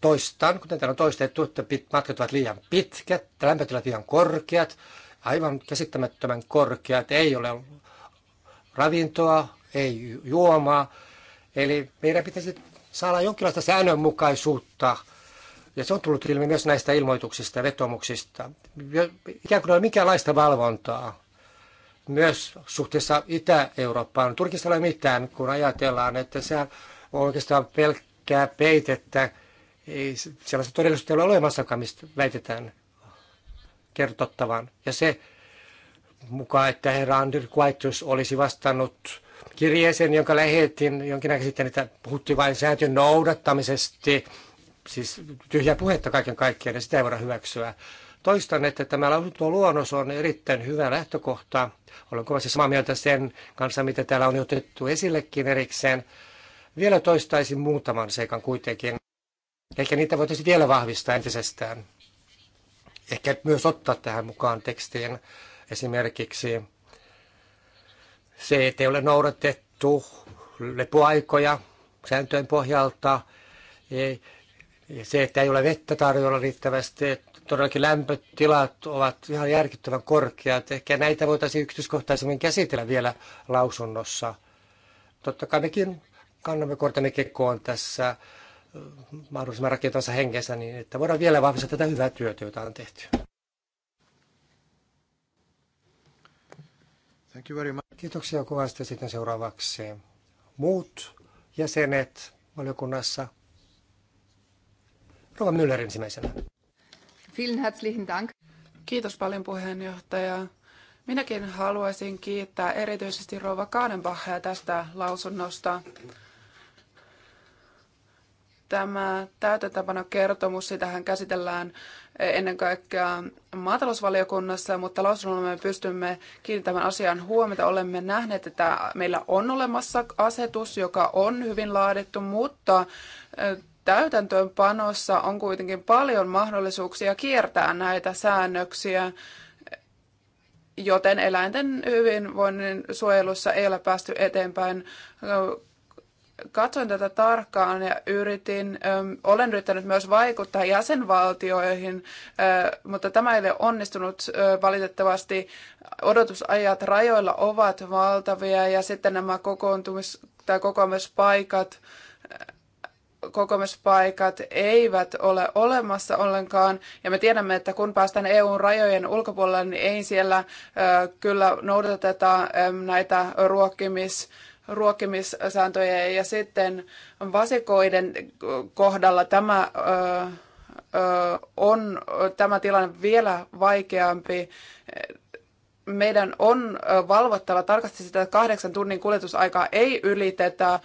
Toistan, kuten täällä on toistettu, että matkat ovat liian pitkät, lämpötilat liian korkeat, aivan käsittämättömän korkeat, ei ole ravintoa, ei juomaa. Eli meidän pitäisi saada jonkinlaista säännönmukaisuutta. Ja se on tullut ilmi myös näistä ilmoituksista ja vetomuksista. Ikään kuin ei ole mikäänlaista valvontaa. Myös suhteessa Itä-Eurooppaan. Turkissa ei ole mitään, kun ajatellaan, että se on oikeastaan pelkkää peitettä. Ei sellaista todellisuutta ei ole olemassakaan, mistä väitetään kertottavan. Ja se mukaan, että herra Andrew Quaitus olisi vastannut kirjeeseen, jonka lähetin jonkin aikaa sitten, että puhuttiin vain sääntöjen noudattamisesti, siis tyhjää puhetta kaiken kaikkiaan, ja sitä ei voida hyväksyä. Toistan, että tämä luonnos on erittäin hyvä lähtökohta. Olen kovasti samaa mieltä sen kanssa, mitä täällä on otettu esillekin erikseen. Vielä toistaisin muutaman seikan kuitenkin. Ehkä niitä voitaisiin vielä vahvistaa entisestään. Ehkä myös ottaa tähän mukaan tekstiin esimerkiksi se, ettei ole noudatettu lepoaikoja sääntöjen pohjalta, ei, se, että ei ole vettä tarjolla riittävästi, todellakin lämpötilat ovat ihan järkyttävän korkeat. Ehkä näitä voitaisiin yksityiskohtaisemmin käsitellä vielä lausunnossa. Totta kai mekin kannamme kortemme kekoon tässä e, mahdollisimman rakentavassa hengessä, niin että voidaan vielä vahvistaa tätä hyvää työtä, jota on tehty. Thank you very much. Kiitoksia kovasti sitten seuraavaksi. Muut jäsenet valiokunnassa. Rova Müller ensimmäisenä. Vielen herzlichen Dank. Kiitos paljon puheenjohtaja. Minäkin haluaisin kiittää erityisesti Rova Kaadenbachia tästä lausunnosta. Tämä kertomus, sitähän käsitellään ennen kaikkea maatalousvaliokunnassa, mutta lausunnolla me pystymme kiinnittämään asiaan huomiota. Olemme nähneet, että meillä on olemassa asetus, joka on hyvin laadittu, mutta täytäntöönpanossa on kuitenkin paljon mahdollisuuksia kiertää näitä säännöksiä, joten eläinten hyvinvoinnin suojelussa ei ole päästy eteenpäin katsoin tätä tarkkaan ja yritin, ö, ähm, olen yrittänyt myös vaikuttaa jäsenvaltioihin, ö, äh, mutta tämä ei ole onnistunut ö, äh, valitettavasti. Odotusajat rajoilla ovat valtavia ja sitten nämä kokoontumis- tai kokoamispaikat, äh, kokoamispaikat eivät ole olemassa ollenkaan. Ja me tiedämme, että kun päästään EUn rajojen ulkopuolelle, niin ei siellä ö, kyllä noudateta ö, ähm, näitä ruokkimis- ruokimissääntöjä ja sitten vasikoiden kohdalla tämä on tämä tilanne vielä vaikeampi. Meidän on valvottava tarkasti sitä, että kahdeksan tunnin kuljetusaikaa ei ylitetä.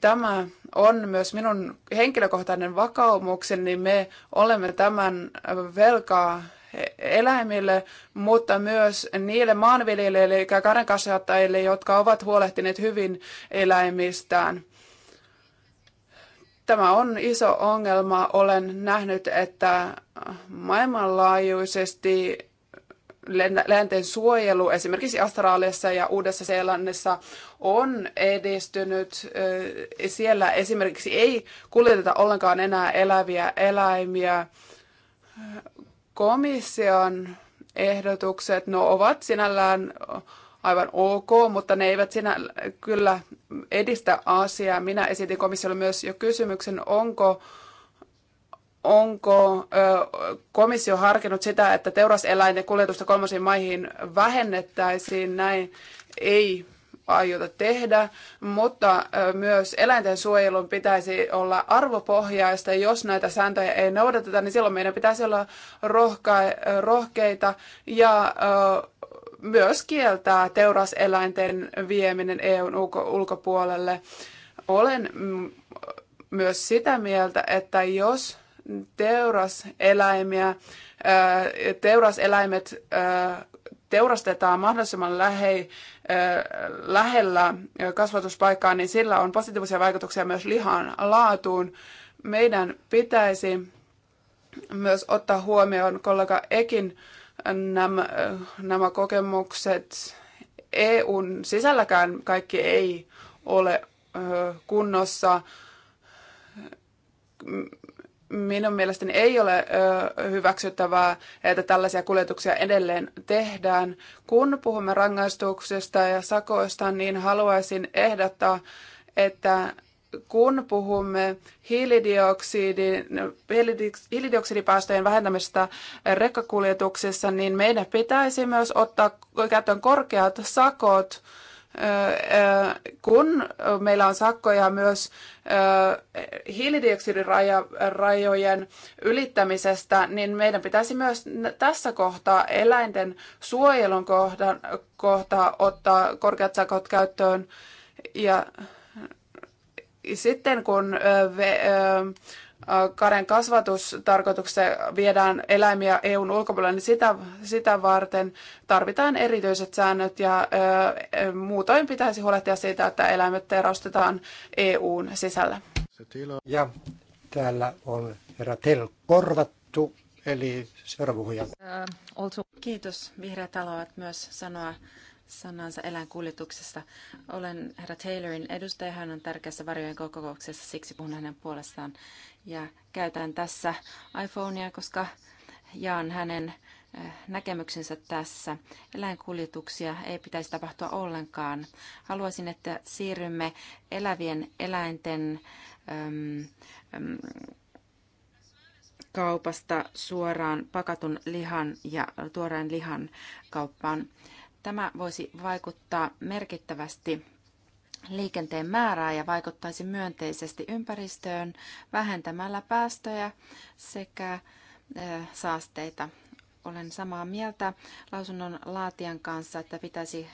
Tämä on myös minun henkilökohtainen vakaumukseni. Me olemme tämän velkaa eläimille, mutta myös niille maanviljelijöille eli karenkasvattajille, jotka ovat huolehtineet hyvin eläimistään. Tämä on iso ongelma. Olen nähnyt, että maailmanlaajuisesti läänten suojelu esimerkiksi Australiassa ja Uudessa Seelannissa on edistynyt. Siellä esimerkiksi ei kuljeteta ollenkaan enää eläviä eläimiä. Komission ehdotukset no, ovat sinällään aivan ok, mutta ne eivät sinä kyllä edistä asiaa. Minä esitin komissiolle myös jo kysymyksen, onko onko komissio harkinnut sitä, että teuraseläinten kuljetusta kolmansiin maihin vähennettäisiin näin? Ei aiota tehdä, mutta myös eläinten suojelun pitäisi olla arvopohjaista. Jos näitä sääntöjä ei noudateta, niin silloin meidän pitäisi olla rohka- rohkeita ja myös kieltää teuraseläinten vieminen EUn ulkopuolelle. Olen mm, myös sitä mieltä, että jos teuraseläimiä, teuraseläimet teurastetaan mahdollisimman lähe, lähellä kasvatuspaikkaa, niin sillä on positiivisia vaikutuksia myös lihan laatuun. Meidän pitäisi myös ottaa huomioon kollega Ekin nämä, nämä kokemukset. EUn sisälläkään kaikki ei ole kunnossa minun mielestäni ei ole hyväksyttävää, että tällaisia kuljetuksia edelleen tehdään. Kun puhumme rangaistuksista ja sakoista, niin haluaisin ehdottaa, että kun puhumme hiilidioksidin, hiilidioksidipäästöjen vähentämisestä rekkakuljetuksissa, niin meidän pitäisi myös ottaa käyttöön korkeat sakot kun meillä on sakkoja myös hiilidioksidirajojen ylittämisestä, niin meidän pitäisi myös tässä kohtaa eläinten suojelun kohdan, kohtaa ottaa korkeat sakot käyttöön. Ja sitten kun karen kasvatustarkoituksessa viedään eläimiä EUn ulkopuolelle, niin sitä, sitä varten tarvitaan erityiset säännöt ja ö, muutoin pitäisi huolehtia siitä, että eläimet teurastetaan EUn sisällä. Ja täällä on herra Tel korvattu, eli seuraava puhuja. Äh, Kiitos. Vihreät myös sanoa sanansa eläinkuljetuksesta. Olen herra Taylorin edustaja, hän on tärkeässä varjojen kokouksessa, siksi puhun hänen puolestaan. Ja käytän tässä iPhonea, koska jaan hänen eh, näkemyksensä tässä. Eläinkuljetuksia ei pitäisi tapahtua ollenkaan. Haluaisin, että siirrymme elävien eläinten äm, ehm, äm, ehm, kaupasta suoraan pakatun lihan ja tuoreen lihan kauppaan. Tämä voisi vaikuttaa merkittävästi liikenteen määrää ja vaikuttaisi myönteisesti ympäristöön vähentämällä päästöjä sekä saasteita. Olen samaa mieltä lausunnon laatijan kanssa, että pitäisi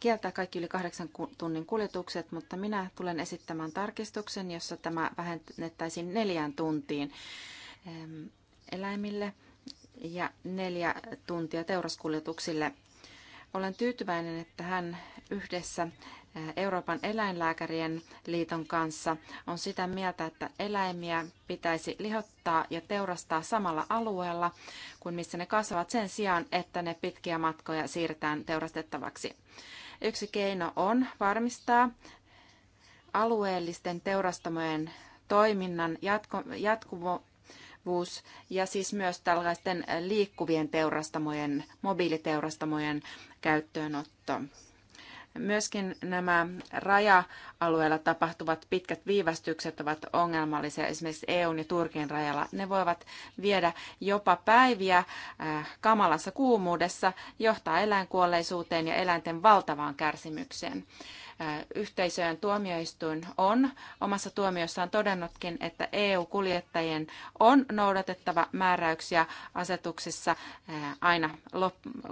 kieltää kaikki yli kahdeksan tunnin kuljetukset, mutta minä tulen esittämään tarkistuksen, jossa tämä vähennettäisiin neljään tuntiin eläimille ja neljä tuntia teuraskuljetuksille olen tyytyväinen, että hän yhdessä Euroopan eläinlääkärien liiton kanssa on sitä mieltä, että eläimiä pitäisi lihottaa ja teurastaa samalla alueella kuin missä ne kasvavat sen sijaan, että ne pitkiä matkoja siirretään teurastettavaksi. Yksi keino on varmistaa alueellisten teurastamojen toiminnan jatku, jatku, liikkuvuus ja siis myös tällaisten liikkuvien teurastamojen, mobiiliteurastamojen käyttöönotto. Myöskin nämä raja-alueella tapahtuvat pitkät viivästykset ovat ongelmallisia. Esimerkiksi EUn ja Turkin rajalla ne voivat viedä jopa päiviä äh, kamalassa kuumuudessa, johtaa eläinkuolleisuuteen ja eläinten valtavaan kärsimykseen. Yhteisöjen tuomioistuin on omassa tuomiossaan todennutkin, että EU-kuljettajien on noudatettava määräyksiä asetuksissa aina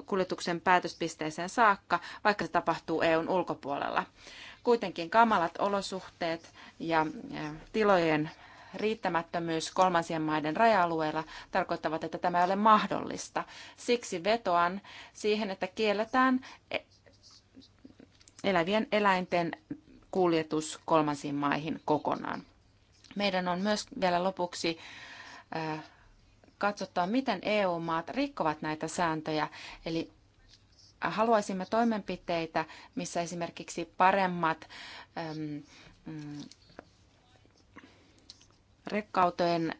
kuljetuksen päätöspisteeseen saakka, vaikka se tapahtuu EUn ulkopuolella. Kuitenkin kamalat olosuhteet ja tilojen riittämättömyys kolmansien maiden raja-alueilla tarkoittavat, että tämä ei ole mahdollista. Siksi vetoan siihen, että kielletään elävien eläinten kuljetus kolmansiin maihin kokonaan. Meidän on myös vielä lopuksi katsottava, miten EU-maat rikkovat näitä sääntöjä. Eli haluaisimme toimenpiteitä, missä esimerkiksi paremmat ähm, mm, rekkautojen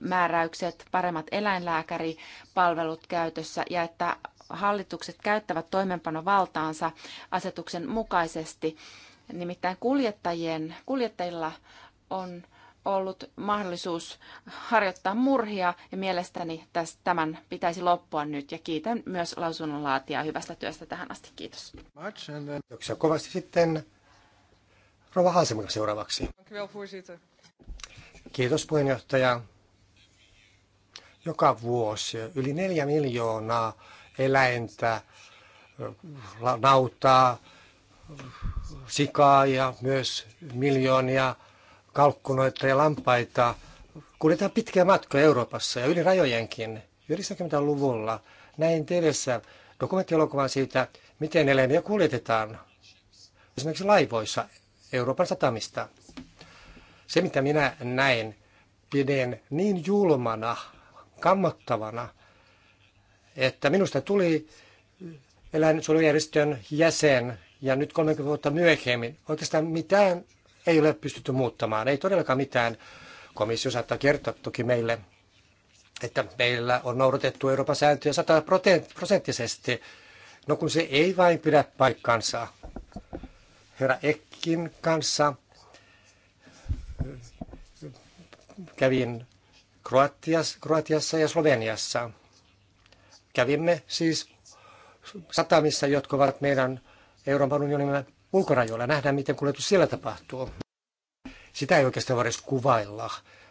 määräykset, paremmat eläinlääkäripalvelut käytössä ja että hallitukset käyttävät toimenpanovaltaansa asetuksen mukaisesti. Nimittäin kuljettajien, kuljettajilla on ollut mahdollisuus harjoittaa murhia ja mielestäni tästä, tämän pitäisi loppua nyt ja kiitän myös lausunnonlaatijaa hyvästä työstä tähän asti. Kiitos. Kiitoksia kovasti sitten Rova Haasemika seuraavaksi. Kiitos puheenjohtaja. Joka vuosi yli neljä miljoonaa eläintä, nautaa, sikaa ja myös miljoonia kalkkunoita ja lampaita kuljetaan pitkiä matkoja Euroopassa ja yli rajojenkin 90-luvulla. Näin TVssä dokumenttielokuvan siitä, miten eläimiä kuljetetaan esimerkiksi laivoissa Euroopan satamista. Se, mitä minä näin, pidän niin julmana, kammottavana – että minusta tuli eläinsuojelujärjestön jäsen ja nyt 30 vuotta myöhemmin oikeastaan mitään ei ole pystytty muuttamaan, ei todellakaan mitään. Komissio saattaa kertoa toki meille, että meillä on noudatettu Euroopan sääntöjä prosenttisesti. No kun se ei vain pidä paikkansa. Herra Ekkin kanssa kävin Kroatias, Kroatiassa ja Sloveniassa – Kävimme siis satamissa, jotka ovat meidän Euroopan unionin ulkorajoilla. Nähdään, miten kuljetus siellä tapahtuu. Sitä ei oikeastaan voida kuvailla.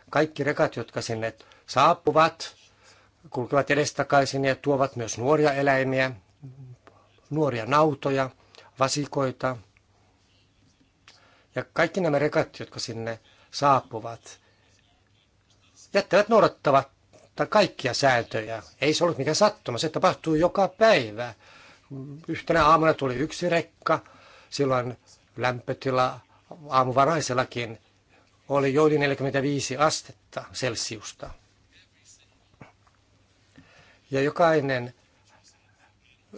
Kaikki rekat, jotka sinne saapuvat, kulkevat edestakaisin ja tuovat myös nuoria eläimiä, nuoria nautoja, vasikoita. Ja kaikki nämä rekat, jotka sinne saapuvat, jättävät noudattavat noudattaa kaikkia sääntöjä. Ei se ollut mikään sattuma, se tapahtuu joka päivä. Yhtenä aamuna tuli yksi rekka, silloin lämpötila aamuvaraisellakin oli jo yli 45 astetta Celsiusta. Ja jokainen,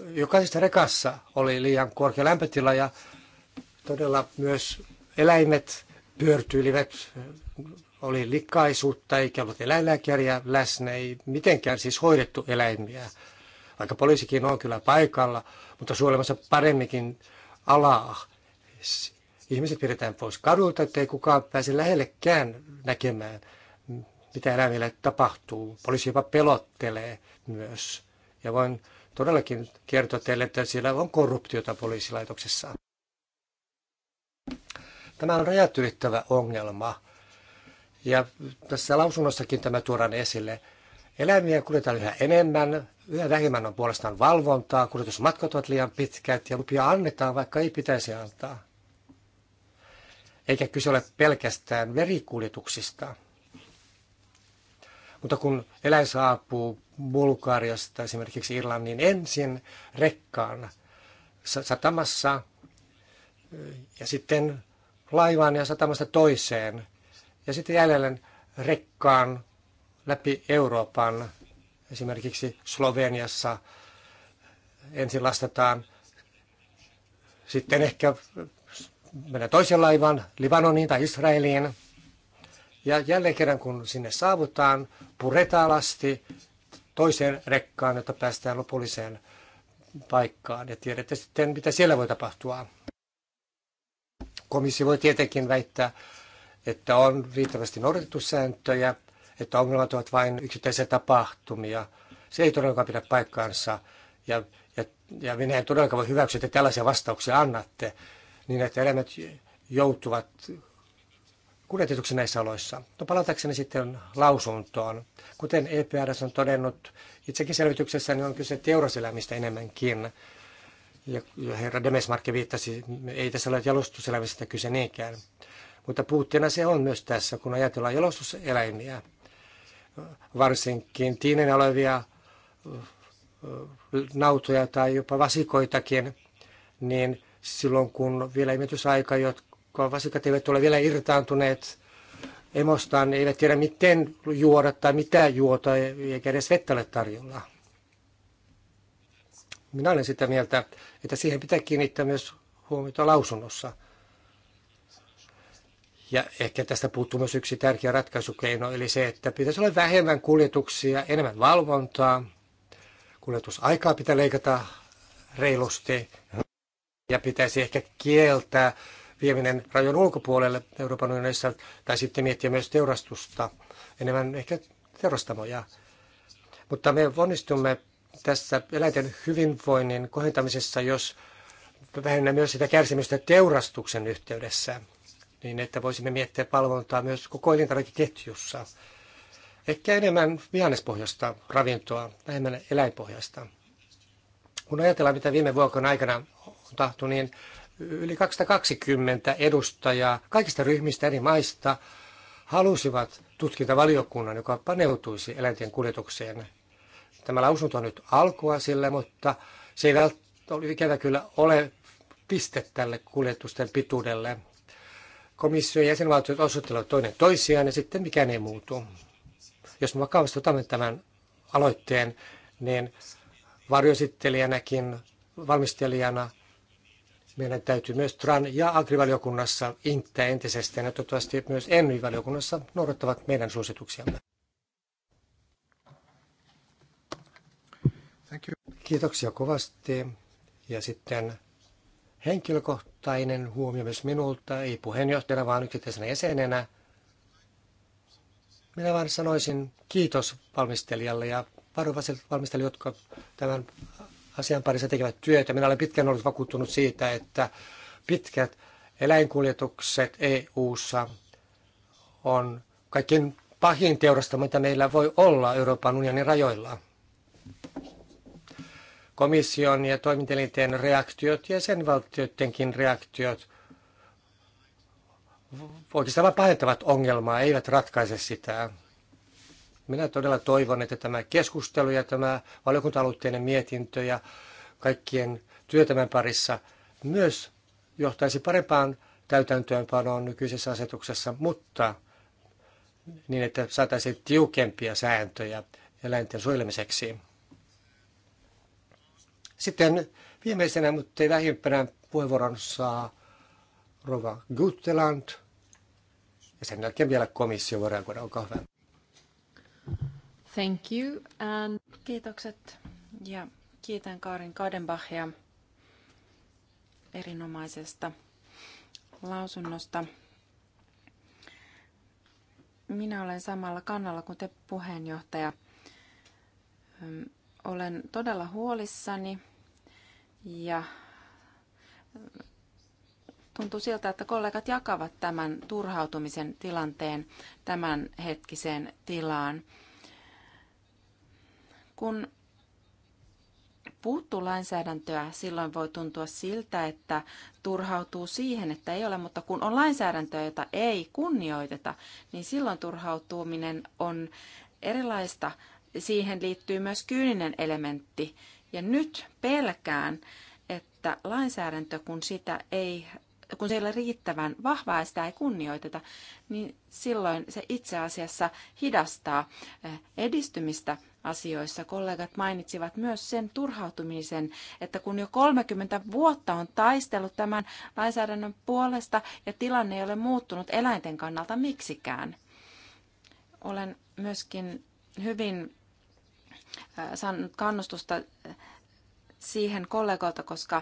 jokaisessa rekassa oli liian korkea lämpötila ja todella myös eläimet pyörtyilivät oli likaisuutta eikä ollut eläinlääkäriä läsnä, ei mitenkään siis hoidettu eläimiä. Vaikka poliisikin on kyllä paikalla, mutta suojelemassa paremminkin alaa. Ihmiset pidetään pois kadulta, ettei kukaan pääse lähellekään näkemään, mitä eläimille tapahtuu. Poliisi jopa pelottelee myös. Ja voin todellakin kertoa teille, että siellä on korruptiota poliisilaitoksessa. Tämä on rajat ylittävä ongelma ja tässä lausunnossakin tämä tuodaan esille. Eläimiä kuljetaan yhä enemmän, yhä vähemmän on puolestaan valvontaa, kuljetusmatkat ovat liian pitkät ja lupia annetaan, vaikka ei pitäisi antaa. Eikä kyse ole pelkästään verikuljetuksista. Mutta kun eläin saapuu Bulgariasta esimerkiksi Irlannin ensin rekkaan satamassa ja sitten laivaan ja satamasta toiseen – ja sitten jälleen rekkaan läpi Euroopan. Esimerkiksi Sloveniassa ensin lastetaan, sitten ehkä mennään toisen laivan Libanoniin tai Israeliin. Ja jälleen kerran, kun sinne saavutaan, puretaan lasti toiseen rekkaan, jotta päästään lopulliseen paikkaan. Ja tiedätte sitten, mitä siellä voi tapahtua. Komissio voi tietenkin väittää, että on riittävästi noudatettu sääntöjä, että ongelmat ovat vain yksittäisiä tapahtumia. Se ei todellakaan pidä paikkaansa. Ja, ja, ja minä en todellakaan voi hyväksyä, että tällaisia vastauksia annatte, niin että eläimet joutuvat kuljetetuksi näissä oloissa. No palatakseni sitten lausuntoon. Kuten EPRS on todennut itsekin selvityksessä, niin on kyse teuraselämistä enemmänkin. Ja herra Demesmarkki viittasi, ei tässä ole jalostuselämistä kyse niinkään. Mutta puutteena se on myös tässä, kun ajatellaan jalostuseläimiä, varsinkin tiinen olevia nautoja tai jopa vasikoitakin, niin silloin kun vielä imetysaika, jotka vasikat eivät ole vielä irtaantuneet emostaan, ne niin eivät tiedä miten juoda tai mitä juota, eikä edes vettä ole tarjolla. Minä olen sitä mieltä, että siihen pitää kiinnittää myös huomiota lausunnossa. Ja ehkä tästä puuttuu myös yksi tärkeä ratkaisukeino, eli se, että pitäisi olla vähemmän kuljetuksia, enemmän valvontaa. Kuljetusaikaa pitää leikata reilusti ja pitäisi ehkä kieltää vieminen rajon ulkopuolelle Euroopan unionissa tai sitten miettiä myös teurastusta, enemmän ehkä teurastamoja. Mutta me onnistumme tässä eläinten hyvinvoinnin kohentamisessa, jos vähennämme myös sitä kärsimystä teurastuksen yhteydessä niin että voisimme miettiä palvontaa myös koko elintarvikeketjussa. Ehkä enemmän vihannespohjasta ravintoa, vähemmän eläinpohjasta. Kun ajatellaan, mitä viime vuokon aikana on tahtu, niin yli 220 edustajaa kaikista ryhmistä eri maista halusivat tutkintavaliokunnan, joka paneutuisi eläinten kuljetukseen. Tämä lausunto on nyt alkua sillä, mutta se ei välttämättä ikävä kyllä ole piste tälle kuljetusten pituudelle komissio ja jäsenvaltiot osoittelevat toinen toisiaan ja sitten mikään ei muutu. Jos me vakavasti otamme tämän aloitteen, niin varjoesittelijänäkin valmistelijana meidän täytyy myös TRAN ja agrivaliokunnassa inttää entisestään ja toivottavasti myös ENVI-valiokunnassa noudattavat meidän suosituksiamme. Kiitoksia kovasti. Ja sitten henkilökohtainen huomio myös minulta, ei puheenjohtajana, vaan yksittäisenä jäsenenä. Minä vain sanoisin kiitos valmistelijalle ja varovaiset valmistelijat, jotka tämän asian parissa tekevät työtä. Minä olen pitkään ollut vakuuttunut siitä, että pitkät eläinkuljetukset EU-ssa on kaikkein pahin teurastama, mitä meillä voi olla Euroopan unionin rajoilla komission ja toimintelinten reaktiot ja sen valtioidenkin reaktiot oikeastaan vain pahentavat ongelmaa, eivät ratkaise sitä. Minä todella toivon, että tämä keskustelu ja tämä valiokunta mietintö ja kaikkien työtämän parissa myös johtaisi parempaan täytäntöönpanoon nykyisessä asetuksessa, mutta niin, että saataisiin tiukempia sääntöjä eläinten suojelemiseksi. Sitten viimeisenä, mutta ei lähimpänä puheenvuoron saa Rova Gutteland. Ja sen jälkeen vielä komissio voi reagoida. Olkaa hyvä. Thank you and kiitokset ja kiitän Karin Kadenbachia erinomaisesta lausunnosta. Minä olen samalla kannalla kuin te puheenjohtaja. Olen todella huolissani ja tuntuu siltä, että kollegat jakavat tämän turhautumisen tilanteen tämän hetkiseen tilaan. Kun puuttuu lainsäädäntöä, silloin voi tuntua siltä, että turhautuu siihen, että ei ole, mutta kun on lainsäädäntöä, jota ei kunnioiteta, niin silloin turhautuminen on erilaista. Siihen liittyy myös kyyninen elementti, ja nyt pelkään, että lainsäädäntö, kun sitä ei kun se ei ole riittävän vahvaa ja sitä ei kunnioiteta, niin silloin se itse asiassa hidastaa eh, edistymistä asioissa. Kollegat mainitsivat myös sen turhautumisen, että kun jo 30 vuotta on taistellut tämän lainsäädännön puolesta ja tilanne ei ole muuttunut eläinten kannalta miksikään. Olen myöskin hyvin saanut kannustusta siihen kollegalta, koska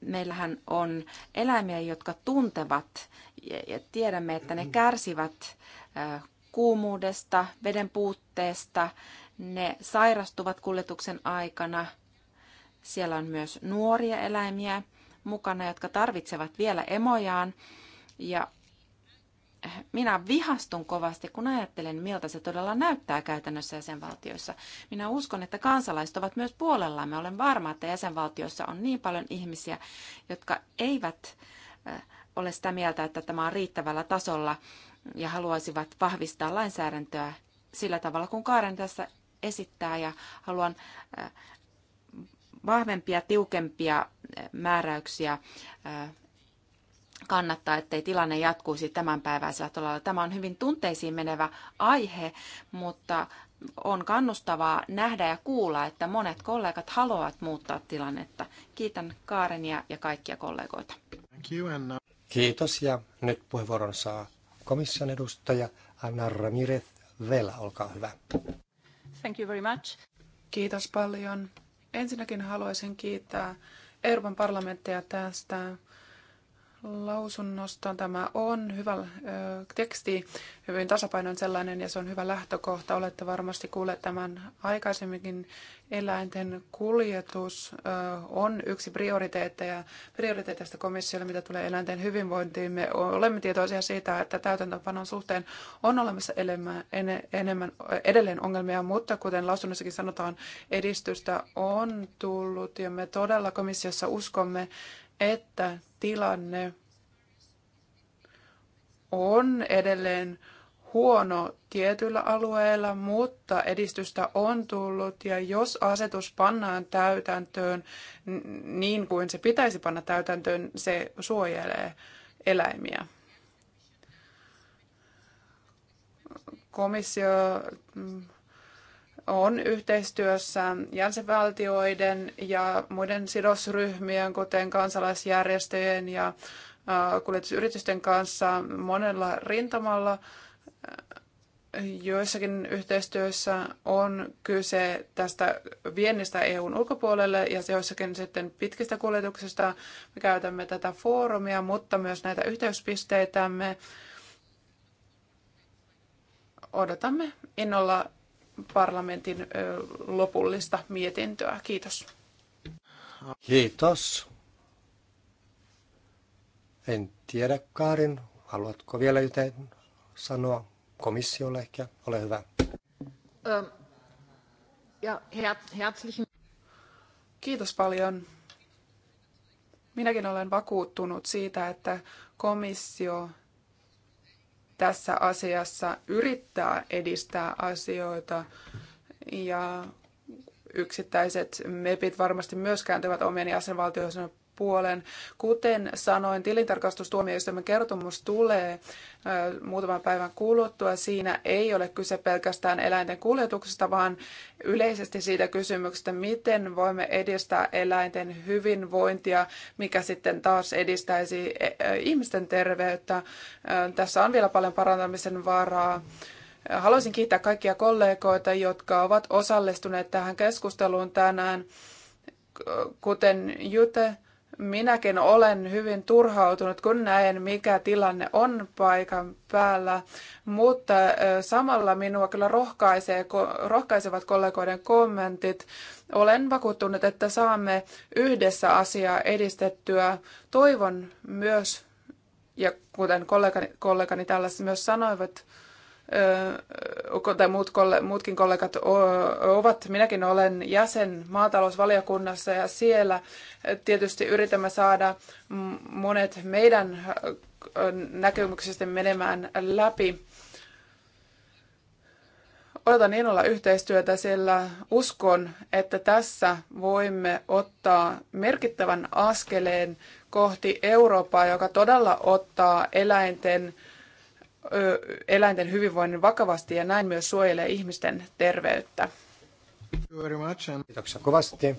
meillähän on eläimiä, jotka tuntevat ja tiedämme, että ne kärsivät kuumuudesta, veden puutteesta, ne sairastuvat kuljetuksen aikana. Siellä on myös nuoria eläimiä mukana, jotka tarvitsevat vielä emojaan ja minä vihastun kovasti, kun ajattelen, miltä se todella näyttää käytännössä jäsenvaltioissa. Minä uskon, että kansalaiset ovat myös puolellamme. Olen varma, että jäsenvaltioissa on niin paljon ihmisiä, jotka eivät ole sitä mieltä, että tämä on riittävällä tasolla ja haluaisivat vahvistaa lainsäädäntöä sillä tavalla, kun Kaaren tässä esittää ja haluan vahvempia, tiukempia määräyksiä kannattaa, ettei tilanne jatkuisi päiväisellä tolalla. Tämä on hyvin tunteisiin menevä aihe, mutta on kannustavaa nähdä ja kuulla, että monet kollegat haluavat muuttaa tilannetta. Kiitän Kaarenia ja kaikkia kollegoita. Kiitos ja nyt puheenvuoron saa komission edustaja Anna Ramirez Vela, olkaa hyvä. Thank you very much. Kiitos paljon. Ensinnäkin haluaisin kiittää Euroopan parlamenttia tästä lausunnosta. Tämä on hyvä ö, teksti, hyvin tasapainoinen sellainen ja se on hyvä lähtökohta. Olette varmasti kuulleet tämän aikaisemminkin. Eläinten kuljetus ö, on yksi prioriteetteja, prioriteeteista komissiolle, mitä tulee eläinten hyvinvointiin. Me olemme tietoisia siitä, että täytäntöönpanon suhteen on olemassa enemmän, enemmän edelleen ongelmia, mutta kuten lausunnossakin sanotaan, edistystä on tullut ja me todella komissiossa uskomme että tilanne on edelleen huono tietyillä alueilla, mutta edistystä on tullut ja jos asetus pannaan täytäntöön niin kuin se pitäisi panna täytäntöön, se suojelee eläimiä. Komissio mm, on yhteistyössä jäsenvaltioiden ja muiden sidosryhmien, kuten kansalaisjärjestöjen ja kuljetusyritysten kanssa monella rintamalla. Joissakin yhteistyössä on kyse tästä viennistä EUn ulkopuolelle ja joissakin sitten pitkistä kuljetuksista. Me käytämme tätä foorumia, mutta myös näitä yhteyspisteitämme. Odotamme innolla parlamentin lopullista mietintöä. Kiitos. Kiitos. En tiedä, Kaarin, haluatko vielä jotain sanoa komissiolle ehkä? Ole hyvä. Ähm, ja herzlichen. Kiitos paljon. Minäkin olen vakuuttunut siitä, että komissio tässä asiassa yrittää edistää asioita ja yksittäiset MEPit varmasti myös kääntyvät omien jäsenvaltioidensa puolen. Kuten sanoin, tilintarkastustuomioistuimen kertomus tulee muutaman päivän kuluttua. Siinä ei ole kyse pelkästään eläinten kuljetuksesta, vaan yleisesti siitä kysymyksestä, miten voimme edistää eläinten hyvinvointia, mikä sitten taas edistäisi e, ihmisten terveyttä. Tässä on vielä paljon parantamisen varaa. Haluaisin kiittää kaikkia kollegoita, jotka ovat osallistuneet tähän keskusteluun tänään, kuten Jute Minäkin olen hyvin turhautunut, kun näen, mikä tilanne on paikan päällä, mutta samalla minua kyllä rohkaisee, rohkaisevat kollegoiden kommentit. Olen vakuuttunut, että saamme yhdessä asiaa edistettyä. Toivon myös, ja kuten kollegani, kollegani täällä myös sanoivat, tai muut, muutkin kollegat ovat. Minäkin olen jäsen maatalousvaliokunnassa ja siellä tietysti yritämme saada monet meidän näkemyksistä menemään läpi. Odotan innolla yhteistyötä, sillä uskon, että tässä voimme ottaa merkittävän askeleen kohti Eurooppaa, joka todella ottaa eläinten eläinten hyvinvoinnin vakavasti ja näin myös suojelee ihmisten terveyttä. Kiitoksia kovasti.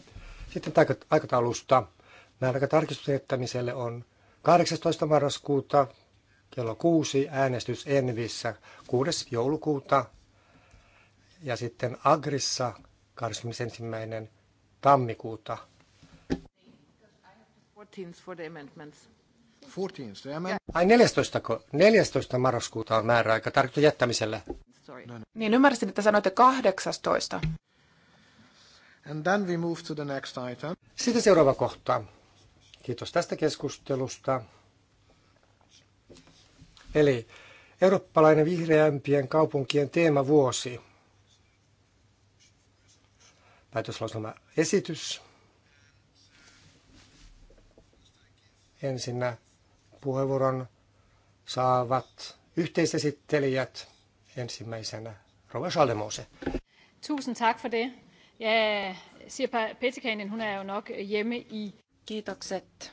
Sitten aikataulusta. Määräaikatarkistusettämiselle on 18. marraskuuta kello 6 äänestys Envissä 6. joulukuuta ja sitten Agrissa 21. tammikuuta. Ai 14. 14. marraskuuta on määräaika tarkoitus jättämiselle. No, no. Niin ymmärsin, että sanoitte 18. And then we move to the next item. Sitten seuraava kohta. Kiitos tästä keskustelusta. Eli eurooppalainen vihreämpien kaupunkien teemavuosi. Päätöslauselma esitys. Ensinnä puheenvuoron saavat yhteisesittelijät ensimmäisenä. Rova Schaldemose. Tusen tack för det. Ja siger Petikainen, hun er jo nok hjemme i... Kiitokset.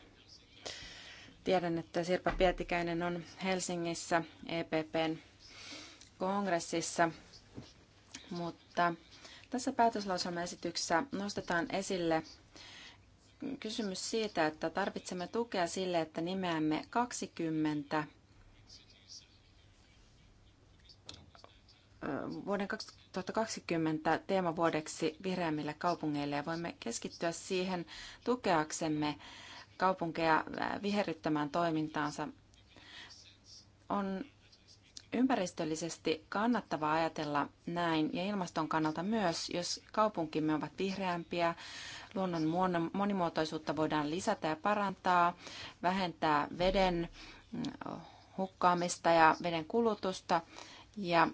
Tiedän, että Sirpa Pietikäinen on Helsingissä EPPn kongressissa, mutta tässä päätöslauselmaesityksessä nostetaan esille kysymys siitä, että tarvitsemme tukea sille, että nimeämme 20 vuoden 2020 teemavuodeksi vihreämmille kaupungeille ja voimme keskittyä siihen tukeaksemme kaupunkeja viherryttämään toimintaansa. On ympäristöllisesti kannattavaa ajatella näin ja ilmaston kannalta myös, jos kaupunkimme ovat vihreämpiä, luonnon monimuotoisuutta voidaan lisätä ja parantaa, vähentää veden mm, hukkaamista ja veden kulutusta ja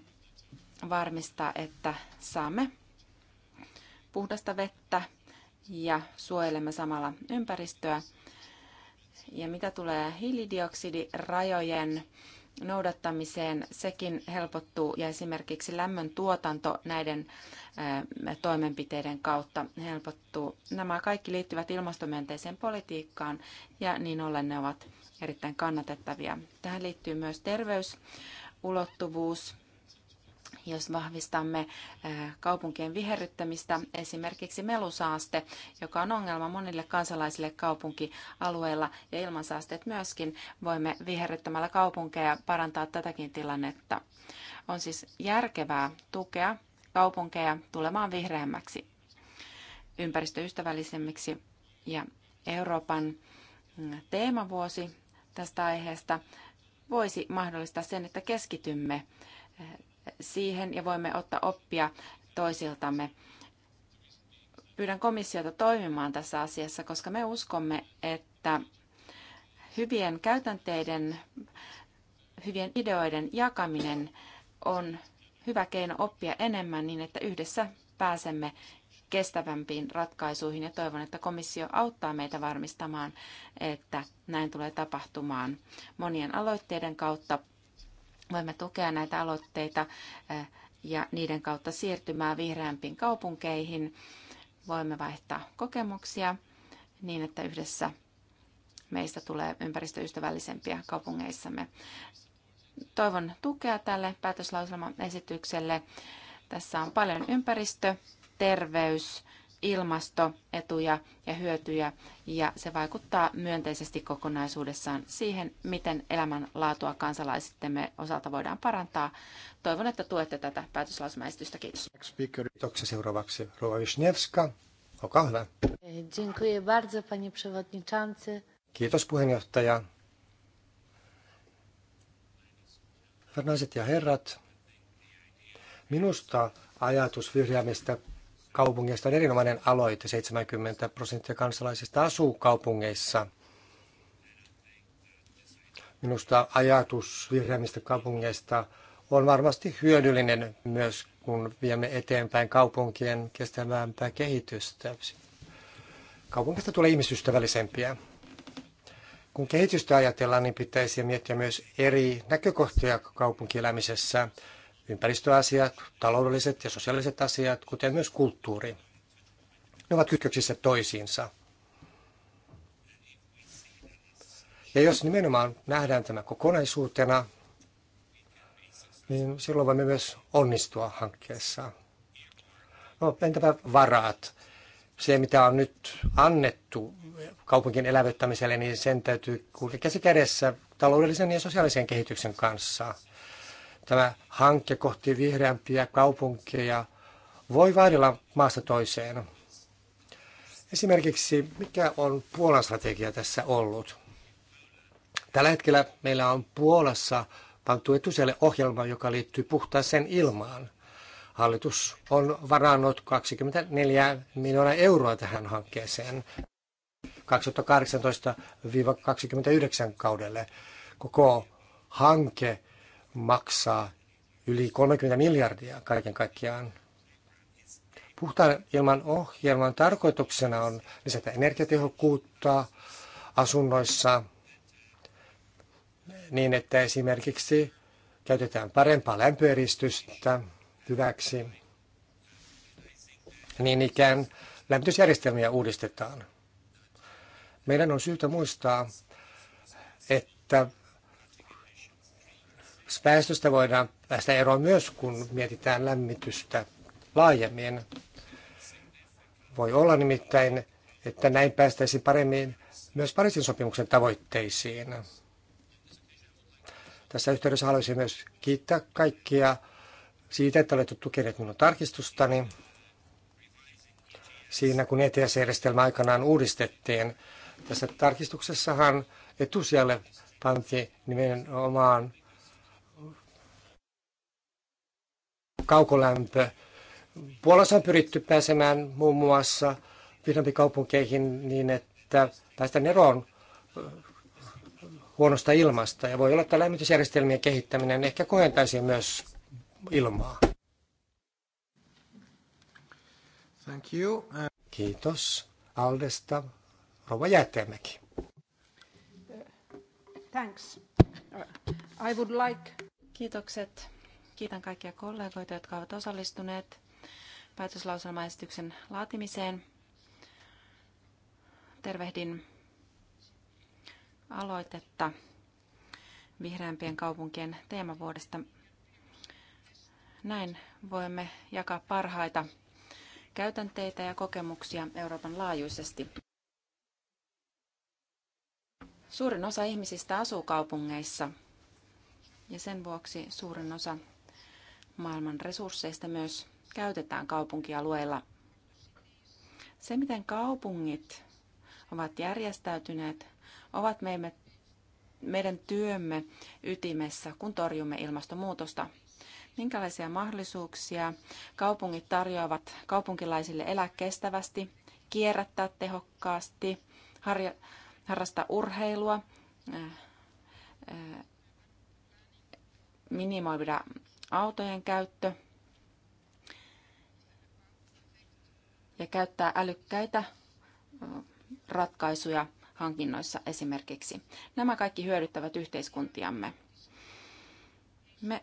varmistaa, että saamme puhdasta vettä ja suojelemme samalla ympäristöä. Ja mitä tulee hiilidioksidirajojen noudattamiseen, sekin helpottuu ja esimerkiksi lämmön tuotanto näiden toimenpiteiden kautta helpottuu. Nämä kaikki liittyvät ilmastomyönteiseen politiikkaan ja niin ollen ne ovat erittäin kannatettavia. Tähän liittyy myös terveysulottuvuus jos vahvistamme kaupunkien viherryttämistä. Esimerkiksi melusaaste, joka on ongelma monille kansalaisille kaupunkialueilla ja ilmansaasteet myöskin, voimme viherryttämällä kaupunkeja parantaa tätäkin tilannetta. On siis järkevää tukea kaupunkeja tulemaan vihreämmäksi, ympäristöystävällisemmiksi ja Euroopan mm, teemavuosi tästä aiheesta voisi mahdollistaa sen, että keskitymme siihen ja voimme ottaa oppia toisiltamme. Pyydän komissiota toimimaan tässä asiassa, koska me uskomme, että hyvien käytänteiden, hyvien ideoiden jakaminen on hyvä keino oppia enemmän niin, että yhdessä pääsemme kestävämpiin ratkaisuihin ja toivon, että komissio auttaa meitä varmistamaan, että näin tulee tapahtumaan monien aloitteiden kautta voimme tukea näitä aloitteita eh, ja niiden kautta siirtymää vihreämpiin kaupunkeihin. Voimme vaihtaa kokemuksia niin, että yhdessä meistä tulee ympäristöystävällisempiä kaupungeissamme. Toivon tukea tälle päätöslauselman esitykselle. Tässä on paljon ympäristö, terveys ilmastoetuja ja hyötyjä ja se vaikuttaa myönteisesti kokonaisuudessaan siihen, miten elämänlaatua kansalaisittemme osalta voidaan parantaa. Toivon, että tuette tätä päätöslausumaesitystä. Kiitos. Kiitoksia seuraavaksi. Rova Wisniewska, olkaa hyvä. Eh, dziękuję bardzo, panie przewodniczący. Kiitos puheenjohtaja. naiset ja herrat, minusta ajatus vihreämistä kaupungeista on erinomainen aloite. 70 prosenttia kansalaisista asuu kaupungeissa. Minusta ajatus vihreämmistä kaupungeista on varmasti hyödyllinen myös, kun viemme eteenpäin kaupunkien kestävämpää kehitystä. Kaupungista tulee ihmisystävällisempiä. Kun kehitystä ajatellaan, niin pitäisi miettiä myös eri näkökohtia kaupunkielämisessä ympäristöasiat, taloudelliset ja sosiaaliset asiat, kuten myös kulttuuri. Ne ovat kytköksissä toisiinsa. Ja jos nimenomaan nähdään tämä kokonaisuutena, niin silloin voimme myös onnistua hankkeessa. No, entäpä varat? Se, mitä on nyt annettu kaupunkin elävyttämiselle, niin sen täytyy kulkea käsi kädessä taloudellisen ja sosiaalisen kehityksen kanssa – tämä hanke kohti vihreämpiä kaupunkeja voi vaihdella maasta toiseen. Esimerkiksi mikä on Puolan strategia tässä ollut? Tällä hetkellä meillä on Puolassa pantu etuselle ohjelma, joka liittyy puhtaaseen ilmaan. Hallitus on varannut 24 miljoonaa euroa tähän hankkeeseen 2018-2029 kaudelle. Koko hanke maksaa yli 30 miljardia kaiken kaikkiaan. Puhtaan ilman ohjelman tarkoituksena on lisätä energiatehokkuutta asunnoissa niin, että esimerkiksi käytetään parempaa lämpöeristystä hyväksi. Niin ikään lämmitysjärjestelmiä uudistetaan. Meidän on syytä muistaa, että Päästöstä voidaan päästä eroon myös, kun mietitään lämmitystä laajemmin. Voi olla nimittäin, että näin päästäisiin paremmin myös Pariisin sopimuksen tavoitteisiin. Tässä yhteydessä haluaisin myös kiittää kaikkia siitä, että olette tukeneet minun tarkistustani. Siinä kun ETS-järjestelmä aikanaan uudistettiin, tässä tarkistuksessahan etusijalle pantiin nimenomaan kaukolämpö. Puolassa on pyritty pääsemään muun muassa kaupunkeihin niin, että päästään eroon äh, huonosta ilmasta. Ja voi olla, että lämmitysjärjestelmien kehittäminen ehkä kohentaisi myös ilmaa. Thank you. Uh, Kiitos Aldesta. Rova Jäätemäki. Thanks. Uh, I would like... Kiitokset. Kiitän kaikkia kollegoita, jotka ovat osallistuneet päätöslauselmaesityksen laatimiseen. Tervehdin aloitetta vihreämpien kaupunkien teemavuodesta. Näin voimme jakaa parhaita käytänteitä ja kokemuksia Euroopan laajuisesti. Suurin osa ihmisistä asuu kaupungeissa ja sen vuoksi suurin osa maailman resursseista myös käytetään kaupunkialueilla. Se, miten kaupungit ovat järjestäytyneet, ovat meidän, meidän työmme ytimessä, kun torjumme ilmastonmuutosta. Minkälaisia mahdollisuuksia kaupungit tarjoavat kaupunkilaisille elää kestävästi, kierrättää tehokkaasti, harja, harrastaa urheilua, äh, äh, minimoida autojen käyttö ja käyttää älykkäitä ratkaisuja hankinnoissa esimerkiksi. Nämä kaikki hyödyttävät yhteiskuntiamme. Me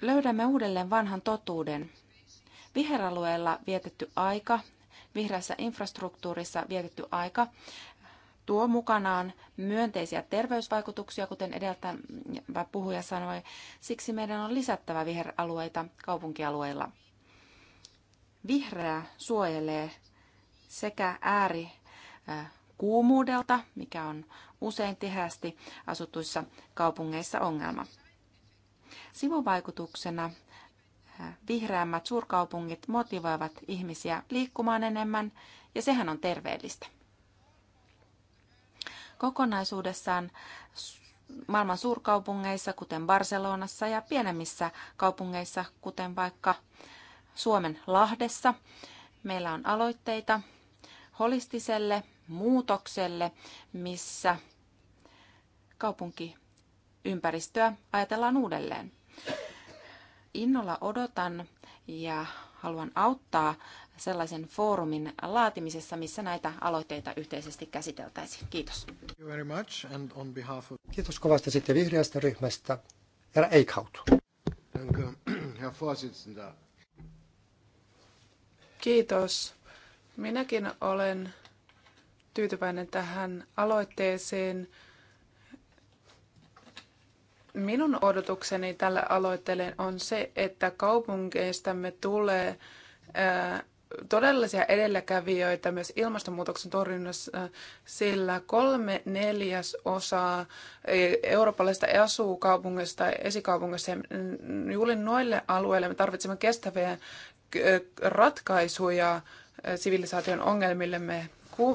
löydämme uudelleen vanhan totuuden. Viheralueella vietetty aika, vihreässä infrastruktuurissa vietetty aika tuo mukanaan myönteisiä terveysvaikutuksia, kuten edeltävä puhuja sanoi. Siksi meidän on lisättävä viheralueita kaupunkialueilla. Vihreä suojelee sekä ääri kuumuudelta, mikä on usein tiheästi asutuissa kaupungeissa ongelma. Sivuvaikutuksena vihreämmät suurkaupungit motivoivat ihmisiä liikkumaan enemmän, ja sehän on terveellistä kokonaisuudessaan maailman suurkaupungeissa, kuten Barcelonassa ja pienemmissä kaupungeissa, kuten vaikka Suomen Lahdessa. Meillä on aloitteita holistiselle muutokselle, missä kaupunkiympäristöä ajatellaan uudelleen. Innolla odotan ja haluan auttaa sellaisen foorumin laatimisessa, missä näitä aloitteita yhteisesti käsiteltäisiin. Kiitos. Kiitos kovasti sitten vihreästä ryhmästä. Herra Eickhout. Kiitos. Minäkin olen tyytyväinen tähän aloitteeseen. Minun odotukseni tälle aloitteelle on se, että kaupungeistamme tulee todellisia edelläkävijöitä myös ilmastonmuutoksen torjunnassa, äh, sillä kolme neljäs osaa e, eurooppalaisista asuu kaupungista esikaupungeista ja juuri noille alueille me tarvitsemme kestäviä ratkaisuja äh, sivilisaation ongelmillemme.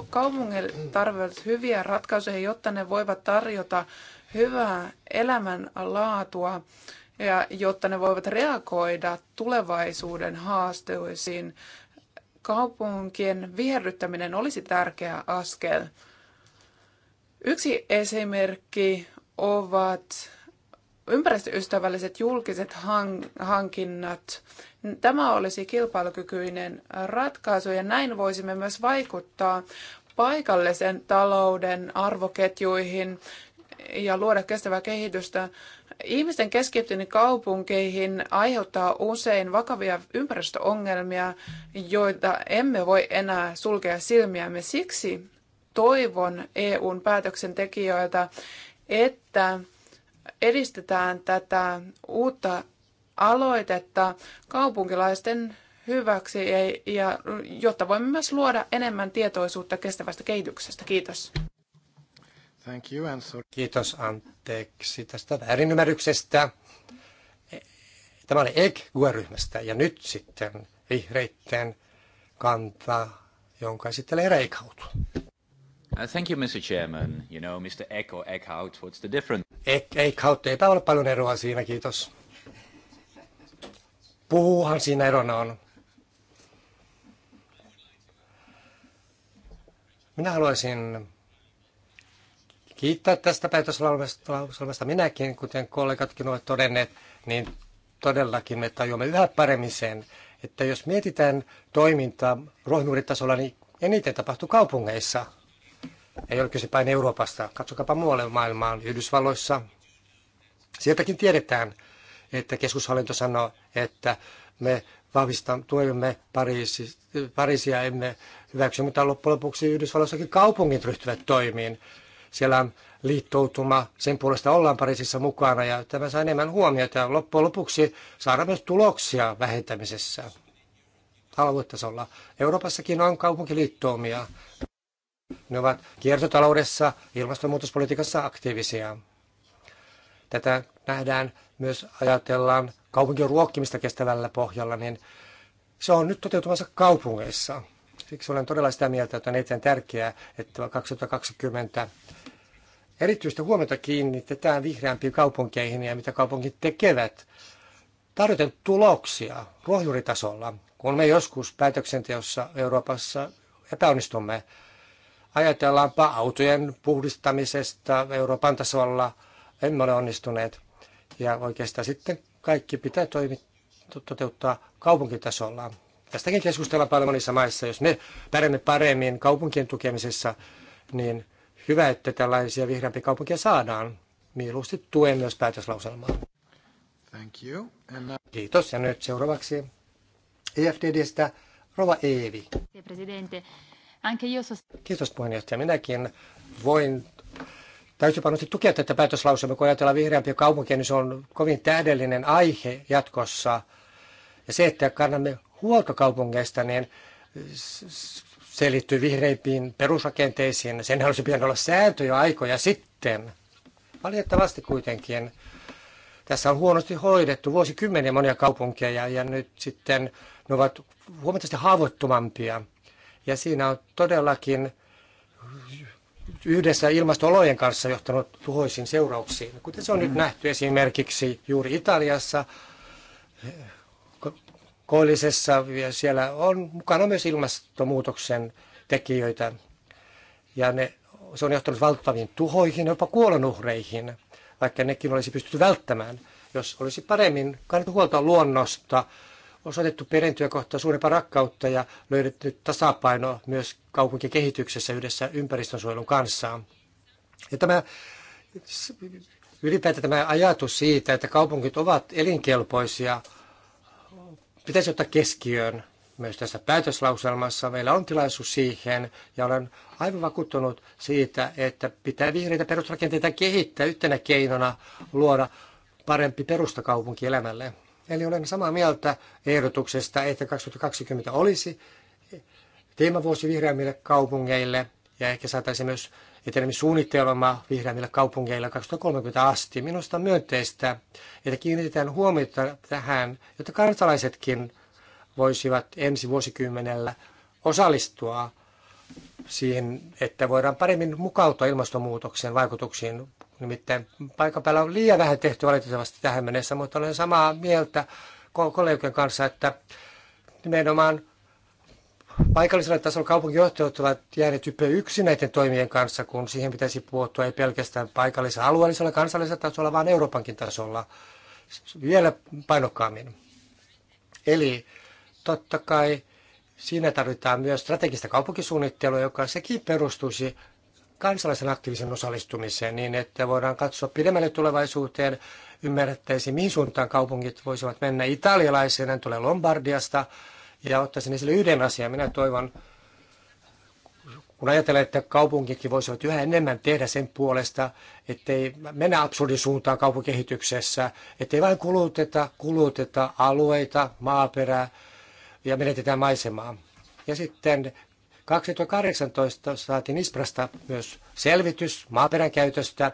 Kaupungille tarvitsevat hyviä ratkaisuja, jotta ne voivat tarjota hyvää elämänlaatua ja jotta ne voivat reagoida tulevaisuuden haasteisiin kaupunkien viherryttäminen olisi tärkeä askel. Yksi esimerkki ovat ympäristöystävälliset julkiset hankinnat. Tämä olisi kilpailukykyinen ratkaisu ja näin voisimme myös vaikuttaa paikallisen talouden arvoketjuihin ja luoda kestävää kehitystä. Ihmisten keskittyminen kaupunkeihin aiheuttaa usein vakavia ympäristöongelmia, joita emme voi enää sulkea silmiämme. Siksi toivon EUn päätöksentekijöiltä, että edistetään tätä uutta aloitetta kaupunkilaisten hyväksi ja, jotta voimme myös luoda enemmän tietoisuutta kestävästä kehityksestä. Kiitos. Thank you, Kiitos anteeksi tästä väärinymmärryksestä. Tämä oli EG-ryhmästä e ja nyt sitten vihreitten kanta, jonka esittelee Reikaut. Uh, thank you, Mr. Chairman. You know, Mr. Eko, Eckhout, what's the difference? Ek, Eckhout, eipä ole paljon eroa siinä, kiitos. Puhuhan siinä erona on. Minä haluaisin kiittää tästä päätöslauselmasta minäkin, kuten kollegatkin ovat todenneet, niin todellakin me tajuamme yhä paremmin sen, että jos mietitään toimintaa ruohonjuuritasolla, niin eniten tapahtuu kaupungeissa. Ei ole kyse vain Euroopasta. Katsokaapa muualle maailmaan, Yhdysvalloissa. Sieltäkin tiedetään, että keskushallinto sanoo, että me vahvistamme, tuemme Pariisi, Pariisia, emme hyväksy, mutta loppujen lopuksi Yhdysvalloissakin kaupungit ryhtyvät toimiin. Siellä on liittoutuma, sen puolesta ollaan Pariisissa mukana ja tämä saa enemmän huomiota ja loppujen lopuksi saada myös tuloksia vähentämisessä aluetasolla. Euroopassakin on kaupunkiliittoumia. Ne ovat kiertotaloudessa, ilmastonmuutospolitiikassa aktiivisia. Tätä nähdään myös ajatellaan kaupunkien ruokkimista kestävällä pohjalla, niin se on nyt toteutumassa kaupungeissa. Siksi olen todella sitä mieltä, että on erittäin tärkeää, että 2020 erityistä huomiota kiinnitetään vihreämpiin kaupunkeihin ja mitä kaupungit tekevät. Tarjoten tuloksia ruohonjuuritasolla, kun me joskus päätöksenteossa Euroopassa epäonnistumme. Ajatellaanpa autojen puhdistamisesta Euroopan tasolla, emme ole onnistuneet. Ja oikeastaan sitten kaikki pitää toimi, toteuttaa kaupunkitasolla. Tästäkin keskustellaan paljon monissa maissa. Jos me pärjäämme paremmin kaupunkien tukemisessa, niin hyvä, että tällaisia vihreämpiä kaupunkia saadaan. Mieluusti tuen myös päätöslauselmaa. Thank you. And now... Kiitos. Ja nyt seuraavaksi EFDDstä Rova Eevi. Presidente. Anche io Kiitos puheenjohtaja. Minäkin voin täysipanosti tukea tätä päätöslauselmaa, kun ajatellaan vihreämpiä kaupunkia, niin se on kovin täydellinen aihe jatkossa. Ja se, että kannamme huoltokaupungeista, niin se liittyy vihreimpiin perusrakenteisiin. Sen olisi pitänyt olla sääntö jo aikoja sitten. Valitettavasti kuitenkin tässä on huonosti hoidettu vuosikymmeniä monia kaupunkeja ja, ja nyt sitten ne ovat huomattavasti haavoittumampia. Ja siinä on todellakin yhdessä ilmastolojen kanssa johtanut tuhoisiin seurauksiin. Kuten se on nyt mm. nähty esimerkiksi juuri Italiassa, koillisessa siellä on mukana myös ilmastonmuutoksen tekijöitä. Ja ne, se on johtanut valtaviin tuhoihin, jopa kuolonuhreihin, vaikka nekin olisi pystytty välttämään, jos olisi paremmin kannettu huolta luonnosta, osoitettu perintöä kohtaan suurempaa rakkautta ja löydetty tasapaino myös kaupunkikehityksessä yhdessä ympäristönsuojelun kanssa. Ja tämä ylipäätään tämä ajatus siitä, että kaupungit ovat elinkelpoisia – pitäisi ottaa keskiöön myös tässä päätöslauselmassa. Meillä on tilaisuus siihen ja olen aivan vakuuttunut siitä, että pitää vihreitä perusrakenteita kehittää yhtenä keinona luoda parempi perusta kaupunkielämälle. Eli olen samaa mieltä ehdotuksesta, että 2020 olisi teemavuosi vihreämmille kaupungeille ja ehkä saataisiin myös suunnitelma vihreämmille kaupungeilla 2030 asti. Minusta on myönteistä, että kiinnitetään huomiota tähän, jotta kansalaisetkin voisivat ensi vuosikymmenellä osallistua siihen, että voidaan paremmin mukautua ilmastonmuutoksen vaikutuksiin. Nimittäin paikan päällä on liian vähän tehty valitettavasti tähän mennessä, mutta olen samaa mieltä kollegojen kanssa, että nimenomaan paikallisella tasolla kaupunginjohtajat ovat jääneet yppö yksin näiden toimien kanssa, kun siihen pitäisi puuttua ei pelkästään paikallisella, alueellisella, kansallisella tasolla, vaan Euroopankin tasolla vielä painokkaammin. Eli totta kai siinä tarvitaan myös strategista kaupunkisuunnittelua, joka sekin perustuisi kansalaisen aktiivisen osallistumiseen niin, että voidaan katsoa pidemmälle tulevaisuuteen, ymmärrettäisiin mihin suuntaan kaupungit voisivat mennä. Italialaisen tulee Lombardiasta, ja ottaisin esille yhden asian. Minä toivon, kun ajatellaan, että kaupunkikin voisivat yhä enemmän tehdä sen puolesta, ettei mennä absurdisuuntaan kaupunkehityksessä, ettei vain kuluteta, kuluteta alueita, maaperää ja menetetään maisemaa. Ja sitten 2018 saatiin Isprasta myös selvitys maaperän käytöstä.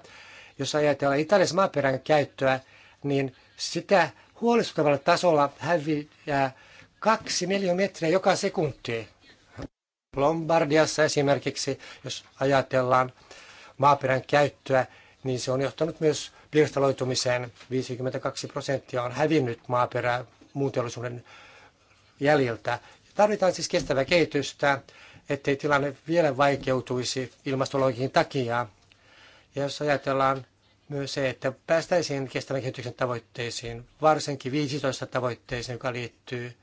Jos ajatellaan Italiassa maaperän käyttöä, niin sitä huolestuttavalla tasolla häviää kaksi neliömetriä joka sekunti. Lombardiassa esimerkiksi, jos ajatellaan maaperän käyttöä, niin se on johtanut myös pirstaloitumiseen. 52 prosenttia on hävinnyt maaperää muun teollisuuden jäljiltä. Tarvitaan siis kestävää kehitystä, ettei tilanne vielä vaikeutuisi ilmastologiin takia. Ja jos ajatellaan myös se, että päästäisiin kestävän kehityksen tavoitteisiin, varsinkin 15 tavoitteisiin, joka liittyy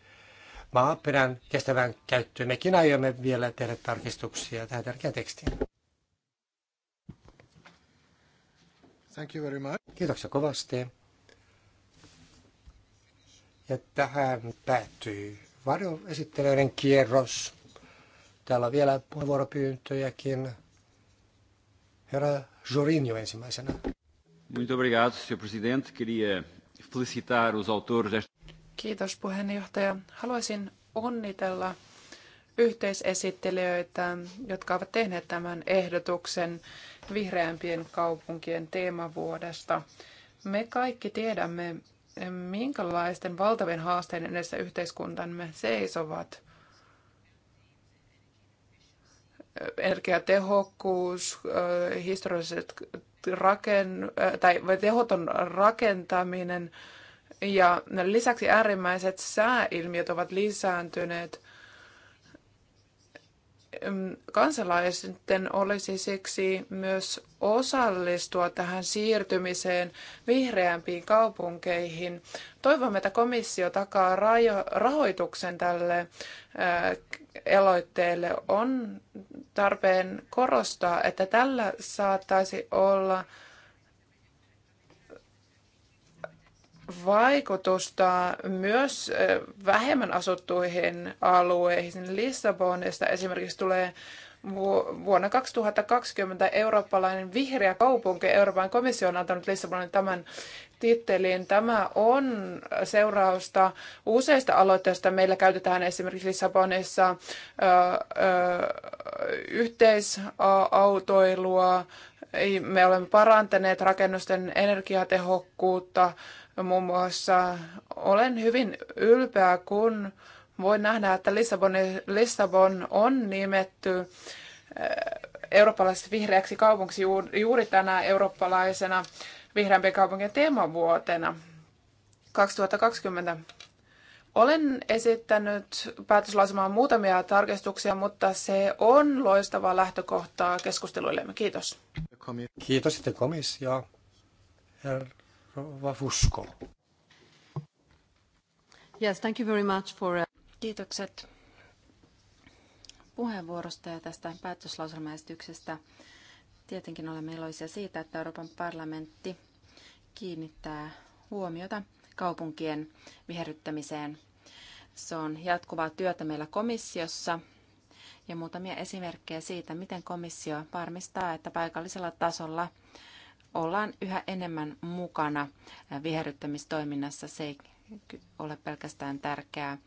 maaperän kestävään käyttöön. Mekin aiomme vielä tehdä tarkistuksia tähän tärkeään tekstiin. Thank you very much. Kiitoksia kovasti. Ja tähän päättyy varjoesittelijöiden kierros. Täällä on vielä puheenvuoropyyntöjäkin. Herra Jorinho ensimmäisenä. Muito obrigado, Sr. Presidente. Queria felicitar os autores desta... Kiitos puheenjohtaja. Haluaisin onnitella yhteisesittelijöitä, jotka ovat tehneet tämän ehdotuksen vihreämpien kaupunkien teemavuodesta. Me kaikki tiedämme, minkälaisten valtavien haasteiden edessä yhteiskuntamme seisovat. Energiatehokkuus, historialliset raken, tai tehoton rakentaminen, ja lisäksi äärimmäiset sääilmiöt ovat lisääntyneet. Kansalaisten olisi siksi myös osallistua tähän siirtymiseen vihreämpiin kaupunkeihin. Toivomme, että komissio takaa rahoituksen tälle eloitteelle. On tarpeen korostaa, että tällä saattaisi olla – vaikutusta myös vähemmän asuttuihin alueihin. Lissabonista esimerkiksi tulee vuonna 2020 eurooppalainen vihreä kaupunki. Euroopan komissio on antanut Lissabonin tämän tittelin. Tämä on seurausta useista aloitteista. Meillä käytetään esimerkiksi Lissabonissa yhteisautoilua. Me olemme parantaneet rakennusten energiatehokkuutta muun muassa. Olen hyvin ylpeä, kun voi nähdä, että Lissabon, Lissabon on nimetty eh, eurooppalaisesti vihreäksi kaupunksi juuri tänä eurooppalaisena vihreämpien kaupunkien teemavuotena 2020. Olen esittänyt päätöslausumaan muutamia tarkistuksia, mutta se on loistavaa lähtökohtaa keskusteluillemme. Kiitos. Kiitos sitten komissio. Herra Uh, Kiitokset puheenvuorosta ja tästä päätöslauselmaesityksestä. Tietenkin olemme iloisia siitä, että Euroopan parlamentti kiinnittää huomiota kaupunkien viherryttämiseen. Se on jatkuvaa työtä meillä komissiossa ja muutamia esimerkkejä siitä, miten komissio varmistaa, että paikallisella tasolla – ollaan yhä enemmän mukana viherryttämistoiminnassa. Se ei ole pelkästään tärkeää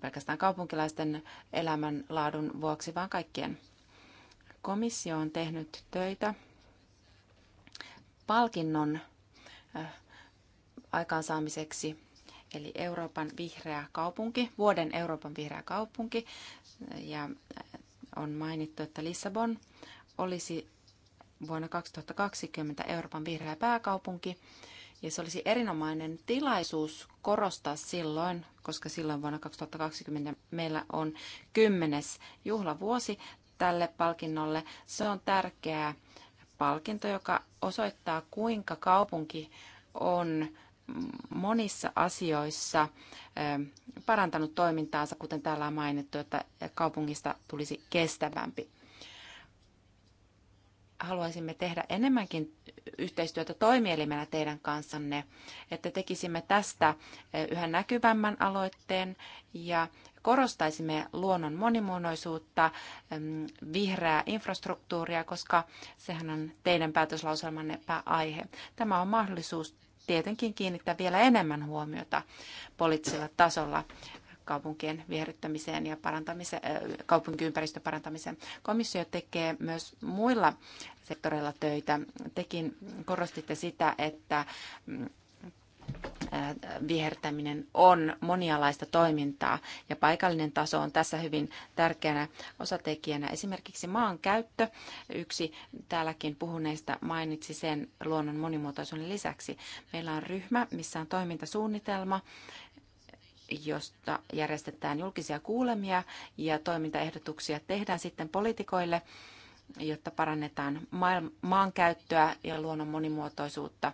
pelkästään kaupunkilaisten elämänlaadun vuoksi, vaan kaikkien. Komissio on tehnyt töitä palkinnon aikaansaamiseksi, eli Euroopan vihreä kaupunki, vuoden Euroopan vihreä kaupunki, ja on mainittu, että Lissabon olisi vuonna 2020 Euroopan vihreä pääkaupunki. Ja se olisi erinomainen tilaisuus korostaa silloin, koska silloin vuonna 2020 meillä on kymmenes juhlavuosi tälle palkinnolle. Se on tärkeä palkinto, joka osoittaa, kuinka kaupunki on monissa asioissa ähm, parantanut toimintaansa, kuten täällä on mainittu, että kaupungista tulisi kestävämpi haluaisimme tehdä enemmänkin yhteistyötä toimielimenä teidän kanssanne, että tekisimme tästä e, yhä näkyvämmän aloitteen ja korostaisimme luonnon monimuotoisuutta, vihreää infrastruktuuria, koska sehän on teidän päätöslauselmanne pääaihe. Tämä on mahdollisuus tietenkin kiinnittää vielä enemmän huomiota poliittisella tasolla kaupunkien viherryttämiseen ja parantamiseen, kaupunkiympäristön parantamiseen. Komissio tekee myös muilla sektoreilla töitä. Tekin korostitte sitä, että mm, vihertäminen on monialaista toimintaa ja paikallinen taso on tässä hyvin tärkeänä osatekijänä. Esimerkiksi maankäyttö, yksi täälläkin puhuneista mainitsi sen luonnon monimuotoisuuden lisäksi. Meillä on ryhmä, missä on toimintasuunnitelma josta järjestetään julkisia kuulemia ja toimintaehdotuksia tehdään sitten poliitikoille, jotta parannetaan maankäyttöä ja luonnon monimuotoisuutta.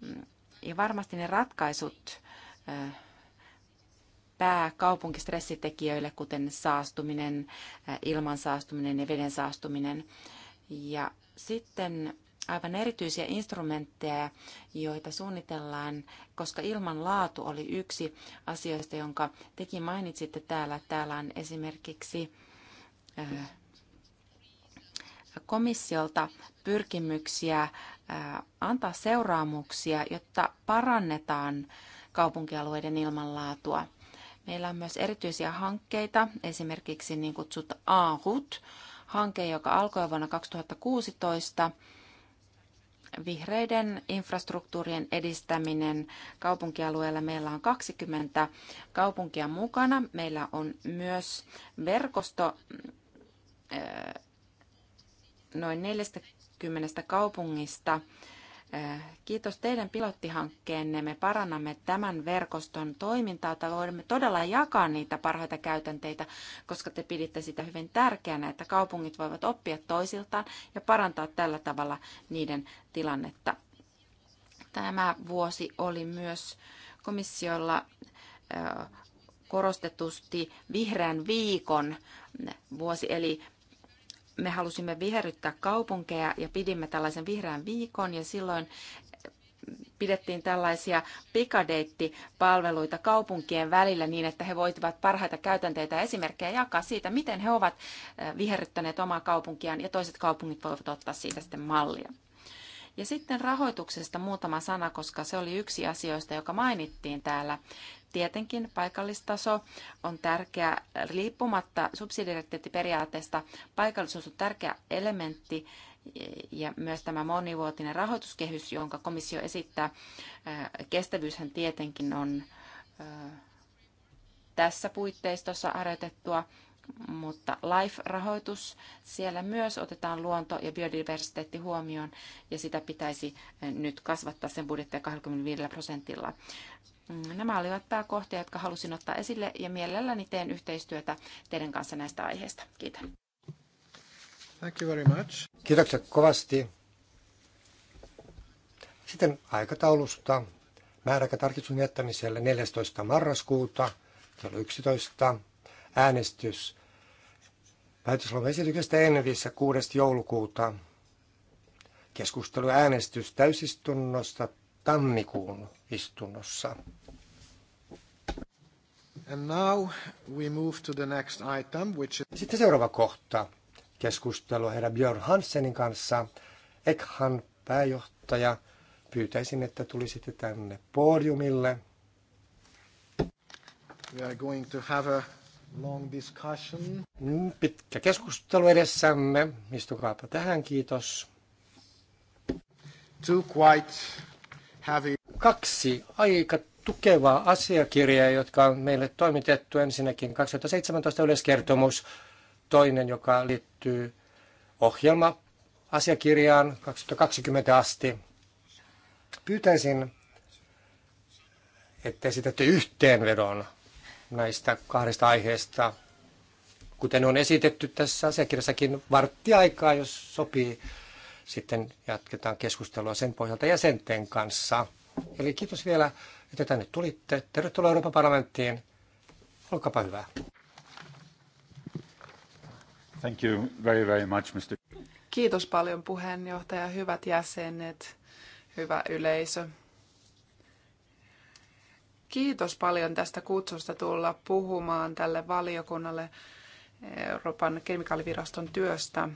Mm, ja varmasti ne ratkaisut pääkaupunkistressitekijöille, kuten saastuminen, ilman saastuminen ja veden saastuminen. Ja sitten aivan erityisiä instrumentteja, joita suunnitellaan, koska ilman laatu oli yksi asioista, jonka tekin mainitsitte täällä. Täällä on esimerkiksi äh, komissiolta pyrkimyksiä äh, antaa seuraamuksia, jotta parannetaan kaupunkialueiden ilmanlaatua. Meillä on myös erityisiä hankkeita, esimerkiksi niin kutsut AHUT, hanke, joka alkoi vuonna 2016 vihreiden infrastruktuurien edistäminen kaupunkialueella. Meillä on 20 kaupunkia mukana. Meillä on myös verkosto eh, noin 40 kaupungista Äh, kiitos teidän pilottihankkeenne. Me parannamme tämän verkoston toimintaa, että voimme todella jakaa niitä parhaita käytänteitä, koska te piditte sitä hyvin tärkeänä, että kaupungit voivat oppia toisiltaan ja parantaa tällä tavalla niiden tilannetta. Tämä vuosi oli myös komissiolla äh, korostetusti vihreän viikon vuosi, eli me halusimme viherryttää kaupunkeja ja pidimme tällaisen vihreän viikon ja silloin pidettiin tällaisia pikadeittipalveluita kaupunkien välillä niin, että he voivat parhaita käytänteitä ja esimerkkejä jakaa siitä, miten he ovat viherryttäneet omaa kaupunkiaan ja toiset kaupungit voivat ottaa siitä sitten mallia. Ja sitten rahoituksesta muutama sana, koska se oli yksi asioista, joka mainittiin täällä. Tietenkin paikallistaso on tärkeä riippumatta subsidiariteettiperiaatteesta. Paikallisuus on tärkeä elementti ja myös tämä monivuotinen rahoituskehys, jonka komissio esittää. Äh, kestävyyshän tietenkin on äh, tässä puitteistossa harjoitettua, mutta LIFE-rahoitus, siellä myös otetaan luonto ja biodiversiteetti huomioon ja sitä pitäisi äh, nyt kasvattaa sen budjettia 25 prosentilla. Mm, nämä olivat pääkohtia, jotka halusin ottaa esille ja mielelläni teen yhteistyötä teidän kanssa näistä aiheista. Kiitän. Thank you very much. Kiitoksia kovasti. Sitten aikataulusta. määräkä tarkistun jättämiselle 14. marraskuuta kello 11. Äänestys päätösloman esityksestä Envissä 6. joulukuuta. Keskustelu äänestys täysistunnosta tammikuun istunnossa. And now we move to the next item, which is... Sitten seuraava kohta. Keskustelu herra Björn Hansenin kanssa. Ekhan pääjohtaja. Pyytäisin, että tulisitte tänne podiumille. We are going to have a long discussion. Mm, pitkä keskustelu edessämme. Istukaapa tähän, kiitos. Two quite Kaksi aika tukevaa asiakirjaa, jotka on meille toimitettu. Ensinnäkin 2017 yleiskertomus, toinen, joka liittyy ohjelma-asiakirjaan 2020 asti. Pyytäisin, että esitätte yhteenvedon näistä kahdesta aiheesta, kuten on esitetty tässä asiakirjassakin varttiaikaa, jos sopii sitten jatketaan keskustelua sen pohjalta jäsenten kanssa. Eli kiitos vielä, että tänne tulitte. Tervetuloa Euroopan parlamenttiin. Olkaapa hyvä. Thank you very, very much, Mr. Kiitos paljon puheenjohtaja, hyvät jäsenet, hyvä yleisö. Kiitos paljon tästä kutsusta tulla puhumaan tälle valiokunnalle Euroopan kemikaaliviraston työstä.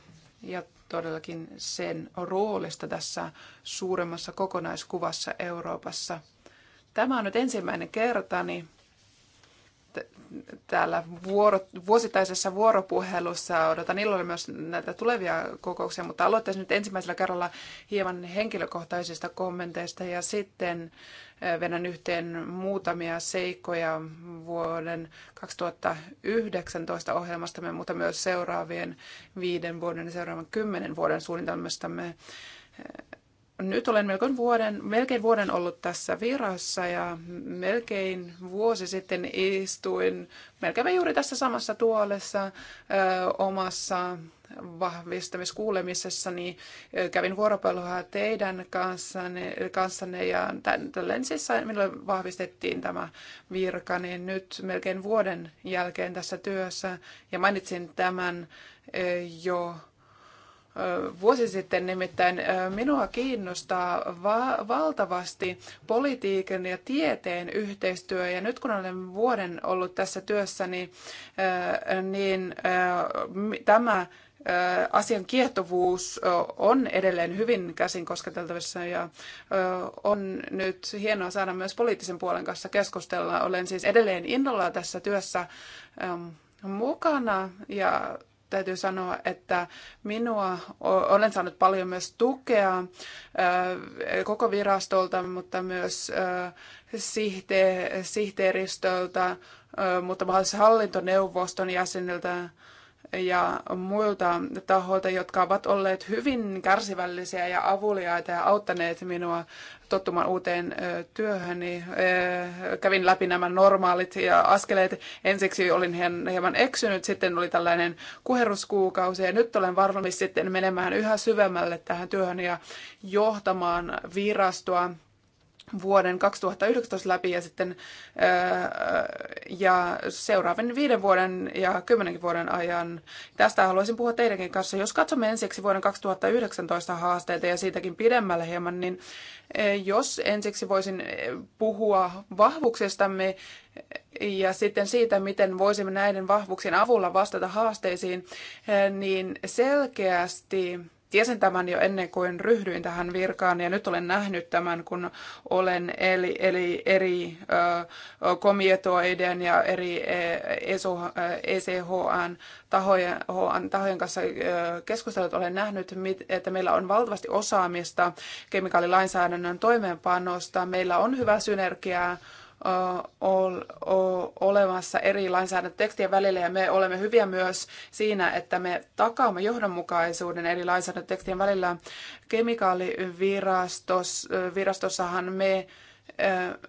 Ja todellakin sen roolista tässä suuremmassa kokonaiskuvassa Euroopassa. Tämä on nyt ensimmäinen kertani, täällä vuoro, vuosittaisessa vuoropuhelussa. Odotan illalla myös näitä tulevia kokouksia, mutta aloittaisin nyt ensimmäisellä kerralla hieman henkilökohtaisista kommenteista ja sitten vedän yhteen muutamia seikkoja vuoden 2019 ohjelmastamme, mutta myös seuraavien viiden vuoden ja seuraavan kymmenen vuoden suunnitelmastamme nyt olen melkein vuoden, melkein vuoden ollut tässä virassa ja melkein vuosi sitten istuin melkein juuri tässä samassa tuolessa ö, omassa vahvistamiskuulemisessani. Kävin vuoropuhelua teidän kanssanne, kanssanne ja tälleen siis minulle vahvistettiin tämä virka, niin nyt melkein vuoden jälkeen tässä työssä ja mainitsin tämän jo vuosi sitten. Nimittäin minua kiinnostaa va- valtavasti politiikan ja tieteen yhteistyö. Ja nyt kun olen vuoden ollut tässä työssä, niin, niin tämä asian kiehtovuus on edelleen hyvin käsin kosketeltavissa ja on nyt hienoa saada myös poliittisen puolen kanssa keskustella. Olen siis edelleen innolla tässä työssä mukana ja täytyy sanoa, että minua olen saanut paljon myös tukea koko virastolta, mutta myös sihteeristöltä, mutta myös hallintoneuvoston jäseniltä ja muilta tahoilta, jotka ovat olleet hyvin kärsivällisiä ja avuliaita ja auttaneet minua tottumaan uuteen työhöni. Kävin läpi nämä normaalit ja askeleet. Ensiksi olin hieman eksynyt, sitten oli tällainen kuheruskuukausi ja nyt olen varmasti sitten menemään yhä syvemmälle tähän työhön ja johtamaan virastoa vuoden 2019 läpi ja sitten ja seuraavien viiden vuoden ja kymmenenkin vuoden ajan. Tästä haluaisin puhua teidänkin kanssa. Jos katsomme ensiksi vuoden 2019 haasteita ja siitäkin pidemmälle hieman, niin jos ensiksi voisin puhua vahvuuksistamme ja sitten siitä, miten voisimme näiden vahvuuksien avulla vastata haasteisiin, niin selkeästi tiesin tämän jo ennen kuin ryhdyin tähän virkaan ja nyt olen nähnyt tämän, kun olen eli, eli eri ö, komietoiden ja eri ECHN e, e tahojen, tahojen kanssa keskustelut olen nähnyt, että meillä on valtavasti osaamista kemikaalilainsäädännön toimeenpanosta. Meillä on hyvä synergiaa olemassa eri lainsäädäntötekstien välillä ja me olemme hyviä myös siinä, että me takaamme johdonmukaisuuden eri lainsäädäntötekstien välillä. Kemikaalivirastossahan me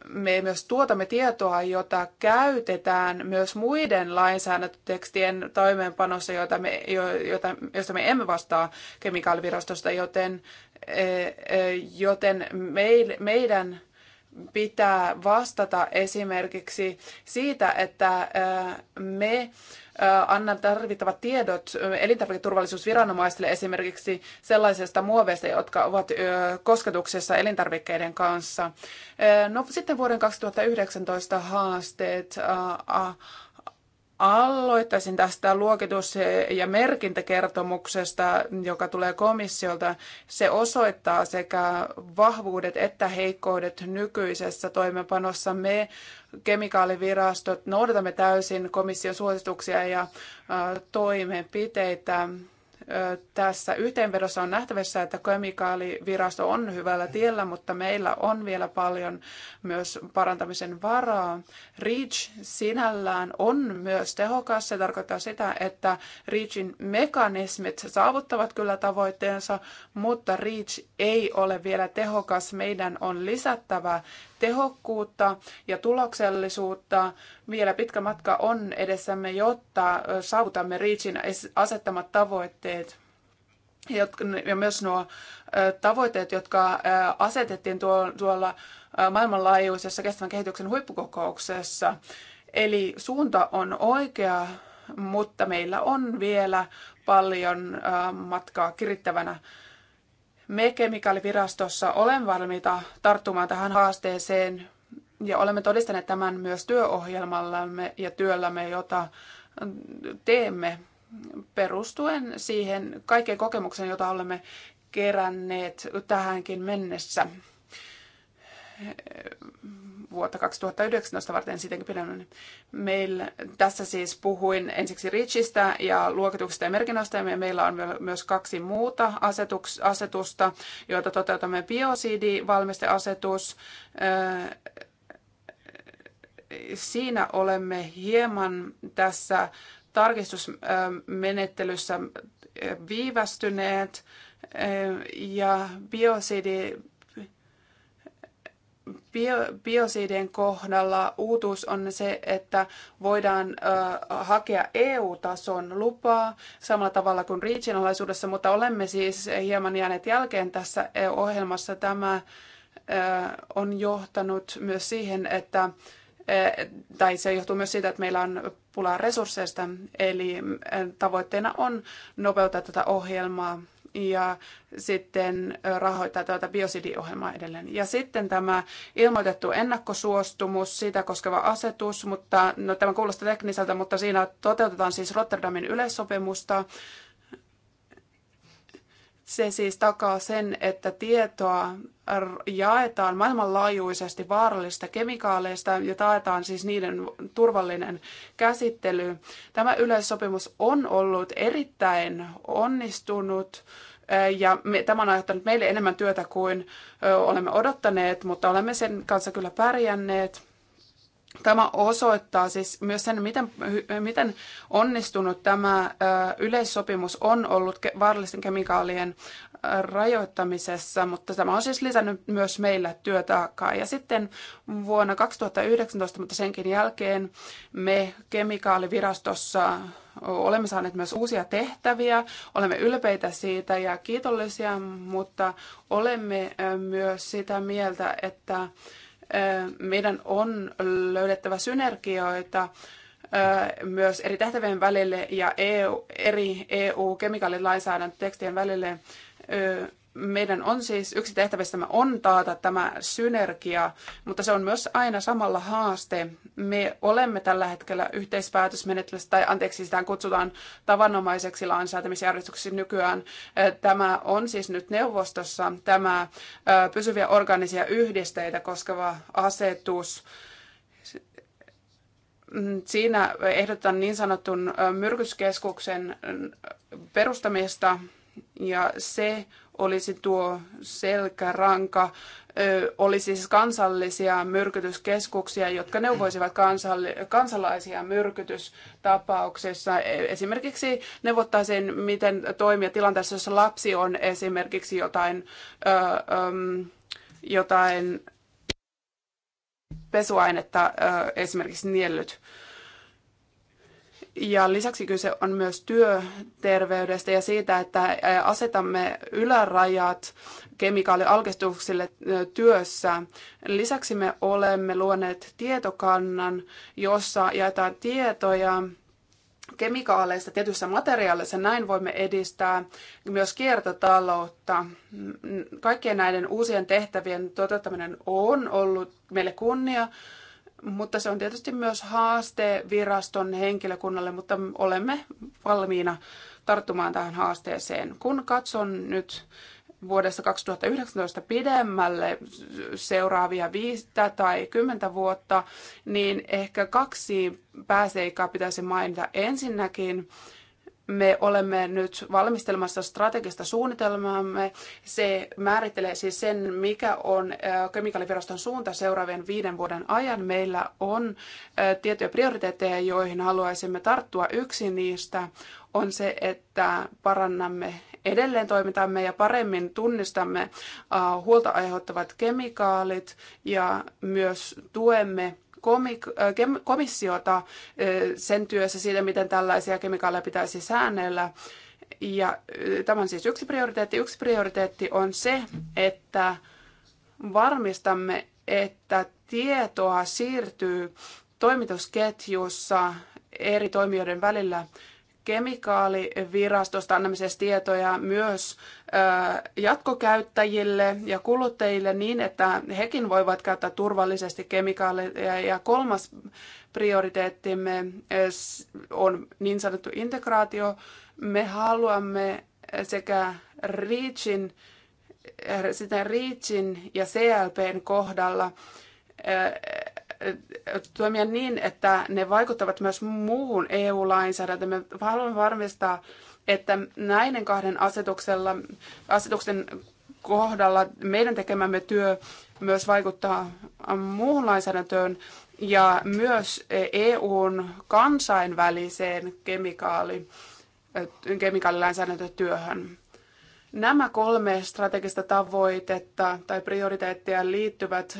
me myös tuotamme tietoa, jota käytetään myös muiden lainsäädäntötekstien toimeenpanossa, jota me, jota, josta me emme vastaa kemikaalivirastosta, joten, joten meidän pitää vastata esimerkiksi siitä, että me annamme tarvittavat tiedot elintarviketurvallisuusviranomaisille esimerkiksi sellaisesta muoveista, jotka ovat kosketuksessa elintarvikkeiden kanssa. No sitten vuoden 2019 haasteet Aloittaisin tästä luokitus- ja merkintäkertomuksesta, joka tulee komissiolta. Se osoittaa sekä vahvuudet että heikkoudet nykyisessä toimeenpanossa. Me kemikaalivirastot noudatamme täysin komission suosituksia ja toimenpiteitä tässä yhteenvedossa on nähtävissä, että kemikaalivirasto on hyvällä tiellä, mutta meillä on vielä paljon myös parantamisen varaa. REACH sinällään on myös tehokas. Se tarkoittaa sitä, että REACHin mekanismit saavuttavat kyllä tavoitteensa, mutta REACH ei ole vielä tehokas. Meidän on lisättävä tehokkuutta ja tuloksellisuutta. Vielä pitkä matka on edessämme, jotta saavutamme REACHin asettamat tavoitteet ja myös nuo tavoitteet, jotka asetettiin tuolla maailmanlaajuisessa kestävän kehityksen huippukokouksessa. Eli suunta on oikea, mutta meillä on vielä paljon matkaa kirittävänä. Me kemikaalivirastossa olen valmiita tarttumaan tähän haasteeseen ja olemme todistaneet tämän myös työohjelmallamme ja työllämme, jota teemme perustuen siihen kaikkeen kokemukseen, jota olemme keränneet tähänkin mennessä vuotta 2019 varten siitäkin pidemmän. Meillä, tässä siis puhuin ensiksi Richistä ja luokituksesta ja merkinnöistä. Ja meillä on myös kaksi muuta asetuks, asetusta, joita toteutamme biosidivalmisteasetus. Öö, siinä olemme hieman tässä tarkistusmenettelyssä viivästyneet öö, ja biosidi bio, biosiidien kohdalla uutuus on se, että voidaan ö, hakea EU-tason lupaa samalla tavalla kuin REACHin mutta olemme siis hieman jääneet jälkeen tässä e ohjelmassa Tämä ö, on johtanut myös siihen, että tai se johtuu myös siitä, että meillä on pulaa resursseista, eli tavoitteena on nopeuttaa tätä ohjelmaa ja sitten rahoittaa tätä tuota biosidiohjelmaa edelleen. Ja sitten tämä ilmoitettu ennakkosuostumus, sitä koskeva asetus, mutta no, tämä kuulostaa tekniseltä, mutta siinä toteutetaan siis Rotterdamin yleissopimusta se siis takaa sen, että tietoa jaetaan maailmanlaajuisesti vaarallisista kemikaaleista ja taetaan siis niiden turvallinen käsittely. Tämä yleissopimus on ollut erittäin onnistunut eh, ja me, tämä on aiheuttanut meille enemmän työtä kuin eh, olemme odottaneet, mutta olemme sen kanssa kyllä pärjänneet. Tämä osoittaa siis myös sen, miten, miten onnistunut tämä yleissopimus on ollut vaarallisten kemikaalien rajoittamisessa, mutta tämä on siis lisännyt myös meillä työtaakkaa. Ja sitten vuonna 2019, mutta senkin jälkeen, me kemikaalivirastossa olemme saaneet myös uusia tehtäviä, olemme ylpeitä siitä ja kiitollisia, mutta olemme myös sitä mieltä, että meidän on löydettävä synergioita myös eri tehtävien välille ja EU, eri EU-kemikaalilainsäädäntötekstien välille meidän on siis, yksi tehtävistämme on taata tämä synergia, mutta se on myös aina samalla haaste. Me olemme tällä hetkellä yhteispäätösmenettelyssä, tai anteeksi, sitä kutsutaan tavanomaiseksi lainsäätämisjärjestykseksi nykyään. Tämä on siis nyt neuvostossa tämä pysyviä organisia yhdisteitä koskeva asetus siinä ehdotan niin sanotun myrkyskeskuksen perustamista ja se olisi tuo selkäranka, olisi siis kansallisia myrkytyskeskuksia, jotka neuvoisivat kansalli- kansalaisia myrkytystapauksissa. E, esimerkiksi neuvottaisiin, miten toimia tilanteessa, jossa lapsi on esimerkiksi jotain, ö, ö, jotain pesuainetta ö, esimerkiksi niellyt. Ja lisäksi kyse on myös työterveydestä ja siitä, että asetamme ylärajat kemikaalialkistuksille työssä. Lisäksi me olemme luoneet tietokannan, jossa jaetaan tietoja kemikaaleista tietyissä materiaaleissa. Näin voimme edistää myös kiertotaloutta. Kaikkien näiden uusien tehtävien toteuttaminen on ollut meille kunnia mutta se on tietysti myös haaste viraston henkilökunnalle, mutta olemme valmiina tarttumaan tähän haasteeseen. Kun katson nyt vuodessa 2019 pidemmälle seuraavia viittä tai kymmentä vuotta, niin ehkä kaksi pääseikkaa pitäisi mainita. Ensinnäkin me olemme nyt valmistelemassa strategista suunnitelmaamme. Se määrittelee siis sen, mikä on kemikaaliviraston suunta seuraavien viiden vuoden ajan. Meillä on tiettyjä prioriteetteja, joihin haluaisimme tarttua. Yksi niistä on se, että parannamme edelleen toimintamme ja paremmin tunnistamme huolta aiheuttavat kemikaalit ja myös tuemme Äh, komissiota äh, sen työssä siitä, miten tällaisia kemikaaleja pitäisi säännellä. Ja äh, tämä on siis yksi prioriteetti. Yksi prioriteetti on se, että varmistamme, että tietoa siirtyy toimitusketjussa eri toimijoiden välillä kemikaalivirastosta annamisessa tietoja myös jatkokäyttäjille ja kuluttajille niin, että hekin voivat käyttää turvallisesti kemikaaleja. Ja kolmas prioriteettimme on niin sanottu integraatio. Me haluamme sekä REACHin, sitä REACHin ja CLPn kohdalla toimia niin, että ne vaikuttavat myös muuhun EU-lainsäädäntöön. Me haluamme varmistaa, että näiden kahden asetuksella, asetuksen kohdalla meidän tekemämme työ myös vaikuttaa muuhun lainsäädäntöön ja myös EUn kansainväliseen kemikaali, kemikaalilainsäädäntötyöhön. Nämä kolme strategista tavoitetta tai prioriteettia liittyvät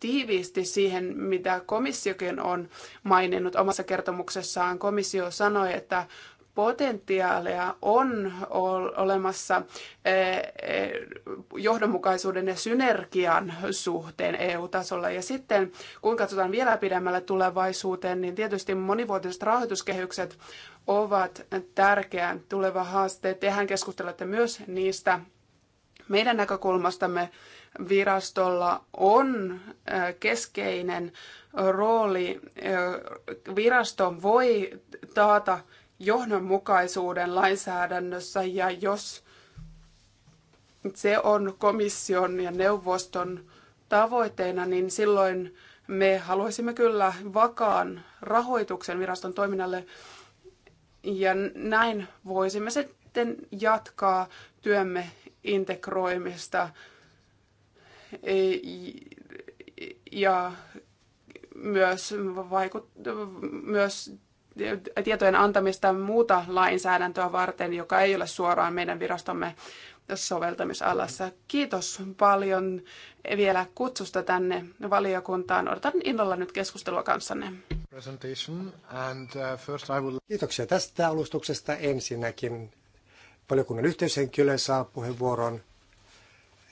tiiviisti siihen, mitä komissiokin on maininnut omassa kertomuksessaan. Komissio sanoi, että potentiaalia on olemassa eh, eh, johdonmukaisuuden ja synergian suhteen EU-tasolla. Ja sitten kun katsotaan vielä pidemmälle tulevaisuuteen, niin tietysti monivuotiset rahoituskehykset ovat tärkeä tuleva haaste. Tehän keskustelette myös niistä meidän näkökulmastamme virastolla on keskeinen rooli. Virasto voi taata johdonmukaisuuden lainsäädännössä ja jos se on komission ja neuvoston tavoitteena, niin silloin me haluaisimme kyllä vakaan rahoituksen viraston toiminnalle ja näin voisimme sitten jatkaa työmme integroimista ja myös, vaikut, myös tietojen antamista muuta lainsäädäntöä varten, joka ei ole suoraan meidän virastomme soveltamisalassa. Kiitos paljon vielä kutsusta tänne valiokuntaan. Odotan innolla nyt keskustelua kanssanne. Uh, Kiitoksia tästä alustuksesta ensinnäkin. Valiokunnan yhteyshenkilö saa puheenvuoron.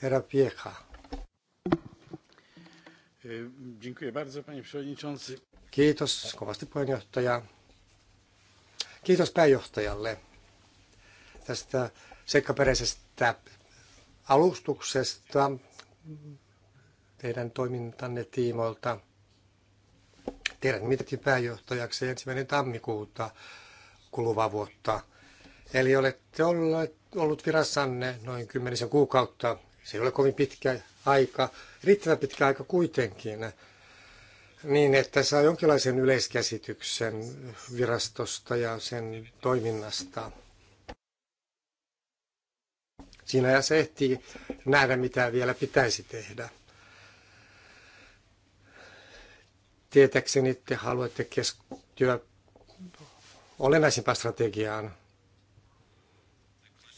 Herra Pieka. E, Kiitos kovasti puheenjohtaja. Kiitos pääjohtajalle tästä sekkaperäisestä alustuksesta teidän toimintanne tiimoilta. Teidän nimitettiin pääjohtajaksi ensimmäinen tammikuuta kuluvaa vuotta. Eli olette ollut virassanne noin kymmenisen kuukautta. Se ei ole kovin pitkä aika, riittävän pitkä aika kuitenkin, niin että saa jonkinlaisen yleiskäsityksen virastosta ja sen toiminnasta. Siinä ja se ehtii nähdä, mitä vielä pitäisi tehdä. Tietäkseni te haluatte keskittyä olennaisimpaan strategiaan.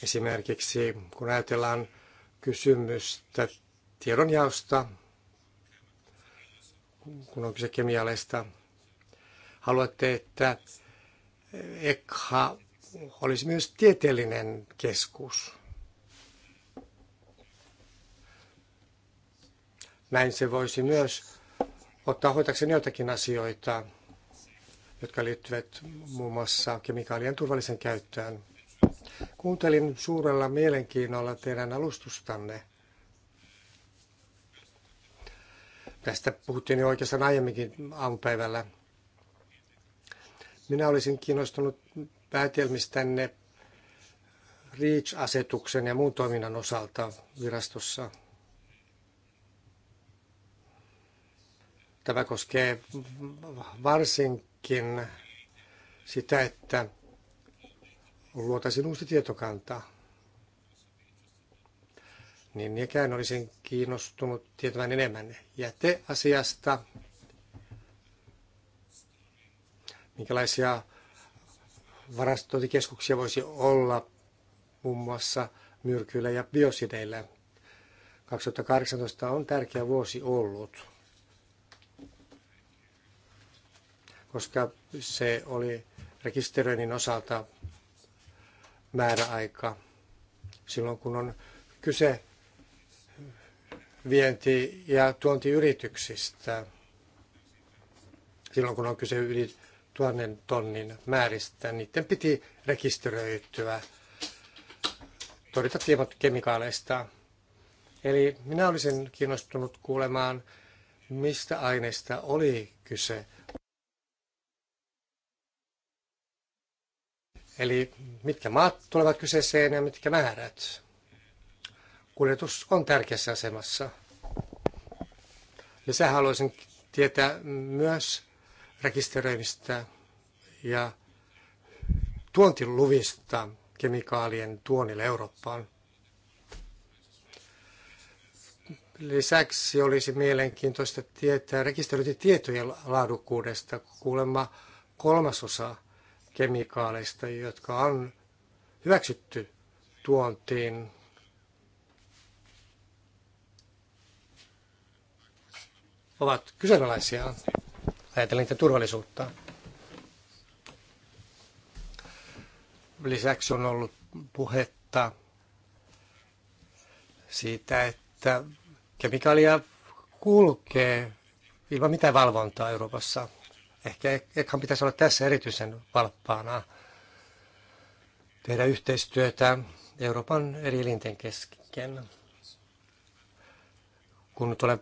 Esimerkiksi kun ajatellaan kysymystä tiedonjaosta, kun on kyse kemialeista. Haluatte, että ECHA olisi myös tieteellinen keskus. Näin se voisi myös ottaa hoitakseen joitakin asioita, jotka liittyvät muun muassa kemikaalien turvallisen käyttöön. Kuuntelin suurella mielenkiinnolla teidän alustustanne Tästä puhuttiin jo oikeastaan aiemminkin aamupäivällä. Minä olisin kiinnostunut päätelmistänne REACH-asetuksen ja muun toiminnan osalta virastossa. Tämä koskee varsinkin sitä, että luotaisiin uusi tietokanta niin ikään olisin kiinnostunut tietämään enemmän jäteasiasta, minkälaisia varastointikeskuksia voisi olla muun muassa myrkyillä ja biosideillä. 2018 on tärkeä vuosi ollut, koska se oli rekisteröinnin osalta määräaika silloin, kun on kyse vienti- ja tuontiyrityksistä silloin, kun on kyse yli tuhannen tonnin määristä. Niiden piti rekisteröityä todeta tiedot kemikaaleista. Eli minä olisin kiinnostunut kuulemaan, mistä aineista oli kyse. Eli mitkä maat tulevat kyseeseen ja mitkä määrät kuljetus on tärkeässä asemassa. Lisää haluaisin tietää myös rekisteröimistä ja tuontiluvista kemikaalien tuonille Eurooppaan. Lisäksi olisi mielenkiintoista tietää rekisteröintitietojen laadukkuudesta kuulemma kolmasosa kemikaaleista, jotka on hyväksytty tuontiin ovat kyseenalaisia. Ajatellen niiden turvallisuutta. Lisäksi on ollut puhetta siitä, että kemikaalia kulkee ilman mitään valvontaa Euroopassa. Ehkä Ekhan pitäisi olla tässä erityisen valppaana tehdä yhteistyötä Euroopan eri elinten kesken. Kun nyt olen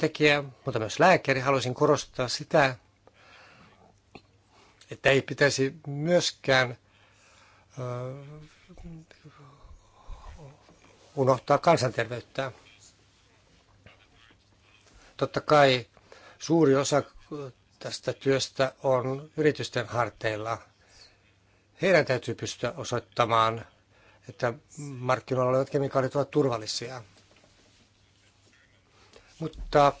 tekijä, mutta myös lääkäri, haluaisin korostaa sitä, että ei pitäisi myöskään unohtaa kansanterveyttä. Totta kai suuri osa tästä työstä on yritysten harteilla. Heidän täytyy pystyä osoittamaan, että markkinoilla olevat kemikaalit ovat turvallisia. Mutta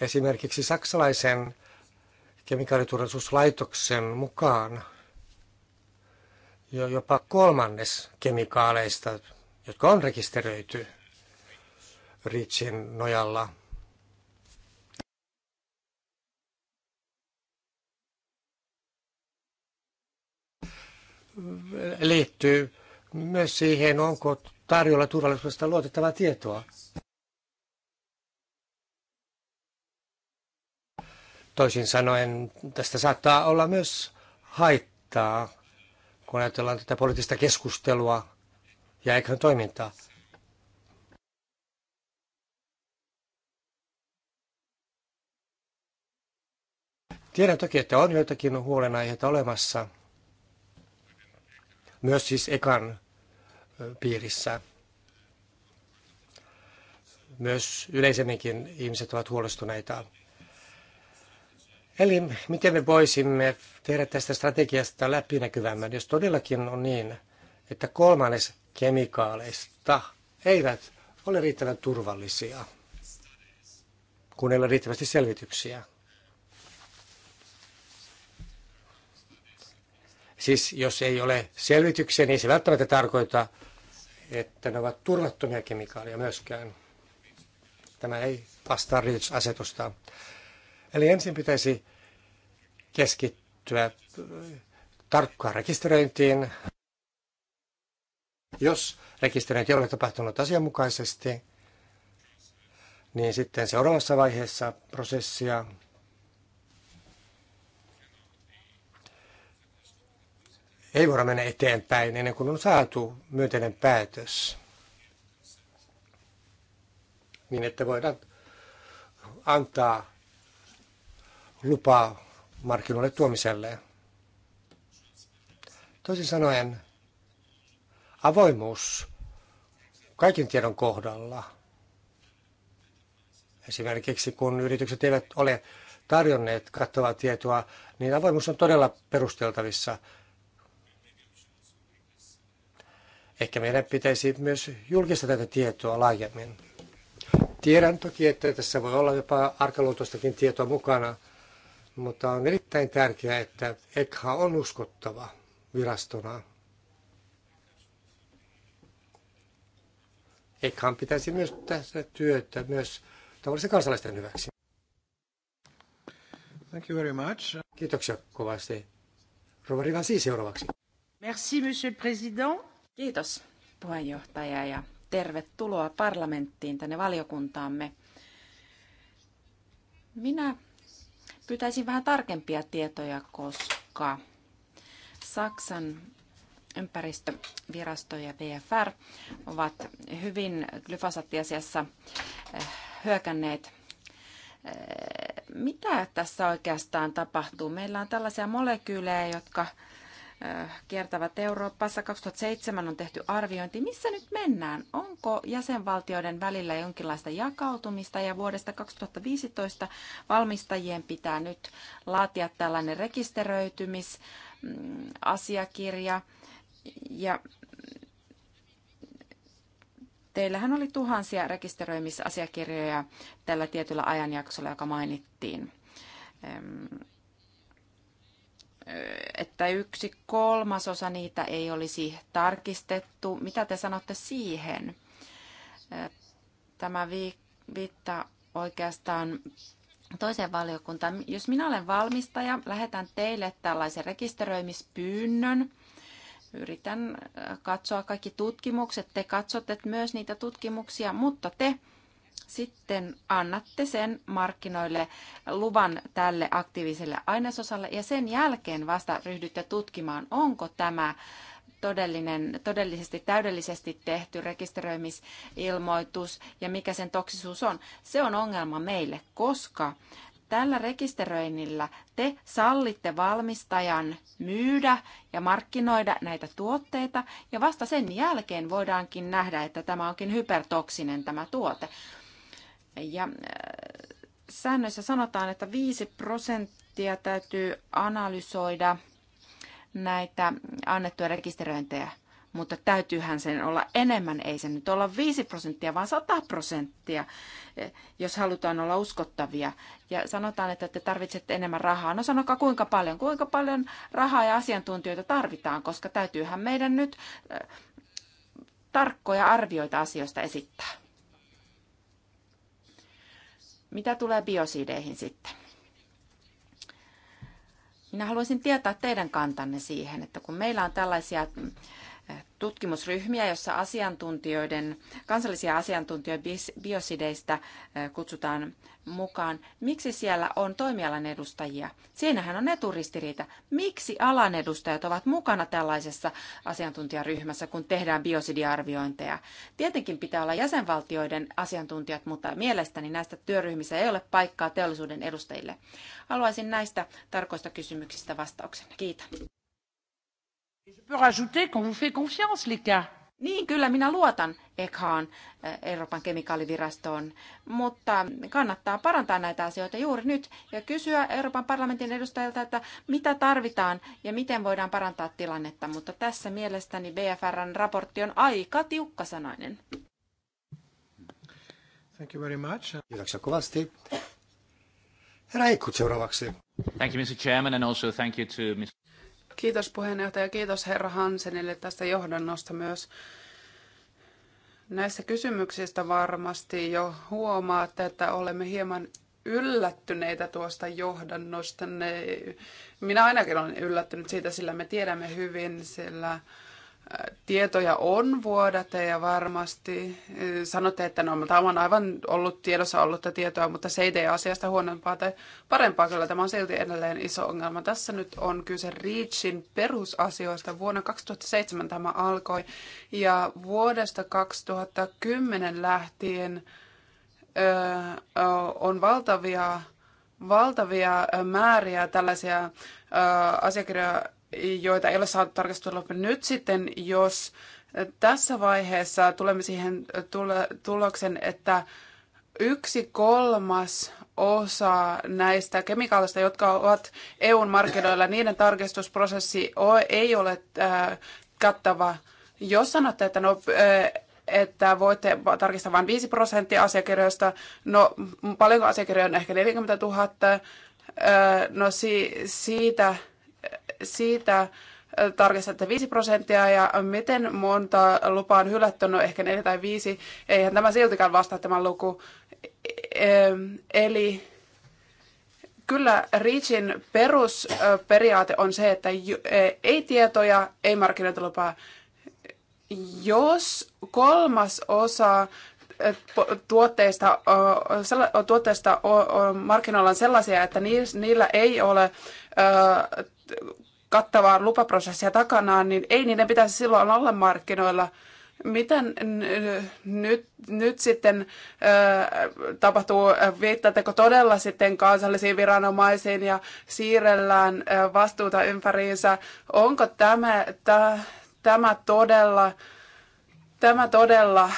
esimerkiksi saksalaisen kemikaaliturvallisuuslaitoksen mukaan jo jopa kolmannes kemikaaleista, jotka on rekisteröity Ritsin nojalla, liittyy myös siihen, onko tarjolla turvallisuudesta luotettavaa tietoa. Toisin sanoen tästä saattaa olla myös haittaa, kun ajatellaan tätä poliittista keskustelua ja eikö toimintaa. Tiedän toki, että on joitakin huolenaiheita olemassa, myös siis ekan piirissä. Myös yleisemminkin ihmiset ovat huolestuneita Eli miten me voisimme tehdä tästä strategiasta läpinäkyvämmän, jos todellakin on niin, että kolmannes kemikaaleista eivät ole riittävän turvallisia, kun ei ole riittävästi selvityksiä. Siis jos ei ole selvityksiä, niin se välttämättä tarkoita, että ne ovat turvattomia kemikaaleja myöskään. Tämä ei vastaa riitysasetusta. asetusta Eli ensin pitäisi keskittyä tarkkaan rekisteröintiin. Jos rekisteröinti ei ole tapahtunut asianmukaisesti, niin sitten seuraavassa vaiheessa prosessia ei voida mennä eteenpäin ennen kuin on saatu myönteinen päätös. Niin että voidaan antaa lupaa markkinoille tuomiselleen. Toisin sanoen, avoimuus kaiken tiedon kohdalla. Esimerkiksi kun yritykset eivät ole tarjonneet kattavaa tietoa, niin avoimuus on todella perusteltavissa. Ehkä meidän pitäisi myös julkistaa tätä tietoa laajemmin. Tiedän toki, että tässä voi olla jopa arkaluontoistakin tietoa mukana – mutta on erittäin tärkeää, että ECHA on uskottava virastona. ECHA pitäisi myös tässä työtä myös tavallisen kansalaisten hyväksi. Thank you very much. Kiitoksia kovasti. Rova Rivasi seuraavaksi. Merci, monsieur le président. Kiitos puheenjohtaja ja tervetuloa parlamenttiin tänne valiokuntaamme. Minä Pyytäisin vähän tarkempia tietoja, koska Saksan ympäristövirasto ja VFR ovat hyvin glyfosaattiasiassa eh, hyökänneet eh, mitä tässä oikeastaan tapahtuu? Meillä on tällaisia molekyylejä, jotka kiertävät Euroopassa. 2007 on tehty arviointi, missä nyt mennään. Onko jäsenvaltioiden välillä jonkinlaista jakautumista ja vuodesta 2015 valmistajien pitää nyt laatia tällainen rekisteröitymisasiakirja. Mm, ja teillähän oli tuhansia rekisteröimisasiakirjoja tällä tietyllä ajanjaksolla, joka mainittiin että yksi kolmasosa niitä ei olisi tarkistettu. Mitä te sanotte siihen? Tämä viittaa oikeastaan toiseen valiokuntaan. Jos minä olen valmistaja, lähetän teille tällaisen rekisteröimispyynnön. Yritän katsoa kaikki tutkimukset. Te katsotte myös niitä tutkimuksia, mutta te sitten annatte sen markkinoille luvan tälle aktiiviselle ainesosalle ja sen jälkeen vasta ryhdytte tutkimaan, onko tämä todellinen, todellisesti täydellisesti tehty rekisteröimisilmoitus ja mikä sen toksisuus on. Se on ongelma meille, koska tällä rekisteröinnillä te sallitte valmistajan myydä ja markkinoida näitä tuotteita ja vasta sen jälkeen voidaankin nähdä, että tämä onkin hypertoksinen tämä tuote. Ja äh, säännöissä sanotaan, että 5 prosenttia täytyy analysoida näitä annettuja rekisteröintejä, mutta täytyyhän sen olla enemmän, ei sen nyt olla 5 prosenttia, vaan 100 prosenttia, äh, jos halutaan olla uskottavia. Ja sanotaan, että te tarvitsette enemmän rahaa. No sanokaa kuinka paljon, kuinka paljon rahaa ja asiantuntijoita tarvitaan, koska täytyyhän meidän nyt äh, tarkkoja arvioita asioista esittää. Mitä tulee biosideihin sitten? Minä haluaisin tietää teidän kantanne siihen, että kun meillä on tällaisia tutkimusryhmiä, jossa asiantuntijoiden, kansallisia asiantuntijoita biosideistä kutsutaan mukaan. Miksi siellä on toimialan edustajia? Siinähän on eturistiriita. Miksi alan edustajat ovat mukana tällaisessa asiantuntijaryhmässä, kun tehdään biosidiarviointeja? Tietenkin pitää olla jäsenvaltioiden asiantuntijat, mutta mielestäni näistä työryhmissä ei ole paikkaa teollisuuden edustajille. Haluaisin näistä tarkoista kysymyksistä vastauksen. Kiitän. Niin, kyllä minä luotan EKHAan, eh, Euroopan kemikaalivirastoon, mutta kannattaa parantaa näitä asioita juuri nyt ja kysyä Euroopan parlamentin edustajilta, että mitä tarvitaan ja miten voidaan parantaa tilannetta, mutta tässä mielestäni BFRn raportti on aika tiukkasanainen. Thank you very much. Kiitoksia kovasti. Herra Eikku seuraavaksi. Thank you, Mr. Chairman, and also thank you to Mr. Kiitos puheenjohtaja, kiitos herra Hansenille tästä johdannosta myös. Näistä kysymyksistä varmasti jo huomaatte, että olemme hieman yllättyneitä tuosta johdannosta. Minä ainakin olen yllättynyt siitä, sillä me tiedämme hyvin, sillä tietoja on vuodatte ja varmasti eh, sanotte, että no, tämä on aivan ollut tiedossa ollutta tietoa, mutta se ei tee asiasta huonompaa tai parempaa. Kyllä tämä on silti edelleen iso ongelma. Tässä nyt on kyse REACHin perusasioista. Vuonna 2007 tämä alkoi ja vuodesta 2010 lähtien ö, eh, eh, on valtavia valtavia määriä tällaisia ö, asiakirjoja, joita ei ole saatu tarkasteltua nyt sitten, jos tässä vaiheessa tulemme siihen tuloksen, että yksi kolmas osa näistä kemikaaleista, jotka ovat EUn markkinoilla, niiden tarkistusprosessi ei ole äh, kattava. Jos sanotte, että, no, äh, että voitte tarkistaa vain 5 prosenttia asiakirjoista, no paljonko asiakirjoja on ehkä 40 000, äh, no siitä siitä tarkistatte 5 prosenttia ja miten monta lupaa on hylätty, no ehkä 4 tai 5, eihän tämä siltikään vastaa tämän luku. E, eli kyllä REACHin perusperiaate on se, että e, ei tietoja, ei markkinointilupaa. Jos kolmas osa tuotteista, tuotteista markkinoilla on sellaisia, että niillä ei ole kattavaa lupaprosessia takanaan, niin ei niiden pitäisi silloin olla markkinoilla. Miten nyt, nyt sitten tapahtuu, viittaatteko todella sitten kansallisiin viranomaisiin ja siirrellään vastuuta ympäriinsä? Onko tämä, tämä todella tämä todella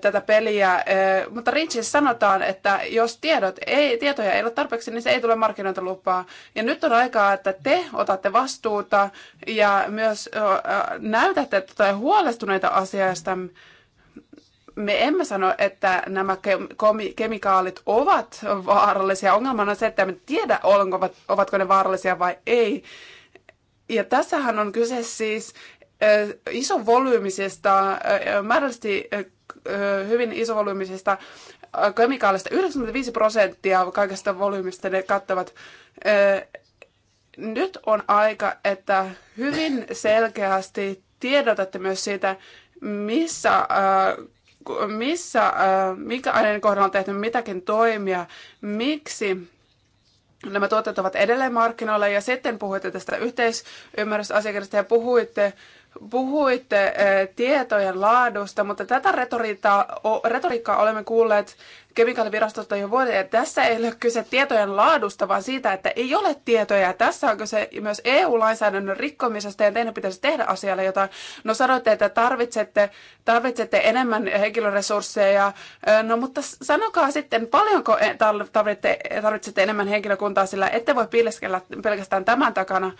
tätä peliä, mutta Richissä sanotaan, että jos tiedot ei, tietoja ei ole tarpeeksi, niin se ei tule markkinointilupaa. Ja nyt on aikaa, että te otatte vastuuta ja myös näytätte tai huolestuneita asiasta. Me emme sano, että nämä kemikaalit ovat vaarallisia. Ongelmana on se, että emme tiedä, ovatko ne vaarallisia vai ei. Ja tässähän on kyse siis isovolyymisesta, määrällisesti hyvin isovolyymisesta kemikaalista 95 prosenttia kaikesta volyymista ne kattavat. Nyt on aika, että hyvin selkeästi tiedotatte myös siitä, missä, missä mikä aineen kohdalla on tehty mitäkin toimia, miksi nämä tuotteet ovat edelleen markkinoilla. Ja sitten puhuitte tästä yhteisymmärrysasiakirjasta ja puhuitte puhuitte eh, tietojen laadusta, mutta tätä retoriikkaa, olemme kuulleet kemikaalivirastosta jo vuoden. tässä ei ole kyse tietojen laadusta, vaan siitä, että ei ole tietoja. Tässä on kyse myös EU-lainsäädännön rikkomisesta ja teidän pitäisi tehdä asialle jotain. No sanoitte, että tarvitsette, tarvitsette enemmän henkilöresursseja. Eh, no mutta sanokaa sitten, paljonko eh, tarvitsette, tarvitsette enemmän henkilökuntaa, sillä ette voi piileskellä pelkästään tämän takana,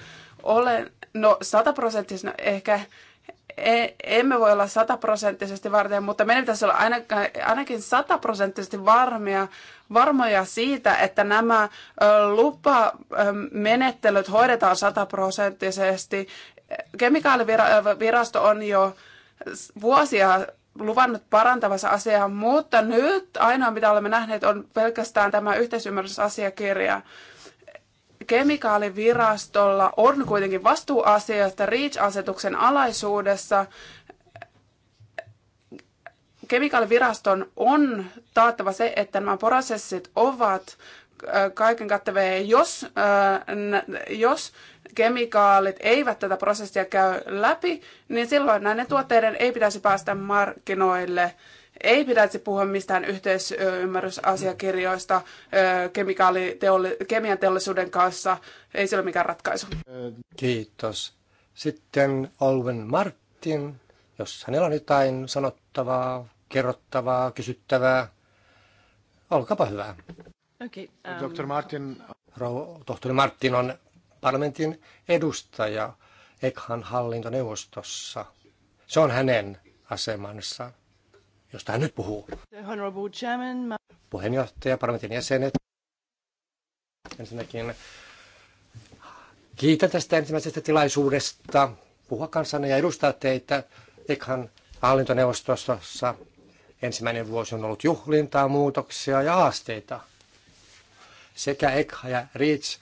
olen, no sataprosenttisena ehkä e, emme voi olla sataprosenttisesti varmoja, mutta meidän pitäisi olla ainakin sataprosenttisesti varmia, varmoja siitä, että nämä lupamenettelyt hoidetaan sataprosenttisesti. Kemikaalivirasto on jo vuosia luvannut parantavansa asiaa, mutta nyt ainoa, mitä olemme nähneet, on pelkästään tämä yhteisymmärrysasiakirja. asiakirja kemikaalivirastolla on kuitenkin vastuu REACH-asetuksen alaisuudessa. Kemikaaliviraston on taattava se, että nämä prosessit ovat kaiken kattavia. Jos, jos kemikaalit eivät tätä prosessia käy läpi, niin silloin näiden tuotteiden ei pitäisi päästä markkinoille. Ei pitäisi puhua mistään yhteisymmärrysasiakirjoista kemian teollisuuden kanssa. Ei se ole mikään ratkaisu. Kiitos. Sitten Olwen Martin, jos hänellä on jotain sanottavaa, kerrottavaa, kysyttävää, olkaapa hyvä. Okay, um... Dr. Martin. tohtori Martin on parlamentin edustaja Ekhan hallintoneuvostossa. Se on hänen asemansa josta hän nyt puhuu. Puheenjohtaja, parlamentin jäsenet. Ensinnäkin kiitän tästä ensimmäisestä tilaisuudesta puhua kanssanne ja edustaa teitä Ekhan hallintoneuvostossa. Ensimmäinen vuosi on ollut juhlintaa, muutoksia ja haasteita. Sekä Ekha ja Reach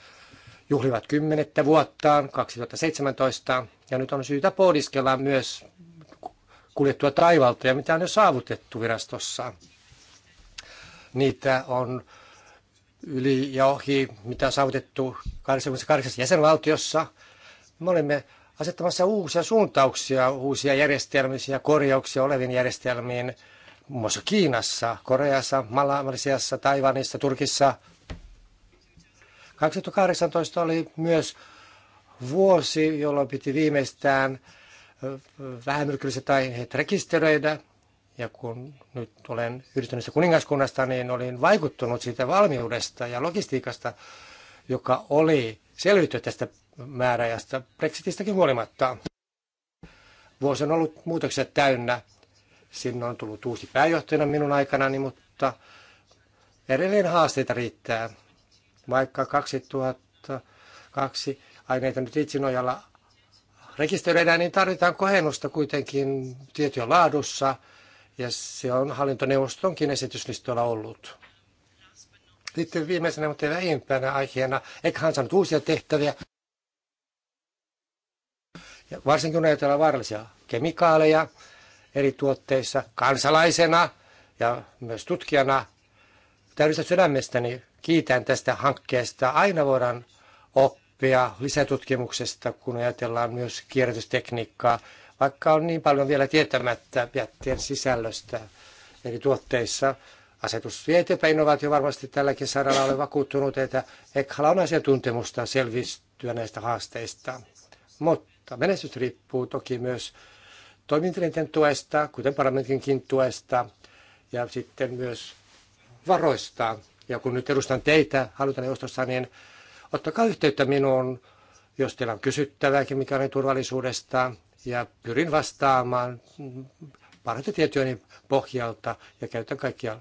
juhlivat kymmenettä vuottaan 2017 ja nyt on syytä pohdiskella myös kuljettua taivalta ja mitä on jo saavutettu virastossa. Niitä on yli ja ohi, mitä on saavutettu 88 jäsenvaltiossa. Me olemme asettamassa uusia suuntauksia, uusia järjestelmisiä, korjauksia oleviin järjestelmiin, muun muassa Kiinassa, Koreassa, Malesiassa, Taiwanissa, Turkissa. 2018 oli myös vuosi, jolloin piti viimeistään vähän myrkylliset aiheet rekisteröidä. Ja kun nyt olen yhdistyneessä kuningaskunnasta, niin olin vaikuttunut siitä valmiudesta ja logistiikasta, joka oli selvitty tästä määräajasta Brexitistäkin huolimatta. Vuosi on ollut muutokset täynnä. Sinne on tullut uusi pääjohtajana minun aikanani, mutta edelleen haasteita riittää. Vaikka 2002 aineita nyt itse nojalla rekisteröidään, niin tarvitaan kohennusta kuitenkin tietojen laadussa, ja se on hallintoneuvostonkin esityslistoilla ollut. Sitten viimeisenä, mutta vähimpänä aiheena, eikä hän saanut uusia tehtäviä, ja varsinkin kun ajatellaan vaarallisia kemikaaleja eri tuotteissa, kansalaisena ja myös tutkijana, täydestä sydämestäni kiitän tästä hankkeesta. Aina voidaan oppia oppia lisätutkimuksesta, kun ajatellaan myös kierrätystekniikkaa, vaikka on niin paljon vielä tietämättä jätteen sisällöstä eri tuotteissa. Asetus vie eteenpäin innovaatio varmasti tälläkin saralla olen vakuuttunut, että Ekhalla on asiantuntemusta selvistyä näistä haasteista. Mutta menestys riippuu toki myös toimintaelinten tuesta, kuten parlamentinkin tuesta, ja sitten myös varoista. Ja kun nyt edustan teitä hallintoneuvostossa, niin Ottakaa yhteyttä minuun, jos teillä on kysyttävääkin, mikä on turvallisuudesta, ja pyrin vastaamaan parhaita tietojeni niin pohjalta ja käytän kaikkia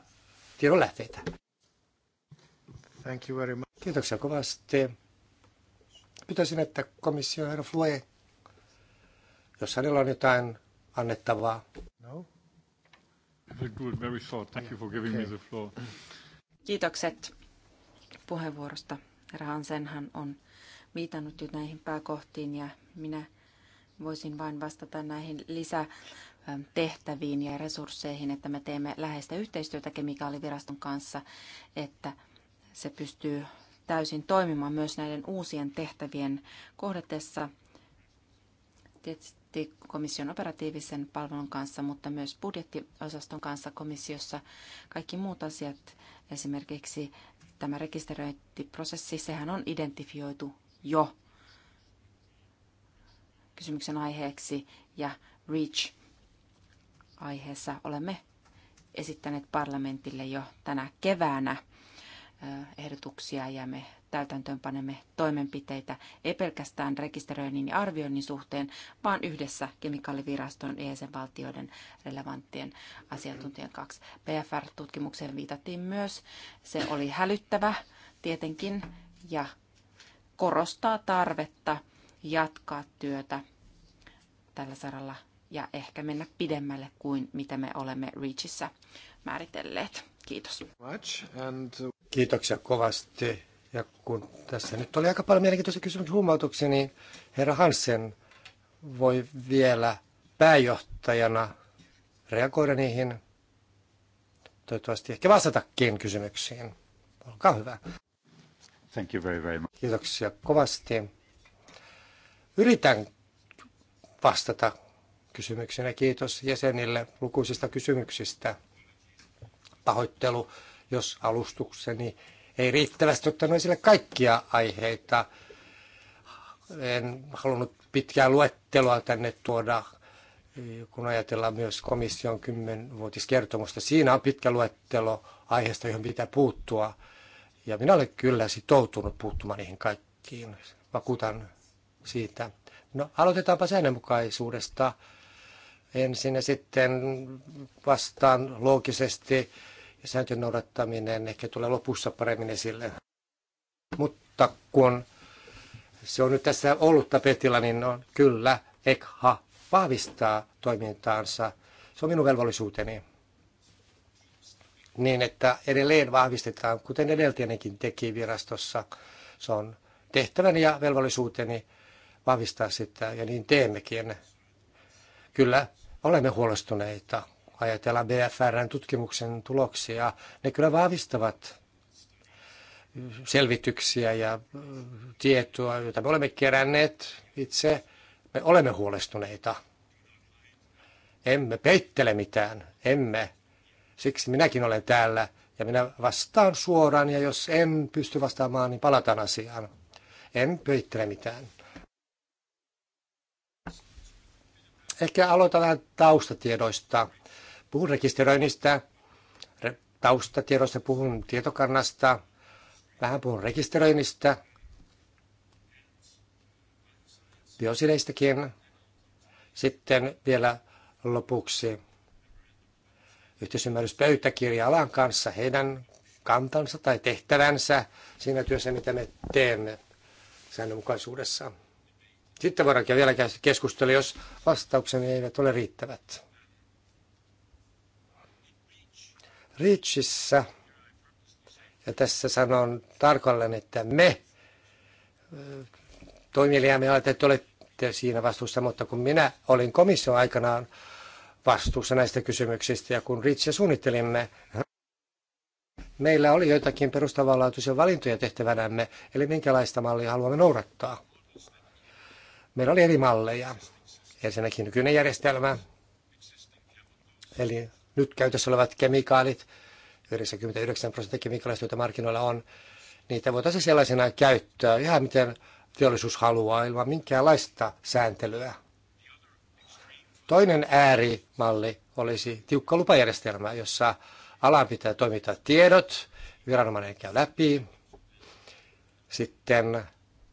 tiedonlähteitä. Thank you very much. Kiitoksia kovasti. Pyytäisin, että komissio herra Flue, jos hänellä on jotain annettavaa. No. Good, very short. Thank you for giving me the floor. Kiitokset puheenvuorosta. Herra Hansenhan on viitannut jo näihin pääkohtiin ja minä voisin vain vastata näihin lisätehtäviin ja resursseihin, että me teemme läheistä yhteistyötä kemikaaliviraston kanssa, että se pystyy täysin toimimaan myös näiden uusien tehtävien kohdatessa tietysti komission operatiivisen palvelun kanssa, mutta myös budjettiosaston kanssa komissiossa. Kaikki muut asiat, esimerkiksi tämä rekisteröintiprosessi, sehän on identifioitu jo kysymyksen aiheeksi ja REACH aiheessa olemme esittäneet parlamentille jo tänä keväänä ehdotuksia ja me täytäntöönpanemme toimenpiteitä ei pelkästään rekisteröinnin ja arvioinnin suhteen, vaan yhdessä kemikaaliviraston ja jäsenvaltioiden relevanttien asiantuntijan kanssa. PFR-tutkimukseen viitattiin myös. Se oli hälyttävä tietenkin ja korostaa tarvetta jatkaa työtä tällä saralla ja ehkä mennä pidemmälle kuin mitä me olemme REACHissä määritelleet. Kiitos. Uh, Kiitoksia kovasti. Ja kun tässä nyt oli aika paljon mielenkiintoisia kysymyksiä huomautuksia, niin herra Hansen voi vielä pääjohtajana reagoida niihin. Toivottavasti ehkä vastatakin kysymyksiin. Olkaa hyvä. Thank you very, very much. Kiitoksia kovasti. Yritän vastata kysymyksenä. Kiitos jäsenille lukuisista kysymyksistä. Pahoittelu jos alustukseni ei riittävästi ottanut esille kaikkia aiheita. En halunnut pitkää luettelua tänne tuoda, kun ajatellaan myös komission kymmenvuotiskertomusta. Siinä on pitkä luettelo aiheesta, johon pitää puuttua. Ja minä olen kyllä sitoutunut puuttumaan niihin kaikkiin. Vakuutan siitä. No, aloitetaanpa säännönmukaisuudesta ensin ja sitten vastaan loogisesti sääntöjen noudattaminen ehkä tulee lopussa paremmin esille. Mutta kun se on nyt tässä ollut tapetilla, niin on, kyllä EKHA vahvistaa toimintaansa. Se on minun velvollisuuteni. Niin, että edelleen vahvistetaan, kuten edeltäjänikin teki virastossa. Se on tehtäväni ja velvollisuuteni vahvistaa sitä, ja niin teemmekin. Kyllä, olemme huolestuneita ajatellaan BFRn tutkimuksen tuloksia, ne kyllä vahvistavat selvityksiä ja äh, tietoa, joita me olemme keränneet itse. Me olemme huolestuneita. Emme peittele mitään, emme. Siksi minäkin olen täällä ja minä vastaan suoraan ja jos en pysty vastaamaan, niin palataan asiaan. En peittele mitään. Ehkä aloitan vähän taustatiedoista Puhun rekisteröinnistä, taustatiedosta, puhun tietokannasta, vähän puhun rekisteröinnistä, biosileistäkin. Sitten vielä lopuksi yhteisymmärryspöytäkirja alan kanssa, heidän kantansa tai tehtävänsä siinä työssä, mitä me teemme säännönmukaisuudessa. Sitten voidaan vielä keskustella, jos vastaukseni eivät ole riittävät. Richissä, ja tässä sanon tarkalleen, että me toimilijamme olette, olette siinä vastuussa, mutta kun minä olin komission aikanaan vastuussa näistä kysymyksistä ja kun Richiä suunnittelimme, meillä oli joitakin perustavanlaatuisia valintoja tehtävänämme, eli minkälaista mallia haluamme noudattaa. Meillä oli eri malleja. Ensinnäkin nykyinen järjestelmä, eli nyt käytössä olevat kemikaalit, 99 prosenttia kemikaaleista, joita markkinoilla on, niitä voitaisiin sellaisena käyttää ihan miten teollisuus haluaa ilman minkäänlaista sääntelyä. Toinen äärimalli olisi tiukka lupajärjestelmä, jossa alan pitää toimittaa tiedot, viranomainen käy läpi. Sitten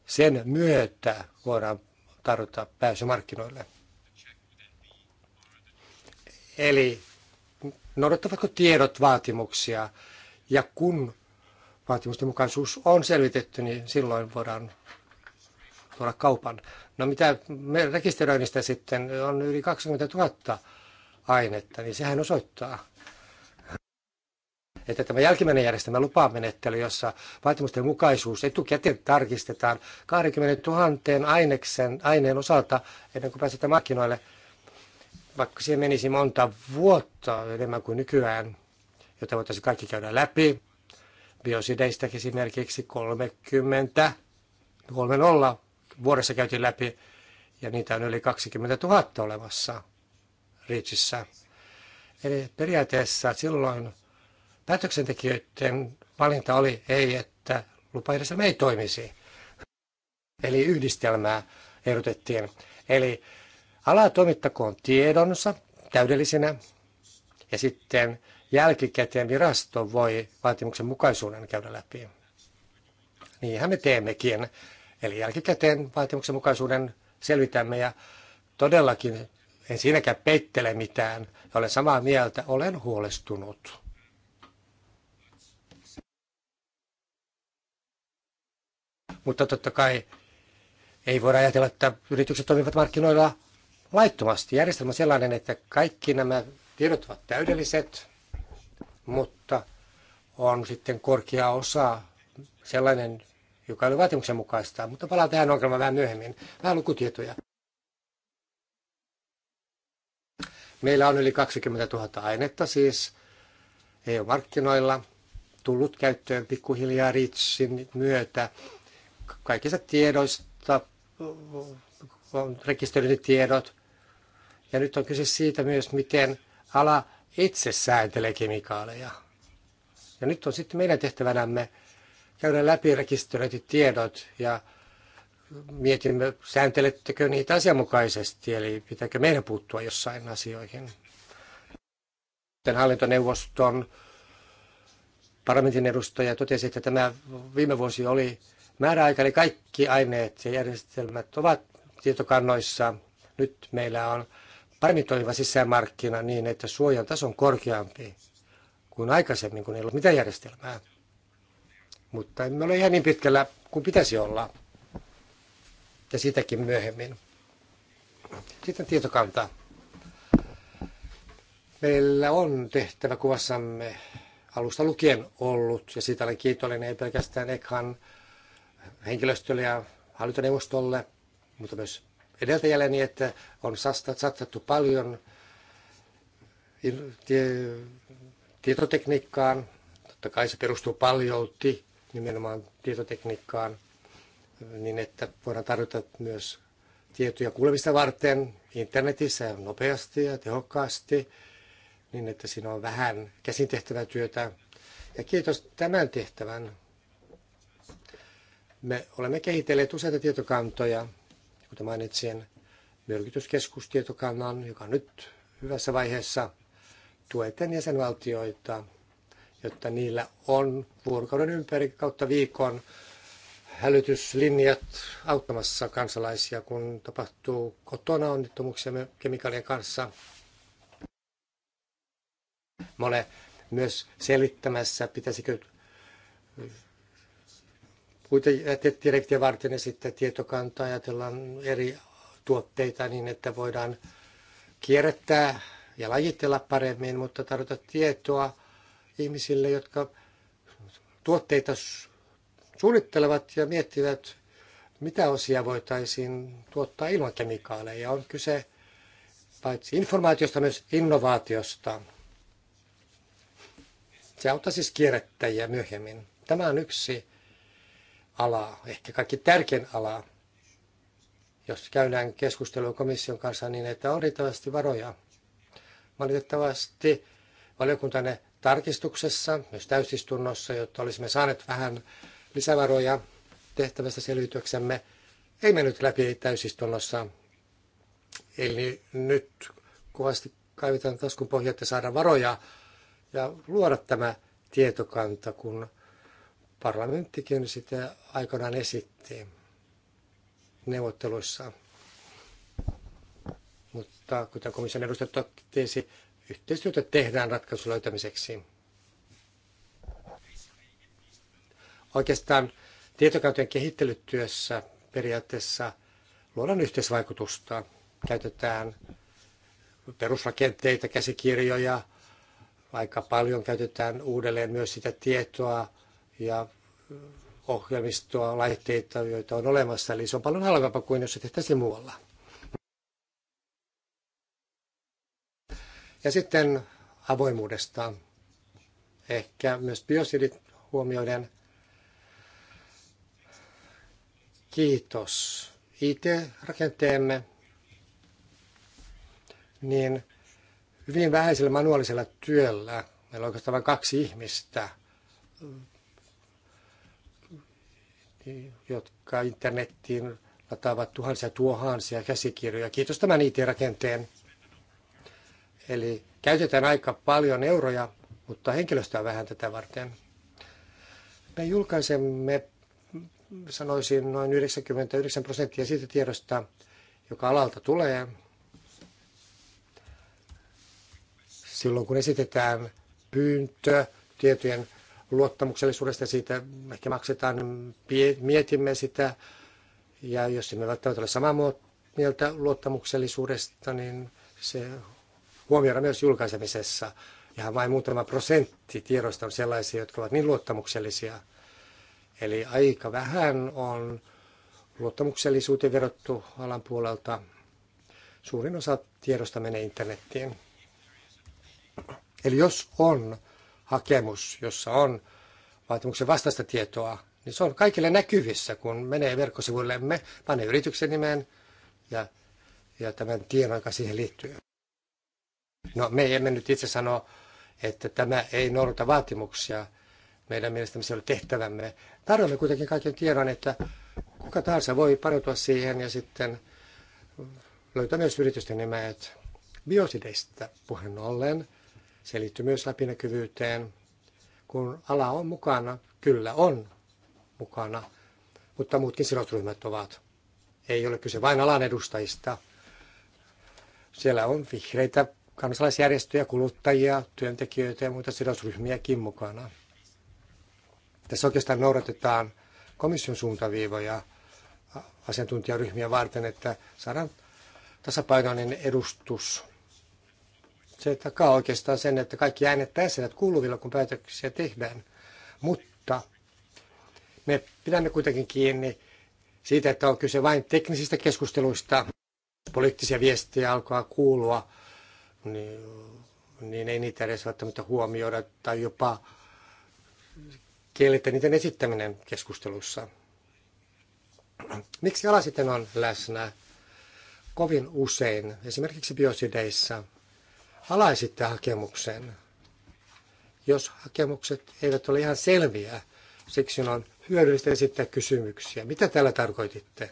sen myötä voidaan tarjota pääsy markkinoille. Eli noudattavatko tiedot vaatimuksia. Ja kun vaatimusten mukaisuus on selvitetty, niin silloin voidaan tuoda kaupan. No mitä rekisteröinnistä sitten on yli 20 000 ainetta, niin sehän osoittaa, että tämä jälkimmäinen järjestelmä lupamenettely, jossa vaatimusten mukaisuus etukäteen tarkistetaan 20 000 aineksen, aineen osalta ennen kuin pääsette markkinoille – vaikka siihen menisi monta vuotta enemmän kuin nykyään, jota voitaisiin kaikki käydä läpi. Biosideistä esimerkiksi 30, 30 vuodessa käytiin läpi, ja niitä on yli 20 000 olemassa Riitsissä. Eli periaatteessa silloin päätöksentekijöiden valinta oli ei, että lupajärjestelmä ei toimisi. Eli yhdistelmää erotettiin. Eli Ala toimittakoon tiedonsa täydellisinä ja sitten jälkikäteen virasto voi vaatimuksen mukaisuuden käydä läpi. Niinhän me teemmekin. Eli jälkikäteen vaatimuksen mukaisuuden selvitämme ja todellakin en siinäkään peittele mitään. Olen samaa mieltä, olen huolestunut. Mutta totta kai ei voida ajatella, että yritykset toimivat markkinoilla laittomasti. Järjestelmä sellainen, että kaikki nämä tiedot ovat täydelliset, mutta on sitten korkea osa sellainen, joka oli vaatimuksen mukaista. Mutta palaan tähän ongelmaan vähän myöhemmin. Vähän lukutietoja. Meillä on yli 20 000 ainetta siis EU-markkinoilla tullut käyttöön pikkuhiljaa Ritsin myötä. Kaikista tiedoista on rekisteröidyt tiedot, ja nyt on kyse siitä myös, miten ala itse sääntelee kemikaaleja. Ja nyt on sitten meidän tehtävänämme käydä läpi tiedot ja mietimme, sääntelettekö niitä asianmukaisesti, eli pitääkö meidän puuttua jossain asioihin. Sitten hallintoneuvoston parlamentin edustaja totesi, että tämä viime vuosi oli määräaika, eli kaikki aineet ja järjestelmät ovat tietokannoissa. Nyt meillä on paremmin toimiva sisämarkkina niin, että suojan taso on korkeampi kuin aikaisemmin, kun ei ollut mitään järjestelmää. Mutta emme ole ihan niin pitkällä kuin pitäisi olla. Ja sitäkin myöhemmin. Sitten tietokanta. Meillä on tehtävä kuvassamme alusta lukien ollut, ja siitä olen kiitollinen ei pelkästään Ekhan henkilöstölle ja hallintoneuvostolle, mutta myös edeltäjälläni, niin, että on satsattu paljon tietotekniikkaan. Totta kai se perustuu paljolti nimenomaan tietotekniikkaan, niin että voidaan tarjota myös tietoja kuulemista varten internetissä nopeasti ja tehokkaasti, niin että siinä on vähän käsin tehtävää työtä. Ja kiitos tämän tehtävän. Me olemme kehitelleet useita tietokantoja, kuten mainitsin, myrkytyskeskustietokannan, joka on nyt hyvässä vaiheessa, tueten jäsenvaltioita, jotta niillä on vuorokauden ympäri kautta viikon hälytyslinjat auttamassa kansalaisia, kun tapahtuu kotona onnettomuuksia kemikaalien kanssa. Mole myös selittämässä, pitäisikö puitedirektiä varten ja sitten tietokantaa ajatellaan eri tuotteita niin, että voidaan kierrättää ja lajitella paremmin, mutta tarjota tietoa ihmisille, jotka tuotteita suunnittelevat ja miettivät, mitä osia voitaisiin tuottaa ilman kemikaaleja. On kyse paitsi informaatiosta myös innovaatiosta. Se auttaa siis kierrättäjiä myöhemmin. Tämä on yksi alaa, ehkä kaikki tärkein ala, jos käydään keskustelua komission kanssa niin, että on riittävästi varoja. Valitettavasti valiokuntanne tarkistuksessa, myös täysistunnossa, jotta olisimme saaneet vähän lisävaroja tehtävästä selvityksemme, ei mennyt läpi täysistunnossa. Eli nyt kovasti kaivetaan taskun pohjat ja saada varoja ja luoda tämä tietokanta, kun Parlamenttikin sitä aikanaan esitti neuvotteluissa. Mutta kuten komission edustajat totesi, yhteistyötä tehdään ratkaisun löytämiseksi. Oikeastaan tietokäytön kehittelytyössä periaatteessa luodaan yhteisvaikutusta. Käytetään perusrakenteita, käsikirjoja, aika paljon käytetään uudelleen myös sitä tietoa, ja äh, ohjelmistoa, laitteita, joita on olemassa. Eli se on paljon halvempaa kuin jos se tehtäisiin muualla. Ja sitten avoimuudesta. Ehkä myös biosidit huomioiden. Kiitos IT-rakenteemme, niin hyvin vähäisellä manuaalisella työllä, meillä on oikeastaan vain kaksi ihmistä jotka internettiin lataavat tuhansia tuohansia käsikirjoja. Kiitos tämän IT-rakenteen. Eli käytetään aika paljon euroja, mutta henkilöstöä vähän tätä varten. Me julkaisemme, sanoisin, noin 99 prosenttia siitä tiedosta, joka alalta tulee. Silloin kun esitetään pyyntö tietojen luottamuksellisuudesta siitä ehkä maksetaan, mietimme sitä. Ja jos emme välttämättä ole samaa mieltä luottamuksellisuudesta, niin se huomioidaan myös julkaisemisessa. Ihan vain muutama prosentti tiedoista on sellaisia, jotka ovat niin luottamuksellisia. Eli aika vähän on luottamuksellisuuteen verrattu alan puolelta. Suurin osa tiedosta menee internettiin. Eli jos on hakemus, jossa on vaatimuksen vastaista tietoa, niin se on kaikille näkyvissä, kun menee verkkosivuillemme, panee yrityksen nimen ja, ja tämän tiedon, joka siihen liittyy. No, me emme nyt itse sano, että tämä ei noudata vaatimuksia. Meidän mielestämme se oli tehtävämme. Tarjoamme kuitenkin kaiken tiedon, että kuka tahansa voi parantua siihen ja sitten löytää myös yritysten nimet biosideistä puheen ollen. Se liittyy myös läpinäkyvyyteen. Kun ala on mukana, kyllä on mukana, mutta muutkin sidosryhmät ovat. Ei ole kyse vain alan edustajista. Siellä on vihreitä kansalaisjärjestöjä, kuluttajia, työntekijöitä ja muita sidosryhmiäkin mukana. Tässä oikeastaan noudatetaan komission suuntaviivoja asiantuntijaryhmiä varten, että saadaan tasapainoinen edustus se takaa oikeastaan sen, että kaikki äänet pääsevät kuuluvilla, kun päätöksiä tehdään. Mutta me pidämme kuitenkin kiinni siitä, että on kyse vain teknisistä keskusteluista. Poliittisia viestejä alkaa kuulua, niin, niin ei niitä edes välttämättä huomioida tai jopa kiellettä niiden esittäminen keskustelussa. Miksi ala sitten on läsnä kovin usein, esimerkiksi biosideissa – halaisitte hakemuksen, jos hakemukset eivät ole ihan selviä. Siksi on hyödyllistä esittää kysymyksiä. Mitä tällä tarkoititte?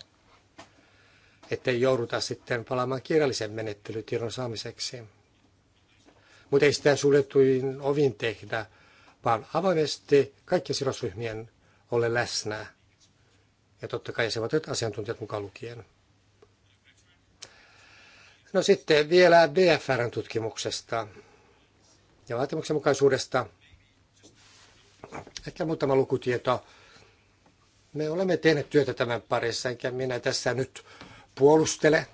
Ettei jouduta sitten palaamaan kirjallisen menettelytiedon saamiseksi. Mutta ei sitä suljettuin ovin tehdä, vaan avoimesti kaikkien sidosryhmien ole läsnä. Ja totta kai jäsenvaltiot asiantuntijat mukaan lukien. No sitten vielä BFRn tutkimuksesta ja vaatimuksenmukaisuudesta. Ehkä muutama lukutieto. Me olemme tehneet työtä tämän parissa, enkä minä tässä nyt puolustele.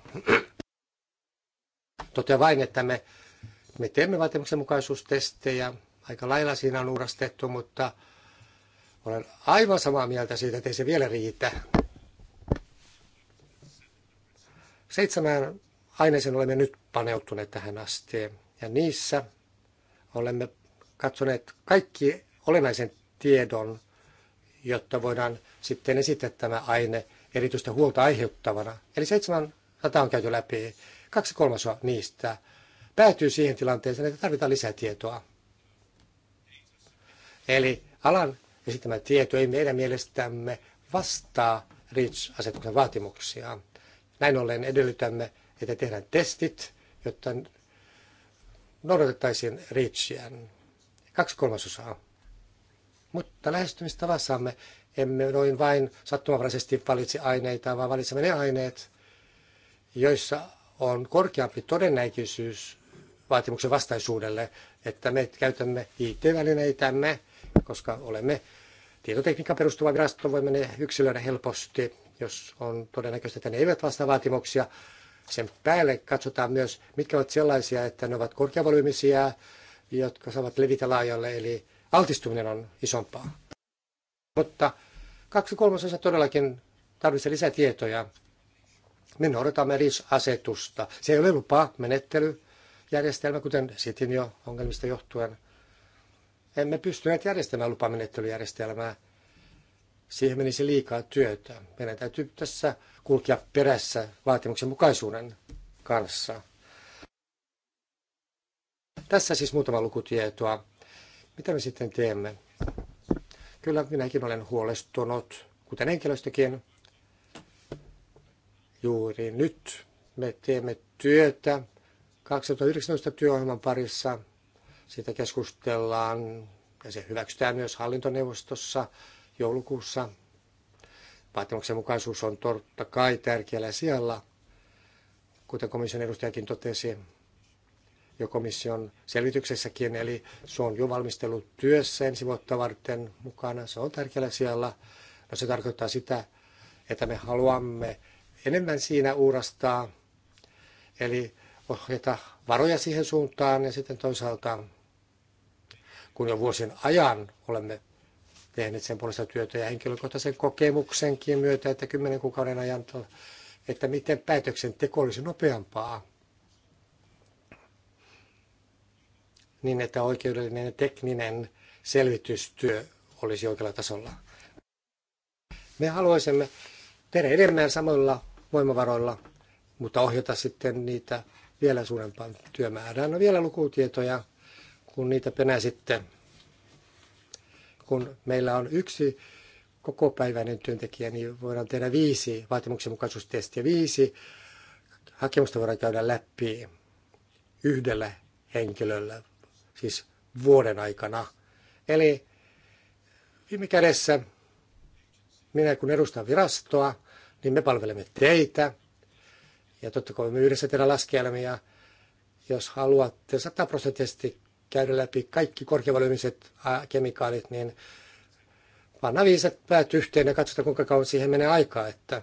Totean vain, että me, me teemme vaatimuksenmukaisuustestejä. Aika lailla siinä on uurastettu, mutta olen aivan samaa mieltä siitä, että ei se vielä riitä. Seitsemän aineeseen olemme nyt paneutuneet tähän asti. Ja niissä olemme katsoneet kaikki olennaisen tiedon, jotta voidaan sitten esittää tämä aine erityistä huolta aiheuttavana. Eli 700 on käyty läpi, kaksi kolmasoa niistä päätyy siihen tilanteeseen, että tarvitaan lisää tietoa. Eli alan esittämä tieto ei meidän mielestämme vastaa REACH-asetuksen vaatimuksia. Näin ollen edellytämme että tehdään testit, jotta noudatettaisiin REACHiä. Kaksi kolmasosaa. Mutta lähestymistavassamme emme noin vain sattumanvaraisesti valitse aineita, vaan valitsemme ne aineet, joissa on korkeampi todennäköisyys vaatimuksen vastaisuudelle, että me käytämme IT-välineitämme, koska olemme tietotekniikan perustuva virasto, voimme ne yksilöidä helposti, jos on todennäköistä, että ne eivät vastaa vaatimuksia, sen päälle katsotaan myös, mitkä ovat sellaisia, että ne ovat korkeavolyymisia, jotka saavat levitä laajalle, eli altistuminen on isompaa. Mutta kaksi kolmasosa todellakin tarvitsee lisätietoja. Me noudatamme RIS-asetusta. Se ei ole lupa, menettelyjärjestelmä, kuten sitin jo ongelmista johtuen. Emme pystyneet järjestämään lupamenettelyjärjestelmää Siihen menisi liikaa työtä. Meidän täytyy tässä kulkea perässä vaatimuksen mukaisuuden kanssa. Tässä siis muutama lukutietoa. Mitä me sitten teemme? Kyllä minäkin olen huolestunut, kuten henkilöstökin. Juuri nyt me teemme työtä 2019 työohjelman parissa. Siitä keskustellaan ja se hyväksytään myös hallintoneuvostossa joulukuussa. Vaatimuksen mukaisuus on totta kai tärkeällä sijalla, kuten komission edustajakin totesi jo komission selvityksessäkin, eli se on jo valmistellut työssä ensi vuotta varten mukana. Se on tärkeällä sijalla. No se tarkoittaa sitä, että me haluamme enemmän siinä uurastaa, eli ohjata varoja siihen suuntaan ja sitten toisaalta, kun jo vuosien ajan olemme tehneet sen puolesta työtä ja henkilökohtaisen kokemuksenkin myötä, että kymmenen kuukauden ajan, että miten päätöksenteko olisi nopeampaa. Niin, että oikeudellinen ja tekninen selvitystyö olisi oikealla tasolla. Me haluaisimme tehdä enemmän samoilla voimavaroilla, mutta ohjata sitten niitä vielä suurempaan työmäärään. No vielä lukutietoja, kun niitä penää sitten kun meillä on yksi kokopäiväinen työntekijä, niin voidaan tehdä viisi vaatimuksenmukaisuustestiä. Viisi hakemusta voidaan käydä läpi yhdellä henkilöllä, siis vuoden aikana. Eli viime kädessä minä kun edustan virastoa, niin me palvelemme teitä. Ja totta kai me yhdessä tehdään laskelmia. Jos haluatte sataprosenttisesti käydä läpi kaikki korkeavolyymiset kemikaalit, niin panna viiset päät yhteen ja katsotaan, kuinka kauan siihen menee aikaa. Että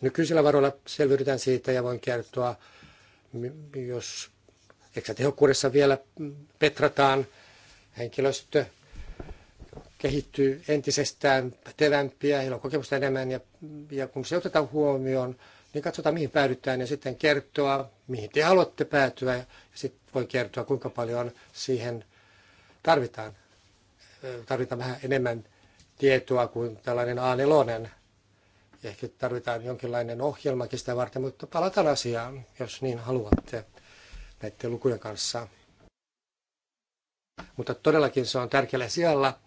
nykyisillä varoilla selviydytään siitä ja voin kertoa, jos tehokkuudessa vielä petrataan, henkilöstö kehittyy entisestään pätevämpiä, heillä on kokemusta enemmän ja, ja kun se otetaan huomioon, niin katsotaan mihin päädytään ja sitten kertoa, mihin te haluatte päätyä ja sitten voi kertoa, kuinka paljon siihen tarvitaan. Tarvitaan vähän enemmän tietoa kuin tällainen a 4 Ehkä tarvitaan jonkinlainen ohjelma sitä varten, mutta palataan asiaan, jos niin haluatte näiden lukujen kanssa. Mutta todellakin se on tärkeällä sijalla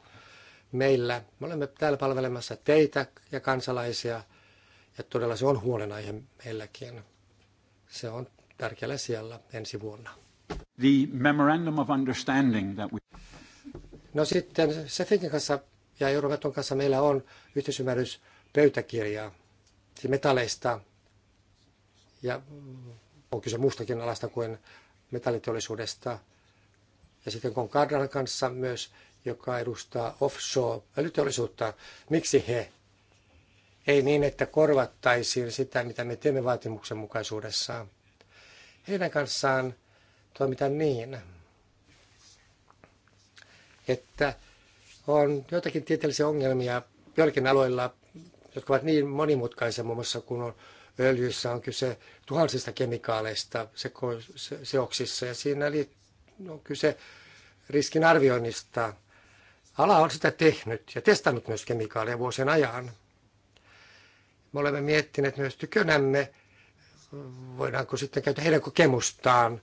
meillä. Me olemme täällä palvelemassa teitä ja kansalaisia – että todella se on huolenaihe meilläkin. Se on tärkeällä siellä ensi vuonna. The memorandum of understanding that we... No sitten Sefinkin kanssa ja Euroveton kanssa meillä on yhteisymmärrys pöytäkirjaa siis metalleista ja on kyse muustakin alasta kuin metalliteollisuudesta. Ja sitten Concardan kanssa myös, joka edustaa offshore-älyteollisuutta, miksi he ei niin, että korvattaisiin sitä, mitä me teemme vaatimuksenmukaisuudessaan. Heidän kanssaan toimitaan niin, että on joitakin tieteellisiä ongelmia joillakin aloilla, jotka ovat niin monimutkaisia, muun muassa kun on öljyissä on kyse tuhansista kemikaaleista seko- seoksissa ja siinä on kyse riskin arvioinnista. Ala on sitä tehnyt ja testannut myös kemikaaleja vuosien ajan. Me olemme miettineet myös tykönämme, voidaanko sitten käyttää heidän kokemustaan.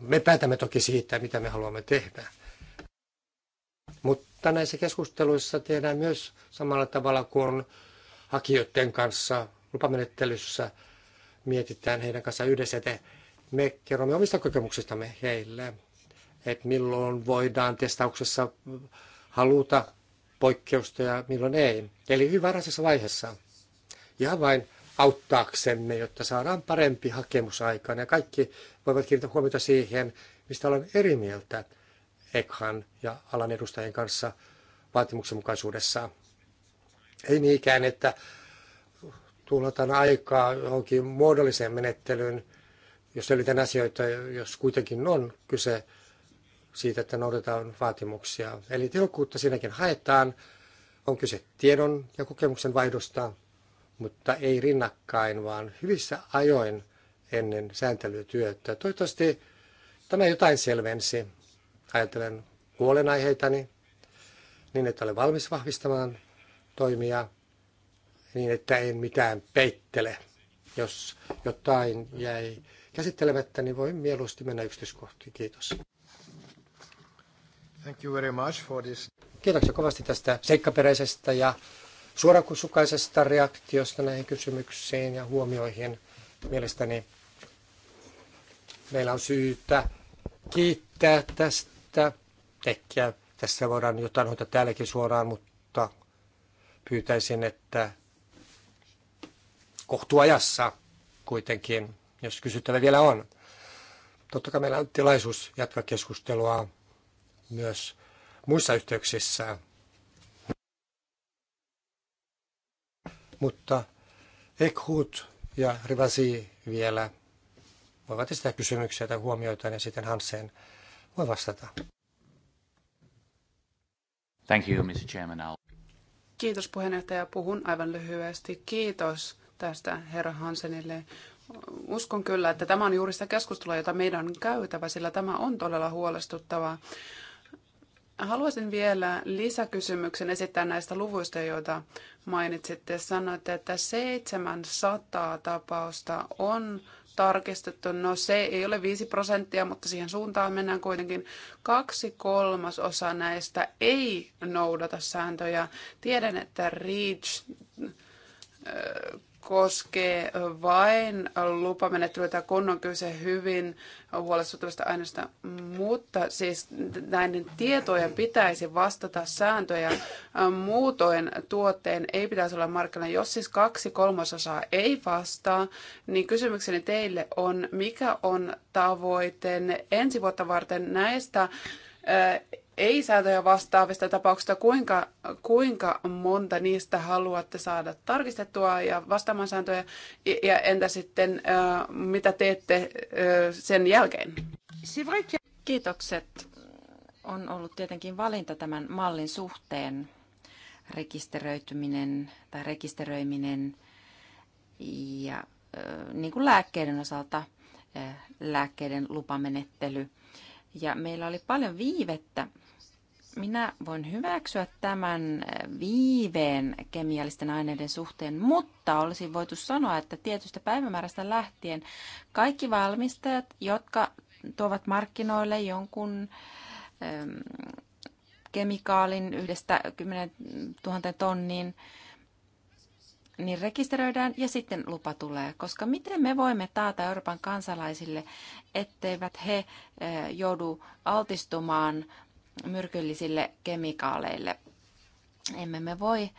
Me päätämme toki siitä, mitä me haluamme tehdä. Mutta näissä keskusteluissa tehdään myös samalla tavalla kuin hakijoiden kanssa lupamenettelyssä mietitään heidän kanssa yhdessä, että me kerromme omista kokemuksistamme heille, että milloin voidaan testauksessa haluta poikkeusta ja milloin ei. Eli hyvin varhaisessa vaiheessa ihan vain auttaaksemme, jotta saadaan parempi hakemus aikaan. Ja kaikki voivat kiinnittää huomiota siihen, mistä olen eri mieltä EKHAN ja alan edustajien kanssa mukaisuudessa. Ei niinkään, että tuhlataan aikaa johonkin muodolliseen menettelyyn, jos selitän asioita, jos kuitenkin on kyse siitä, että noudatetaan vaatimuksia. Eli tehokkuutta siinäkin haetaan. On kyse tiedon ja kokemuksen vaihdosta mutta ei rinnakkain, vaan hyvissä ajoin ennen sääntelytyötä. Toivottavasti tämä jotain selvensi. Ajattelen huolenaiheitani niin, että olen valmis vahvistamaan toimia niin, että en mitään peittele. Jos jotain jäi käsittelemättä, niin voin mieluusti mennä yksityiskohtiin. Kiitos. Thank you very much for this. Kiitoksia kovasti tästä seikkaperäisestä ja suorakusukaisesta reaktiosta näihin kysymyksiin ja huomioihin. Mielestäni meillä on syytä kiittää tästä. Ehkä tässä voidaan jotain hoitaa täälläkin suoraan, mutta pyytäisin, että kohtuajassa kuitenkin, jos kysyttävä vielä on. Totta kai meillä on tilaisuus jatkaa keskustelua myös muissa yhteyksissä Mutta Ekhut ja Rivasi vielä voivat esittää kysymyksiä tai huomioita ja sitten Hansen voi vastata. Thank you, Mr. Chairman. I'll... Kiitos puheenjohtaja. Puhun aivan lyhyesti. Kiitos tästä herra Hansenille. Uskon kyllä, että tämä on juuri sitä keskustelua, jota meidän on käytävä, sillä tämä on todella huolestuttavaa. Haluaisin vielä lisäkysymyksen esittää näistä luvuista, joita mainitsitte. Sanoitte, että 700 tapausta on tarkistettu. No se ei ole 5 prosenttia, mutta siihen suuntaan mennään kuitenkin. Kaksi kolmasosa näistä ei noudata sääntöjä. Tiedän, että REACH koskee vain lupamenettelyitä, kun on kyse hyvin huolestuttavasta aineesta, mutta siis näiden tietojen pitäisi vastata sääntöjä. Muutoin tuotteen ei pitäisi olla markkina Jos siis kaksi kolmasosaa ei vastaa, niin kysymykseni teille on, mikä on tavoite ensi vuotta varten näistä ei sääntöjä vastaavista tapauksista, kuinka, kuinka monta niistä haluatte saada tarkistettua ja vastaamaan sääntöjä, ja entä sitten äh, mitä teette äh, sen jälkeen? Kiitokset. On ollut tietenkin valinta tämän mallin suhteen, rekisteröityminen tai rekisteröiminen ja äh, niin kuin lääkkeiden osalta lääkkeiden lupamenettely. Ja meillä oli paljon viivettä minä voin hyväksyä tämän viiveen kemiallisten aineiden suhteen, mutta olisi voitu sanoa, että tietystä päivämäärästä lähtien kaikki valmistajat, jotka tuovat markkinoille jonkun ähm, kemikaalin yhdestä 10 000 tonniin, niin rekisteröidään ja sitten lupa tulee. Koska miten me voimme taata Euroopan kansalaisille, etteivät he äh, joudu altistumaan myrkyllisille kemikaaleille. Emme me voi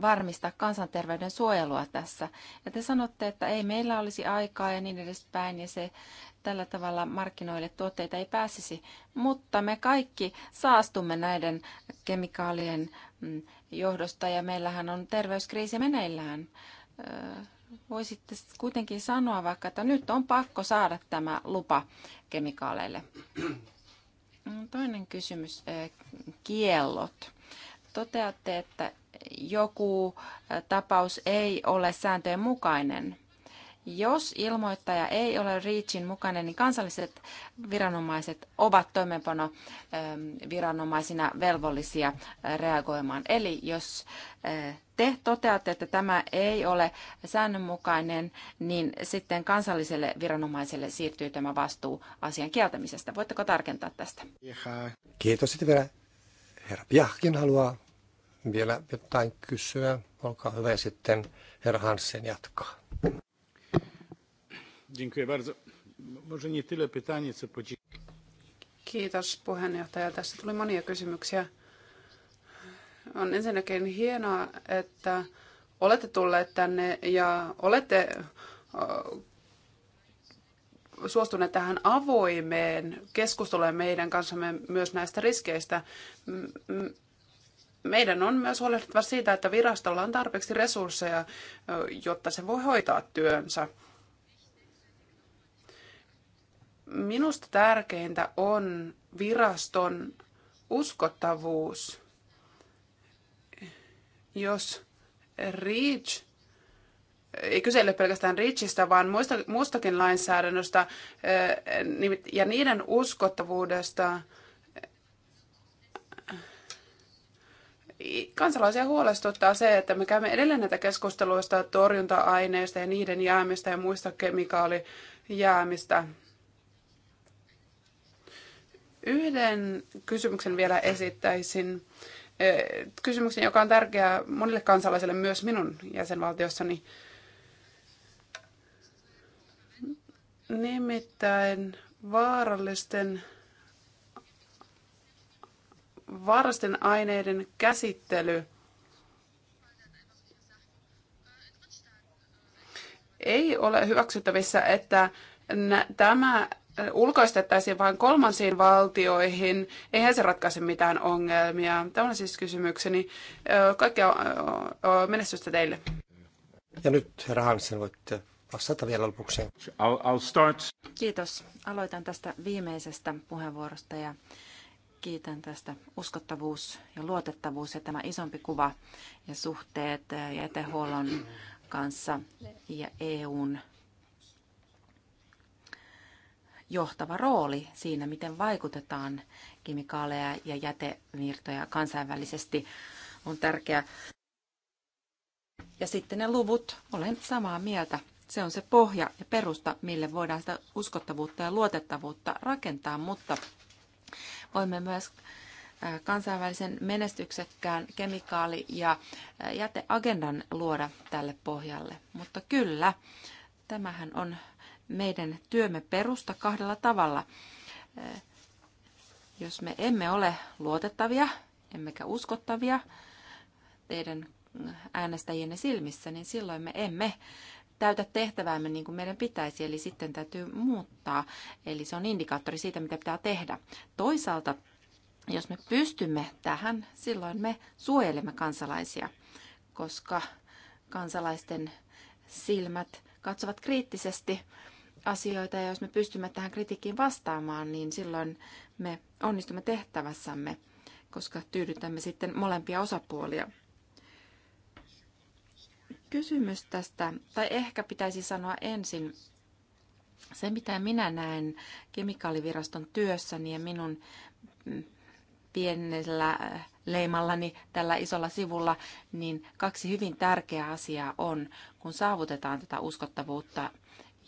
varmistaa kansanterveyden suojelua tässä. Ja te sanotte, että ei meillä olisi aikaa ja niin edespäin, ja se tällä tavalla markkinoille tuotteita ei pääsisi. Mutta me kaikki saastumme näiden kemikaalien mm, johdosta, ja meillähän on terveyskriisi meneillään. Voisitte kuitenkin sanoa vaikka, että nyt on pakko saada tämä lupa kemikaaleille. Mm, toinen kysymys, eh, kiellot. Toteatte, että joku eh, tapaus ei ole sääntöjen mukainen. Jos ilmoittaja ei ole REACHin mukainen, niin kansalliset viranomaiset ovat toimeenpano ähm, viranomaisina velvollisia äh, reagoimaan. Eli jos äh, te toteatte, että tämä ei ole säännönmukainen, niin sitten kansalliselle viranomaiselle siirtyy tämä vastuu asian kieltämisestä. Voitteko tarkentaa tästä? Kiitos. Sitten vielä herra Piahkin haluaa vielä jotain kysyä. Olkaa hyvä ja sitten herra Hansen jatkaa. Kiitos puheenjohtaja. Tässä tuli monia kysymyksiä. On ensinnäkin hienoa, että olette tulleet tänne ja olette suostuneet tähän avoimeen keskusteluun meidän kanssamme myös näistä riskeistä. Meidän on myös huolehdittava siitä, että virastolla on tarpeeksi resursseja, jotta se voi hoitaa työnsä. Minusta tärkeintä on viraston uskottavuus. Jos REACH ei kysele pelkästään REACHista, vaan muista, muustakin lainsäädännöstä eh, ja niiden uskottavuudesta. Eh, kansalaisia huolestuttaa se, että me käymme edelleen näitä keskusteluista torjunta-aineista ja niiden jäämistä ja muista kemikaalijäämistä. Yhden kysymyksen vielä esittäisin. Kysymyksen, joka on tärkeä monille kansalaisille myös minun jäsenvaltiossani. Nimittäin vaarallisten, vaarallisten aineiden käsittely – ei ole hyväksyttävissä, että tämä ulkoistettaisiin vain kolmansiin valtioihin, eihän se ratkaise mitään ongelmia. Tämä on siis kysymykseni. Kaikkea menestystä teille. Ja nyt, herra Hansen, voitte vastata vielä lopuksi. I'll, I'll start. Kiitos. Aloitan tästä viimeisestä puheenvuorosta ja kiitän tästä uskottavuus ja luotettavuus ja tämä isompi kuva ja suhteet ja jätehuollon kanssa ja EUn johtava rooli siinä, miten vaikutetaan kemikaaleja ja jätevirtoja kansainvälisesti, on tärkeä. Ja sitten ne luvut, olen samaa mieltä. Se on se pohja ja perusta, mille voidaan sitä uskottavuutta ja luotettavuutta rakentaa, mutta voimme myös kansainvälisen menestyksekkään kemikaali- ja jäteagendan luoda tälle pohjalle. Mutta kyllä, tämähän on meidän työmme perusta kahdella tavalla. Jos me emme ole luotettavia, emmekä uskottavia teidän äänestäjienne silmissä, niin silloin me emme täytä tehtäväämme niin kuin meidän pitäisi, eli sitten täytyy muuttaa. Eli se on indikaattori siitä, mitä pitää tehdä. Toisaalta, jos me pystymme tähän, silloin me suojelemme kansalaisia, koska kansalaisten silmät katsovat kriittisesti asioita ja jos me pystymme tähän kritiikkiin vastaamaan, niin silloin me onnistumme tehtävässämme, koska tyydytämme sitten molempia osapuolia. Kysymys tästä, tai ehkä pitäisi sanoa ensin se, mitä minä näen kemikaaliviraston työssäni ja minun pienellä leimallani tällä isolla sivulla, niin kaksi hyvin tärkeää asiaa on, kun saavutetaan tätä uskottavuutta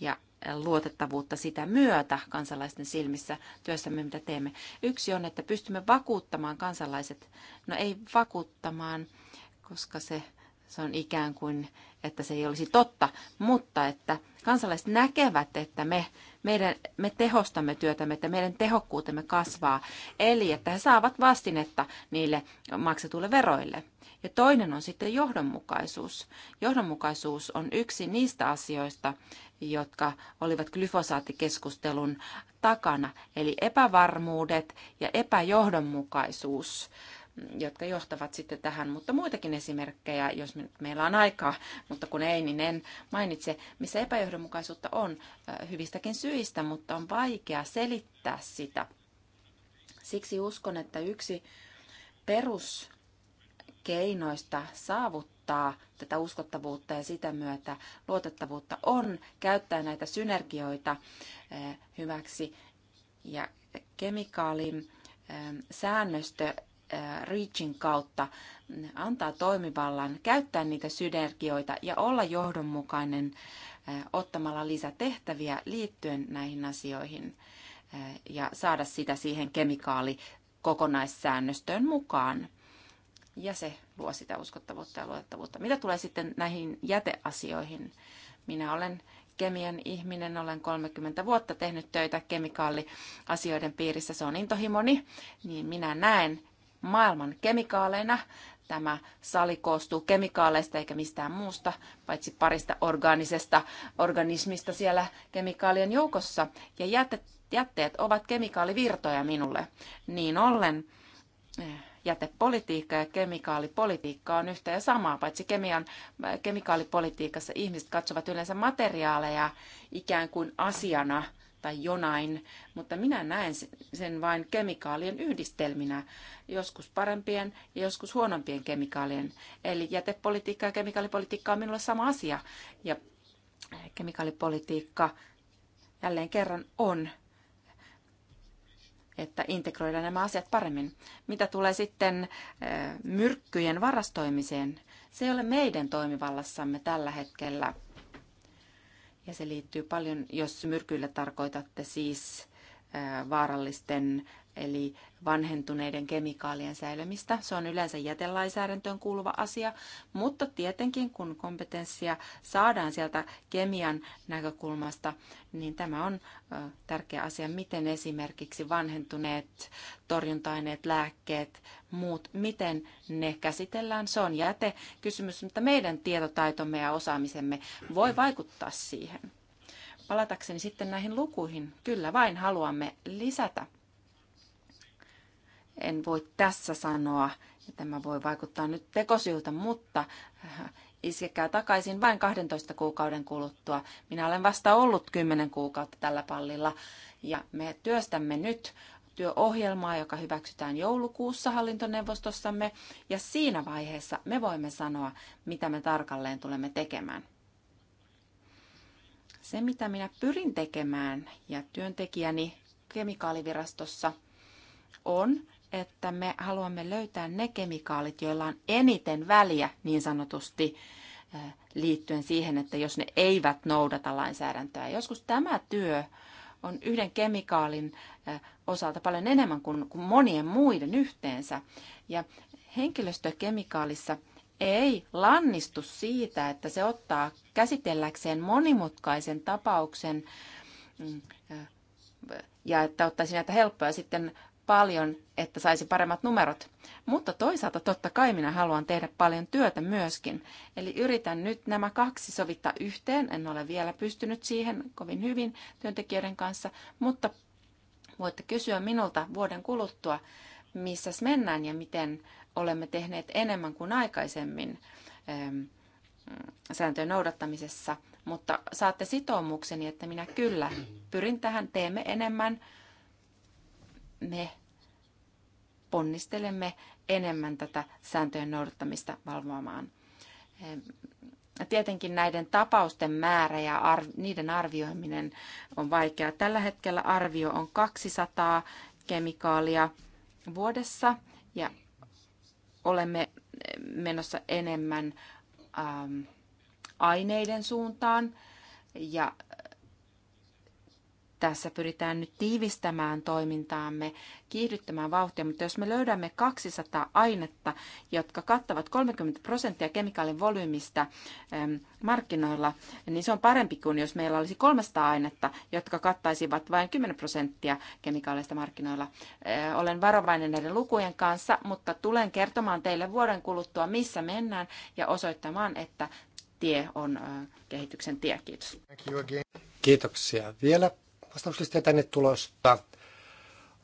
ja luotettavuutta sitä myötä kansalaisten silmissä työssämme, mitä teemme. Yksi on, että pystymme vakuuttamaan kansalaiset, no ei vakuuttamaan, koska se, se on ikään kuin että se ei olisi totta, mutta että kansalaiset näkevät, että me, meidän, me tehostamme työtämme, että meidän tehokkuutemme kasvaa, eli että he saavat vastinetta niille maksetuille veroille. Ja toinen on sitten johdonmukaisuus. Johdonmukaisuus on yksi niistä asioista, jotka olivat glyfosaattikeskustelun takana, eli epävarmuudet ja epäjohdonmukaisuus jotka johtavat sitten tähän, mutta muitakin esimerkkejä, jos meillä on aikaa, mutta kun ei, niin en mainitse, missä epäjohdonmukaisuutta on hyvistäkin syistä, mutta on vaikea selittää sitä. Siksi uskon, että yksi peruskeinoista saavuttaa tätä uskottavuutta ja sitä myötä luotettavuutta on käyttää näitä synergioita hyväksi ja kemikaalin säännöstö reaching kautta mm, antaa toimivallan käyttää niitä synergioita ja olla johdonmukainen ottamalla lisätehtäviä liittyen näihin asioihin ja saada sitä siihen kemikaali kokonaissäännöstöön mukaan. Ja se luo sitä uskottavuutta ja luotettavuutta. Mitä tulee sitten näihin jäteasioihin? Minä olen kemian ihminen, olen 30 vuotta tehnyt töitä kemikaaliasioiden piirissä, se on intohimoni, niin minä näen maailman kemikaaleina. Tämä sali koostuu kemikaaleista eikä mistään muusta, paitsi parista orgaanisesta organismista siellä kemikaalien joukossa. Ja jätteet ovat kemikaalivirtoja minulle. Niin ollen eh, jätepolitiikka ja kemikaalipolitiikka on yhtä ja samaa, paitsi kemian, eh, kemikaalipolitiikassa ihmiset katsovat yleensä materiaaleja ikään kuin asiana – tai jonain, mutta minä näen sen vain kemikaalien yhdistelminä, joskus parempien ja joskus huonompien kemikaalien. Eli jätepolitiikka ja kemikaalipolitiikka on minulle sama asia. Ja kemikaalipolitiikka jälleen kerran on että integroidaan nämä asiat paremmin. Mitä tulee sitten myrkkyjen varastoimiseen, se ei ole meidän toimivallassamme tällä hetkellä – ja se liittyy paljon, jos myrkyillä tarkoitatte siis vaarallisten eli vanhentuneiden kemikaalien säilömistä. Se on yleensä jätelainsäädäntöön kuuluva asia, mutta tietenkin kun kompetenssia saadaan sieltä kemian näkökulmasta, niin tämä on tärkeä asia, miten esimerkiksi vanhentuneet torjunta-aineet, lääkkeet, muut, miten ne käsitellään. Se on jätekysymys, mutta meidän tietotaitomme ja osaamisemme voi vaikuttaa siihen palatakseni sitten näihin lukuihin, kyllä vain haluamme lisätä en voi tässä sanoa, ja tämä voi vaikuttaa nyt tekosilta, mutta äh, iskekää takaisin vain 12 kuukauden kuluttua. Minä olen vasta ollut 10 kuukautta tällä pallilla ja me työstämme nyt työohjelmaa, joka hyväksytään joulukuussa hallintoneuvostossamme ja siinä vaiheessa me voimme sanoa, mitä me tarkalleen tulemme tekemään. Se, mitä minä pyrin tekemään ja työntekijäni kemikaalivirastossa on että me haluamme löytää ne kemikaalit, joilla on eniten väliä niin sanotusti eh, liittyen siihen, että jos ne eivät noudata lainsäädäntöä. Joskus tämä työ on yhden kemikaalin eh, osalta paljon enemmän kuin, kuin monien muiden yhteensä. Ja henkilöstökemikaalissa ei lannistu siitä, että se ottaa käsitelläkseen monimutkaisen tapauksen mm, eh, ja että ottaisi näitä helppoja sitten paljon, että saisi paremmat numerot. Mutta toisaalta totta kai minä haluan tehdä paljon työtä myöskin. Eli yritän nyt nämä kaksi sovittaa yhteen. En ole vielä pystynyt siihen kovin hyvin työntekijöiden kanssa, mutta voitte kysyä minulta vuoden kuluttua, missä mennään ja miten olemme tehneet enemmän kuin aikaisemmin ähm, sääntöjen noudattamisessa, mutta saatte sitoumukseni, että minä kyllä pyrin tähän, teemme enemmän – me ponnistelemme enemmän tätä sääntöjen noudattamista valvomaan. Ehm, tietenkin näiden tapausten määrä ja niiden arvioiminen on vaikeaa. Tällä hetkellä arvio on 200 kemikaalia vuodessa ja olemme menossa enemmän ähm, aineiden suuntaan ja tässä pyritään nyt tiivistämään toimintaamme, kiihdyttämään vauhtia, mutta jos me löydämme 200 ainetta, jotka kattavat 30 prosenttia kemikaalin volyymista ähm, markkinoilla, niin se on parempi kuin jos meillä olisi 300 ainetta, jotka kattaisivat vain 10 prosenttia kemikaaleista markkinoilla. Äh, olen varovainen näiden lukujen kanssa, mutta tulen kertomaan teille vuoden kuluttua, missä mennään ja osoittamaan, että tie on äh, kehityksen tie. Kiitos. Kiitoksia vielä vastauksista tänne tulosta,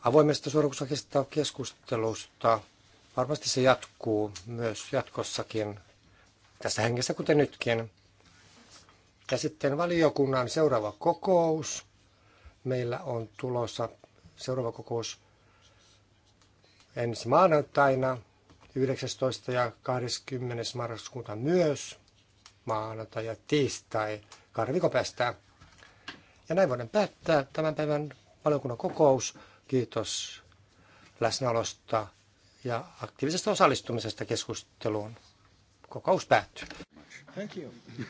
avoimesta suorakusaisesta keskustelusta. Varmasti se jatkuu myös jatkossakin tässä hengessä, kuten nytkin. Ja sitten valiokunnan seuraava kokous. Meillä on tulossa seuraava kokous ensi maanantaina 19. ja 20. marraskuuta myös maanantai ja tiistai kahden viikon päästä. Ja näin voidaan päättää tämän päivän valiokunnan kokous. Kiitos läsnäolosta ja aktiivisesta osallistumisesta keskusteluun. Kokous päättyy. Thank you. I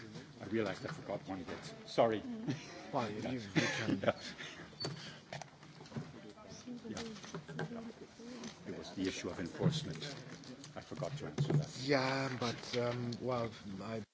realized I forgot one bit. Sorry. Well, you, you, can... yeah. Yeah. It was the issue of enforcement. I forgot to answer that. Yeah, but, um, well, I...